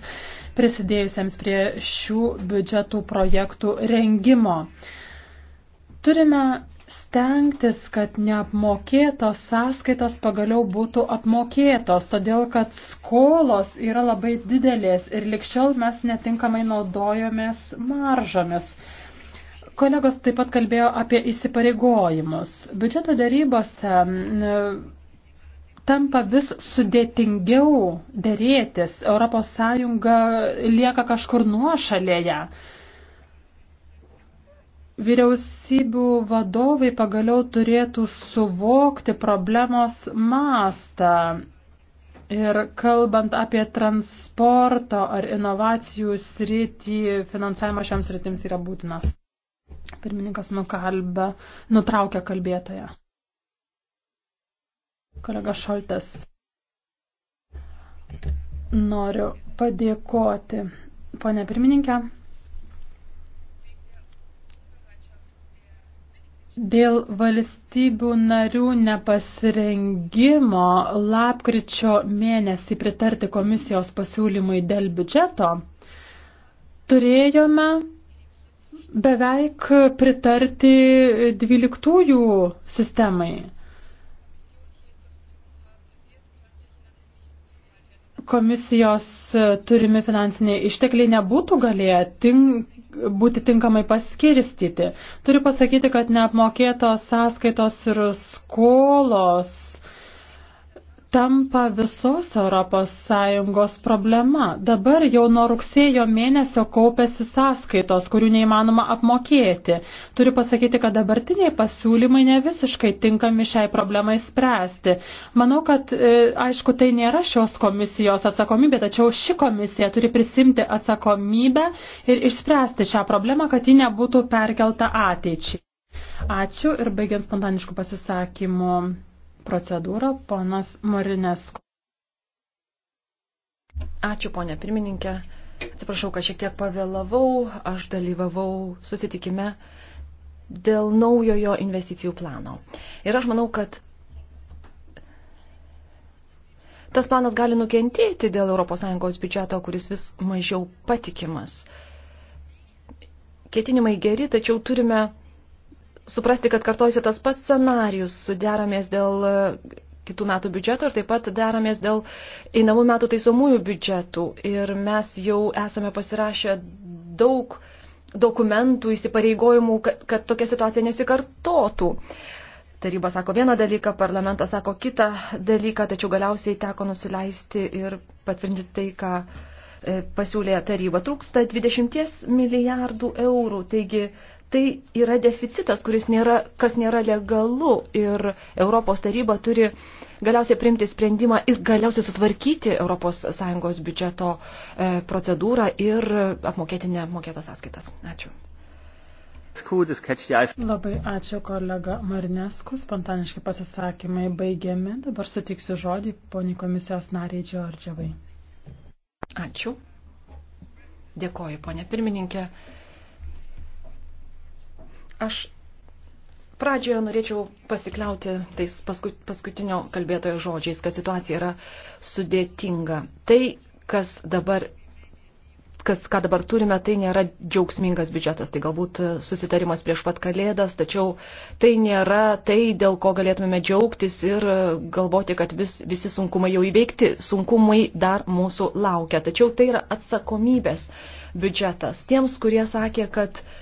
G: prisidėjusiems prie šių biudžetų projektų rengimo. Turime stengtis, kad neapmokėtos sąskaitas pagaliau būtų apmokėtos, todėl kad skolos yra labai didelės ir likščiau mes netinkamai naudojomės maržomis. Kolegos taip pat kalbėjo apie įsipareigojimus. Biudžeto darybose tampa vis sudėtingiau dėrėtis. ES lieka kažkur nuošalėje. šalėje vyriausybių vadovai pagaliau turėtų suvokti problemos mastą. Ir kalbant apie transporto ar inovacijų sritį, finansavimas šiams sritims yra būtinas. Pirmininkas nukalba, nutraukia kalbėtoją. Kolega Šoltas. Noriu padėkoti. Pone pirmininkė, Dėl valstybių narių nepasirengimo lapkričio mėnesį pritarti komisijos pasiūlymui dėl biudžeto turėjome beveik pritarti 12 sistemai. Komisijos turimi finansiniai ištekliai nebūtų galėję tink, būti tinkamai paskirstyti. Turiu pasakyti, kad neapmokėtos sąskaitos ir skolos uh, tampa visos ES problema. Dabar jau nuo rugsėjo mėnesio kaupėsi sąskaitos, kurių neįmanoma apmokėti. Turiu pasakyti, kad dabartiniai pasiūlymai ne visiškai tinkami šiai problemai spręsti. Manau, kad e, aišku, tai nėra šios komisijos atsakomybė, tačiau ši komisija turi prisimti atsakomybę ir išspręsti šią problemą, kad ji nebūtų perkelta ateičiai. Ačiū ir baigiant spontaniškų pasisakymų procedūrą,
F: ponas Marinesko. Ačiū, ponė pirmininkė. Atsiprašau, kad šiek tiek pavėlavau. Aš dalyvavau susitikime dėl naujojo investicijų plano. Ir aš manau, kad tas planas gali nukentėti dėl ES biudžeto, kuris vis mažiau patikimas. Ketinimai geri, tačiau turime suprasti, kad kartojasi tas pats scenarius, deramės dėl e, kitų metų biudžeto ir taip pat deramės dėl einamų metų taisomųjų biudžetų. Ir mes jau esame pasirašę daug dokumentų, įsipareigojimų, kad, kad tokia situacija nesikartotų. Taryba sako vieną dalyką, parlamentas sako kitą dalyką, tačiau galiausiai teko nusileisti ir patvirtinti tai, ką e, pasiūlė taryba. Trūksta 20 milijardų eurų, taigi Tai yra deficitas, nėra, kas nėra legalu ir Europos taryba turi galiausiai priimti sprendimą ir galiausiai sutvarkyti ES biudžeto e, procedūrą ir apmokėti neapmokėtas sąskaitas. Ačiū.
B: Labai
G: ačiū kolega Marinesku, spontaniški pasisakymai baigiami. Dabar sutiksiu žodį poniai komisijos nariai Džordžiavai. Ačiū.
F: Dėkoju, ponė pirmininkė. Aš pradžioje norėčiau pasikliauti tais paskutinio kalbėtojo žodžiais, kad situacija yra sudėtinga. Tai, kas dabar kas, ką dabar turime, tai nėra džiaugsmingas biudžetas, tai galbūt susitarimas prieš pat kalėdas, tačiau tai nėra tai, dėl ko galėtume džiaugtis ir galvoti, kad vis, visi sunkumai jau įveikti, sunkumai dar mūsų laukia. Tačiau tai yra atsakomybės biudžetas. Tiems, kurie sakė, kad uh,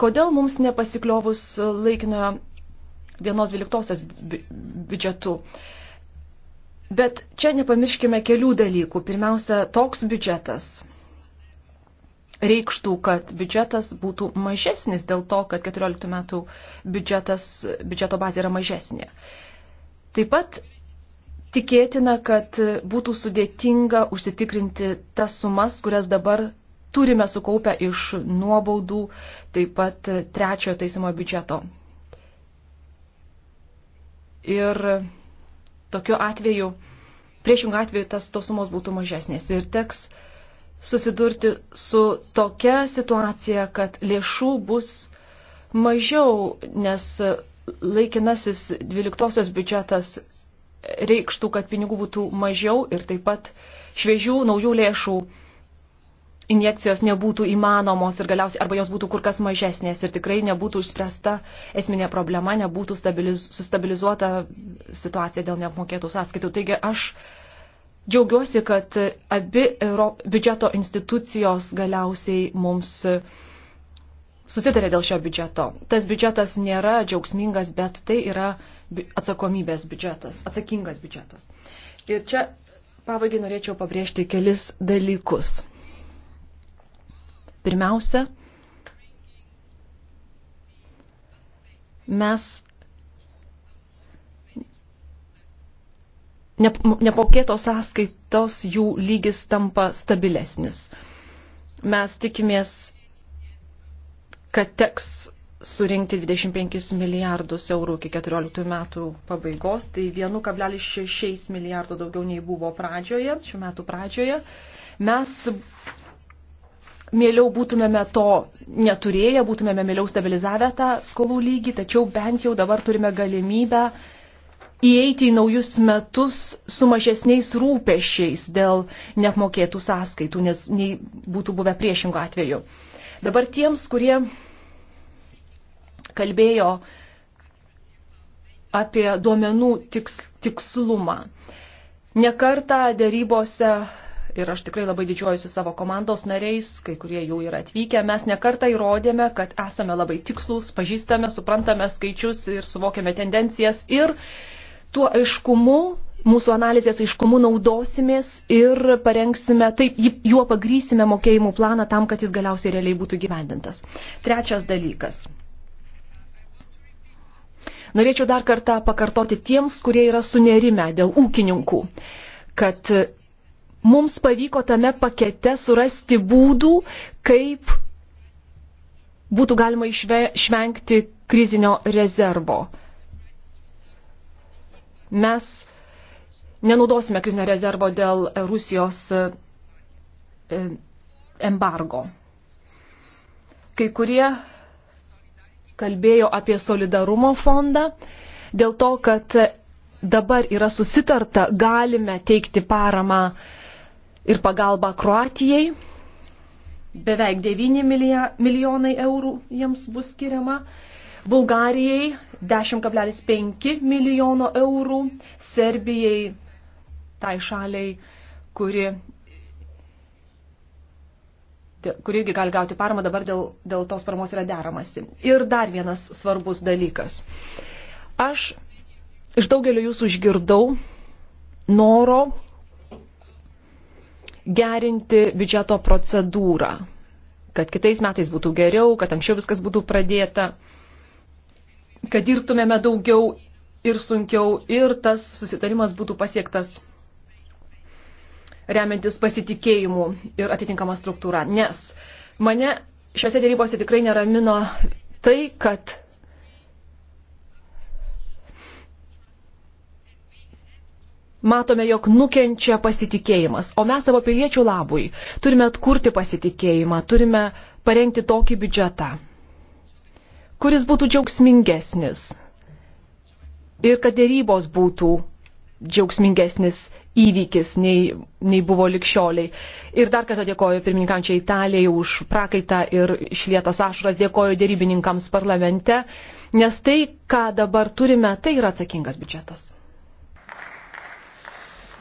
F: Kodėl mums nepasikliovus laikinojo vienos dvyliktosios bi biudžetu? Bet čia nepamirškime kelių dalykų. Pirmiausia, toks biudžetas reikštų, kad biudžetas būtų mažesnis dėl to, kad 14 metų biudžetas, biudžeto bazė yra mažesnė. Taip pat tikėtina, kad būtų sudėtinga užsitikrinti tas sumas, kurias dabar turime sukaupę iš nuobaudų, taip pat trečiojo taisimo biudžeto. Ir tokiu atveju, priešingų atveju, tas tos sumos būtų mažesnės ir teks susidurti su tokia situacija, kad lėšų bus mažiau, nes laikinasis 12 biudžetas reikštų, kad pinigų būtų mažiau ir taip pat šviežių naujų lėšų injekcijos nebūtų įmanomos ir galiausiai arba jos būtų kur kas mažesnės ir tikrai nebūtų išspręsta esminė problema, nebūtų stabiliz, sustabilizuota situacija dėl neapmokėtų sąskaitų. Taigi aš džiaugiuosi, kad abi Euro, biudžeto institucijos galiausiai mums susitarė dėl šio biudžeto. Tas biudžetas nėra džiaugsmingas, bet tai yra atsakomybės biudžetas, atsakingas biudžetas. Ir čia pabaigai norėčiau pabrėžti kelis dalykus. Pirmiausia, mes nepokėtos sąskaitos jų lygis tampa stabilesnis. Mes tikimės, kad teks surinkti 25 milijardus eurų iki 14 metų pabaigos, tai 1,6 milijardo daugiau nei buvo pradžioje, šių metų pradžioje. Mes Mėliau būtumėme to neturėję, būtumėme mėliau stabilizavę tą skolų lygį, tačiau bent jau dabar turime galimybę įeiti į naujus metus su mažesniais rūpešiais dėl neapmokėtų sąskaitų, nes nei būtų buvę priešingų atveju. Dabar tiems, kurie kalbėjo apie duomenų tiks, tikslumą. Nekarta dėrybose ir aš tikrai labai didžiuojuosi savo komandos nariais, kai kurie jau yra atvykę. Mes nekartą įrodėme, kad esame labai tikslus, pažįstame, suprantame skaičius ir suvokiame tendencijas ir tuo aiškumu, mūsų analizės aiškumu naudosimės ir parengsime, taip, juo pagrysime mokėjimų planą tam, kad jis galiausiai realiai būtų gyvendintas. Trečias dalykas. Norėčiau dar kartą pakartoti tiems, kurie yra sunerime dėl ūkininkų, kad mums pavyko tame pakete surasti būdų, kaip būtų galima išvengti krizinio rezervo. Mes nenaudosime krizinio rezervo dėl Rusijos e, embargo. Kai kurie kalbėjo apie solidarumo fondą, dėl to, kad dabar yra susitarta, galime teikti paramą uh, ir pagalbą Kroatijai. Beveik 9 milijonai eurų jiems bus skiriama. Bulgarijai 10,5 milijono eurų, Serbijai tai šaliai, kuri, kuri irgi gali gauti paramą, dabar dėl, dėl tos paramos yra deramasi. Ir dar vienas svarbus dalykas. Aš iš daugelio jūsų išgirdau noro gerinti biudžeto procedūrą, kad kitais metais būtų geriau, kad anksčiau viskas būtų pradėta, kad dirbtumėme daugiau ir sunkiau ir tas susitarimas būtų pasiektas remiantis pasitikėjimu ir atitinkama struktūra. Nes mane šiuose dėrybose tikrai neramino tai, kad matome, jog nukenčia pasitikėjimas. O mes savo piliečių labui turime atkurti pasitikėjimą, turime parengti tokį biudžetą, kuris būtų džiaugsmingesnis ir kad dėrybos būtų džiaugsmingesnis įvykis nei, nei buvo likščioliai. Ir dar kartą dėkoju pirmininkančiai Italijai už prakaitą ir išlietas ašras, dėkoju dėrybininkams parlamente, nes tai, ką dabar turime, tai yra atsakingas biudžetas.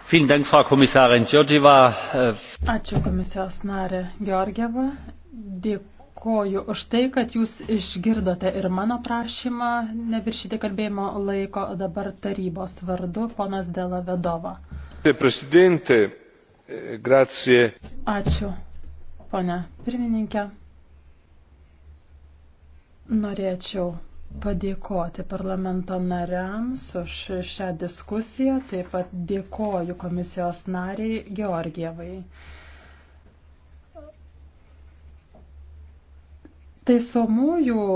B: Ačiū
G: komisijos narė Georgieva. Dėkoju už tai, kad jūs išgirdote ir mano prašymą neviršyti kalbėjimo laiko dabar tarybos vardu, ponas Dela Vedova. E, Ačiū, ponia pirmininkė. Norėčiau padėkoti parlamento nariams už šią diskusiją, taip pat dėkoju komisijos nariai Georgievai. Taisomųjų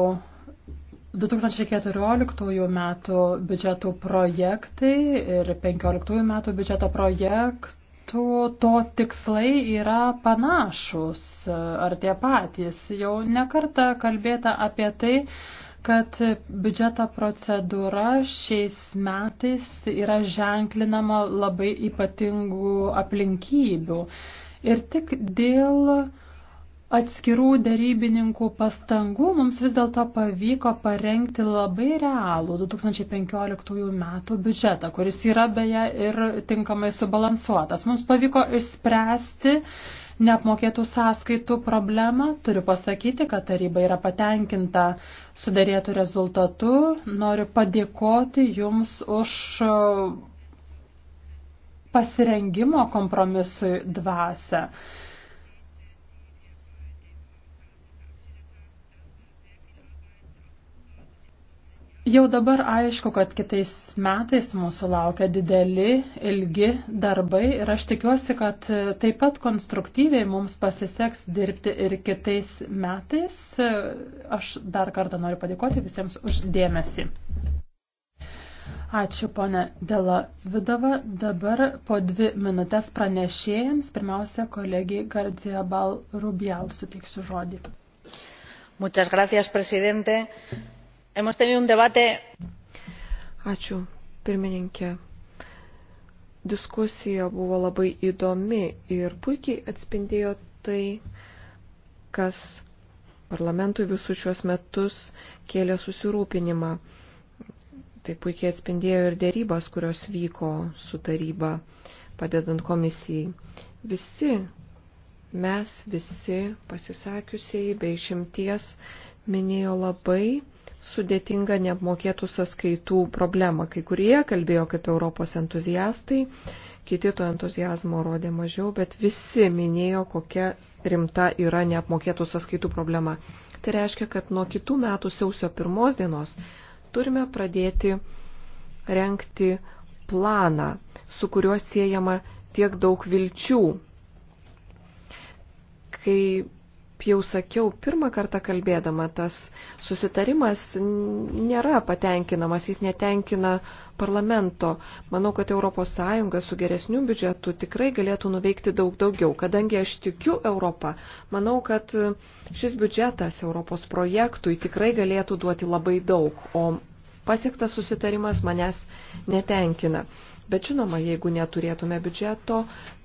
G: 2014 metų biudžetų projektai ir 2015 metų biudžeto projektų to tikslai yra panašus ar tie patys. Jau nekarta kalbėta apie tai, kad biudžeto procedūra šiais metais yra ženklinama labai ypatingų aplinkybių. Ir tik dėl atskirų darybininkų pastangų mums vis dėlto pavyko parengti labai realų 2015 metų biudžetą, kuris yra beje ir tinkamai subalansuotas. Mums pavyko išspręsti neapmokėtų sąskaitų problemą. Turiu pasakyti, kad taryba yra patenkinta sudarėtų rezultatų. Noriu padėkoti Jums už e, pasirengimo kompromisui dvasę. Jau dabar aišku, kad kitais metais mūsų laukia dideli, ilgi darbai ir aš tikiuosi, kad taip pat konstruktyviai mums pasiseks dirbti ir kitais metais. Aš dar kartą noriu padėkoti visiems už dėmesį. Ačiū, ponė Dela Vidova. Dabar po dvi minutės pranešėjams, pirmiausia, kolegijai Gardzija Bal Rubial suteiksiu žodį.
B: Muchas gracias, presidente.
H: Hemos tenido un debate. Ačiū, pirmininkė. Diskusija buvo labai įdomi ir puikiai atspindėjo tai, kas parlamentui visus šiuos metus kėlė susirūpinimą. Tai puikiai atspindėjo ir dėrybas, kurios vyko su taryba, padedant komisijai. Visi, mes visi pasisakiusieji bei šimties minėjo labai sudėtingą neapmokėtų sąskaitų problemą. Kai kurie kalbėjo kaip Europos entuziastai, kiti to entuzijazmo rodė mažiau, bet visi minėjo, kokia rimta yra neapmokėtų sąskaitų problema. Tai reiškia, kad nuo kitų metų sausio pirmos dienos turime pradėti renkti planą, su kuriuo siejama tiek daug vilčių. Kai kaip jau sakiau, pirmą kartą kalbėdama, tas susitarimas nėra patenkinamas, jis netenkina parlamento. Manau, kad ES su geresniu biudžetu tikrai galėtų nuveikti daug daugiau. Kadangi aš tikiu Europą, manau, kad šis biudžetas Europos projektui tikrai galėtų duoti labai daug, o pasiektas susitarimas manęs netenkina. Bet žinoma, jeigu neturėtume biudžeto,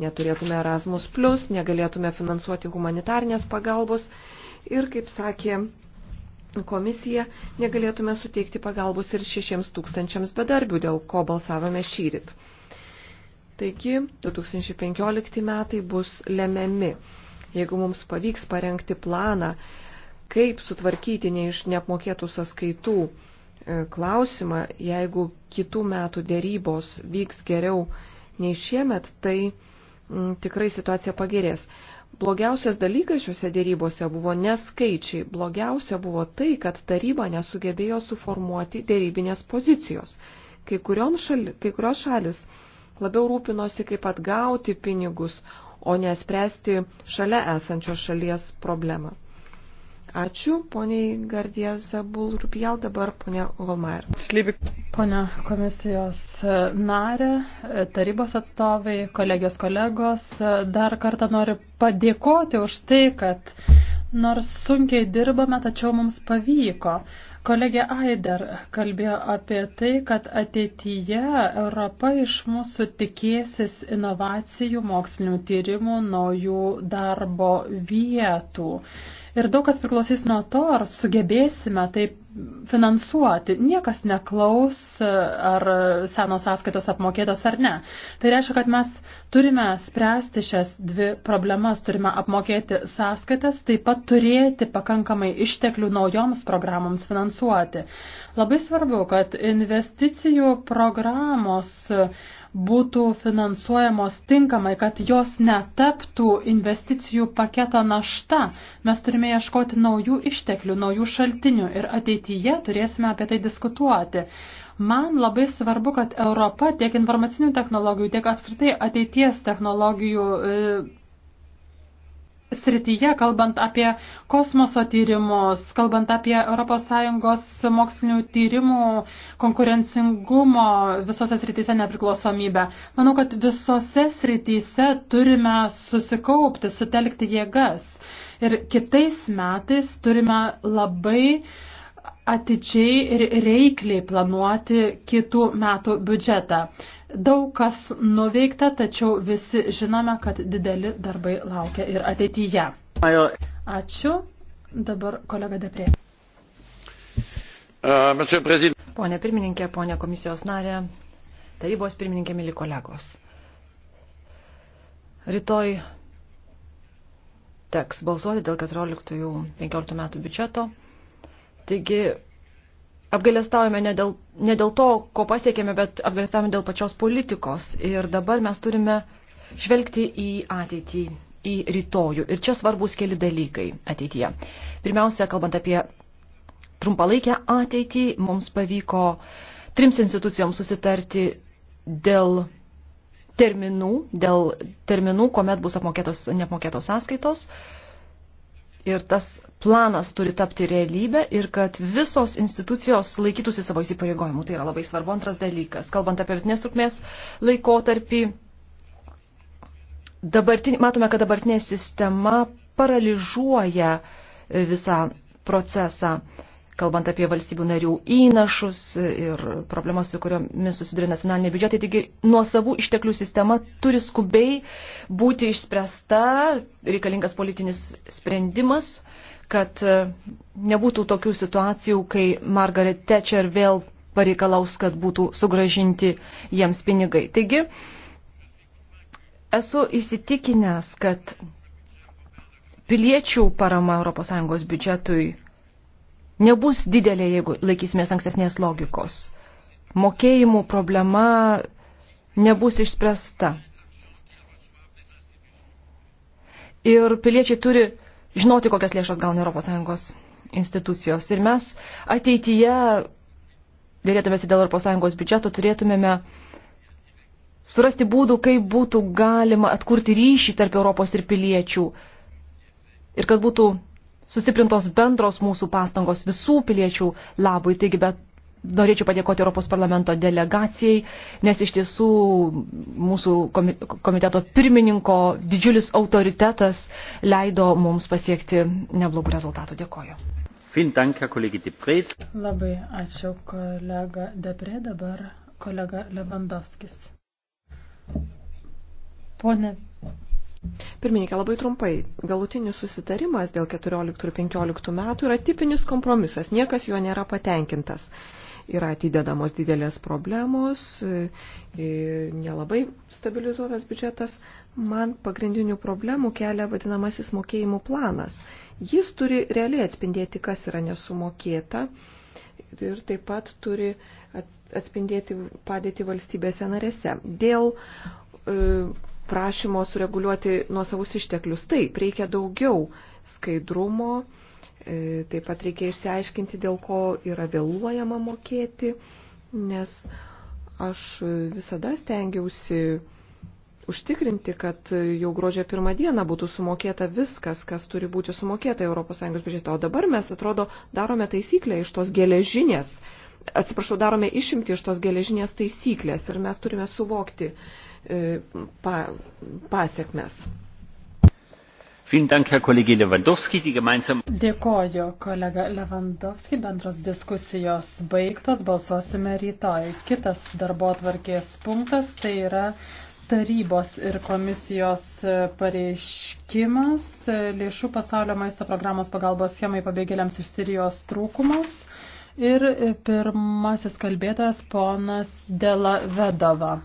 H: neturėtume Erasmus, negalėtume finansuoti humanitarnės pagalbos ir, kaip sakė komisija, negalėtume suteikti pagalbos ir šešiems tūkstančiams bedarbių, dėl ko balsavome šyrit. Taigi, 2015 metai bus lemiami. Jeigu mums pavyks parengti planą, kaip sutvarkyti ne iš neapmokėtų sąskaitų E, klausimą, jeigu kitų metų dėrybos vyks geriau nei šiemet, tai m, mm, tikrai situacija pagerės. Blogiausias dalykas šiuose dėrybose buvo neskaičiai, blogiausia buvo tai, kad taryba nesugebėjo suformuoti dėrybinės pozicijos. Kai, šali, kai kurios šalis labiau rūpinosi, kaip atgauti pinigus, o nespręsti šalia esančios šalies problemą. Ačiū, poniai Gardija Zabul Rupijal, dabar ponia Holmair. Pone komisijos narė,
G: tarybos atstovai, kolegijos kolegos, dar kartą noriu padėkoti už tai, kad nors sunkiai dirbame, tačiau mums pavyko. Kolegė Aider kalbėjo apie tai, kad ateityje Europa iš mūsų tikėsis inovacijų, mokslinių tyrimų, naujų darbo vietų. Ir daug kas priklausys nuo to, ar sugebėsime tai finansuoti. Niekas neklaus, ar senos sąskaitos apmokėtos ar ne. Tai reiškia, kad mes turime spręsti šias dvi problemas, turime apmokėti sąskaitas, taip pat turėti pakankamai išteklių naujoms programoms finansuoti. Labai svarbu, kad investicijų programos uh, būtų finansuojamos tinkamai, kad jos netaptų investicijų paketo našta. Mes turime ieškoti naujų išteklių, naujų šaltinių ir ateityje turėsime apie tai diskutuoti. Man labai svarbu, kad Europa tiek informacinių technologijų, tiek apskritai ateities technologijų e, srityje, kalbant apie kosmoso tyrimus, kalbant apie ES mokslinių tyrimų konkurencingumo visose srityse nepriklausomybę. Manau, kad visose srityse turime susikaupti, sutelkti jėgas. Ir kitais metais turime labai uh, atidžiai ir reikliai planuoti kitų metų biudžetą. Daug kas nuveikta, tačiau visi žinome, kad dideli darbai laukia ir
F: ateityje. Ačiū. Dabar kolega Deprė.
D: Uh,
F: pone pirmininkė, pone komisijos narė, tarybos pirmininkė, mili kolegos. Rytoj teks balsuoti dėl 14-15 metų biudžeto. Taigi apgailestavome ne dėl, ne dėl to, ko pasiekėme, bet apgailestavome dėl pačios politikos. Ir dabar mes turime žvelgti į ateitį, į rytojų. Ir čia svarbus keli dalykai ateityje. Pirmiausia, kalbant apie trumpalaikę ateitį, mums pavyko trims institucijoms susitarti dėl terminų, dėl terminų, kuomet bus apmokėtos, neapmokėtos sąskaitos. Ir tas planas turi tapti realybę ir kad visos institucijos laikytųsi savo įsipareigojimų. Tai yra labai svarbu. Antras dalykas, kalbant apie vidinės trukmės laikotarpį, dabartin, matome, kad dabartinė sistema paralyžuoja visą procesą kalbant apie valstybių narių įnašus ir problemas, su kuriomis susiduria nacionaliniai biudžetai. Taigi nuo savų išteklių sistema turi skubiai būti išspręsta, reikalingas politinis sprendimas kad e, nebūtų tokių situacijų, kai Margaret Thatcher vėl pareikalaus, kad būtų sugražinti jiems pinigai. Taigi, esu įsitikinęs, kad piliečių parama ES biudžetui nebus didelė, jeigu laikysimės ankstesnės logikos. Mokėjimų problema nebus išspręsta. Ir piliečiai turi žinoti, kokias lėšas gauna ES institucijos. Ir mes ateityje, dėlėtumėsi dėl ES biudžeto, turėtumėme surasti būdų, kaip būtų galima atkurti ryšį tarp Europos ir piliečių. Ir kad būtų sustiprintos bendros mūsų pastangos visų piliečių labui. Taigi, bet norėčiau padėkoti Europos parlamento delegacijai, nes iš tiesų mūsų komiteto pirmininko didžiulis autoritetas leido mums pasiekti neblogų rezultatų. Dėkoju.
B: Labai
G: ačiū kolega Deprė, dabar kolega Levandovskis.
H: Pone Pirmininkė, labai trumpai. Galutinis susitarimas dėl 14-15 metų yra tipinis kompromisas, niekas juo nėra patenkintas yra atidedamos didelės problemos, e, nelabai stabilizuotas biudžetas. Man pagrindinių problemų kelia vadinamasis mokėjimų planas. Jis turi realiai atspindėti, kas yra nesumokėta ir taip pat turi atspindėti padėti valstybėse narėse. Dėl e, prašymo sureguliuoti nuosavus išteklius. Taip, reikia daugiau skaidrumo, E, taip pat reikia išsiaiškinti, dėl ko yra vėluojama mokėti, nes aš visada stengiausi užtikrinti, kad jau gruodžio pirmą dieną būtų sumokėta viskas, kas turi būti sumokėta ES biudžeto. O dabar mes, atrodo, darome taisyklę iš tos geležinės, atsiprašau, darome išimti iš tos geležinės taisyklės ir mes turime suvokti e, pa, pasiekmes.
B: Dėkoju,
G: kolega Levandovski. Bendros diskusijos baigtos. Balsuosime rytoj. Kitas darbo atvarkės punktas tai yra tarybos ir komisijos pareiškimas lėšų pasaulio maisto programos pagalbos schemai pabėgėliams iš Sirijos trūkumas. Ir pirmasis kalbėtas ponas Dela Vedova.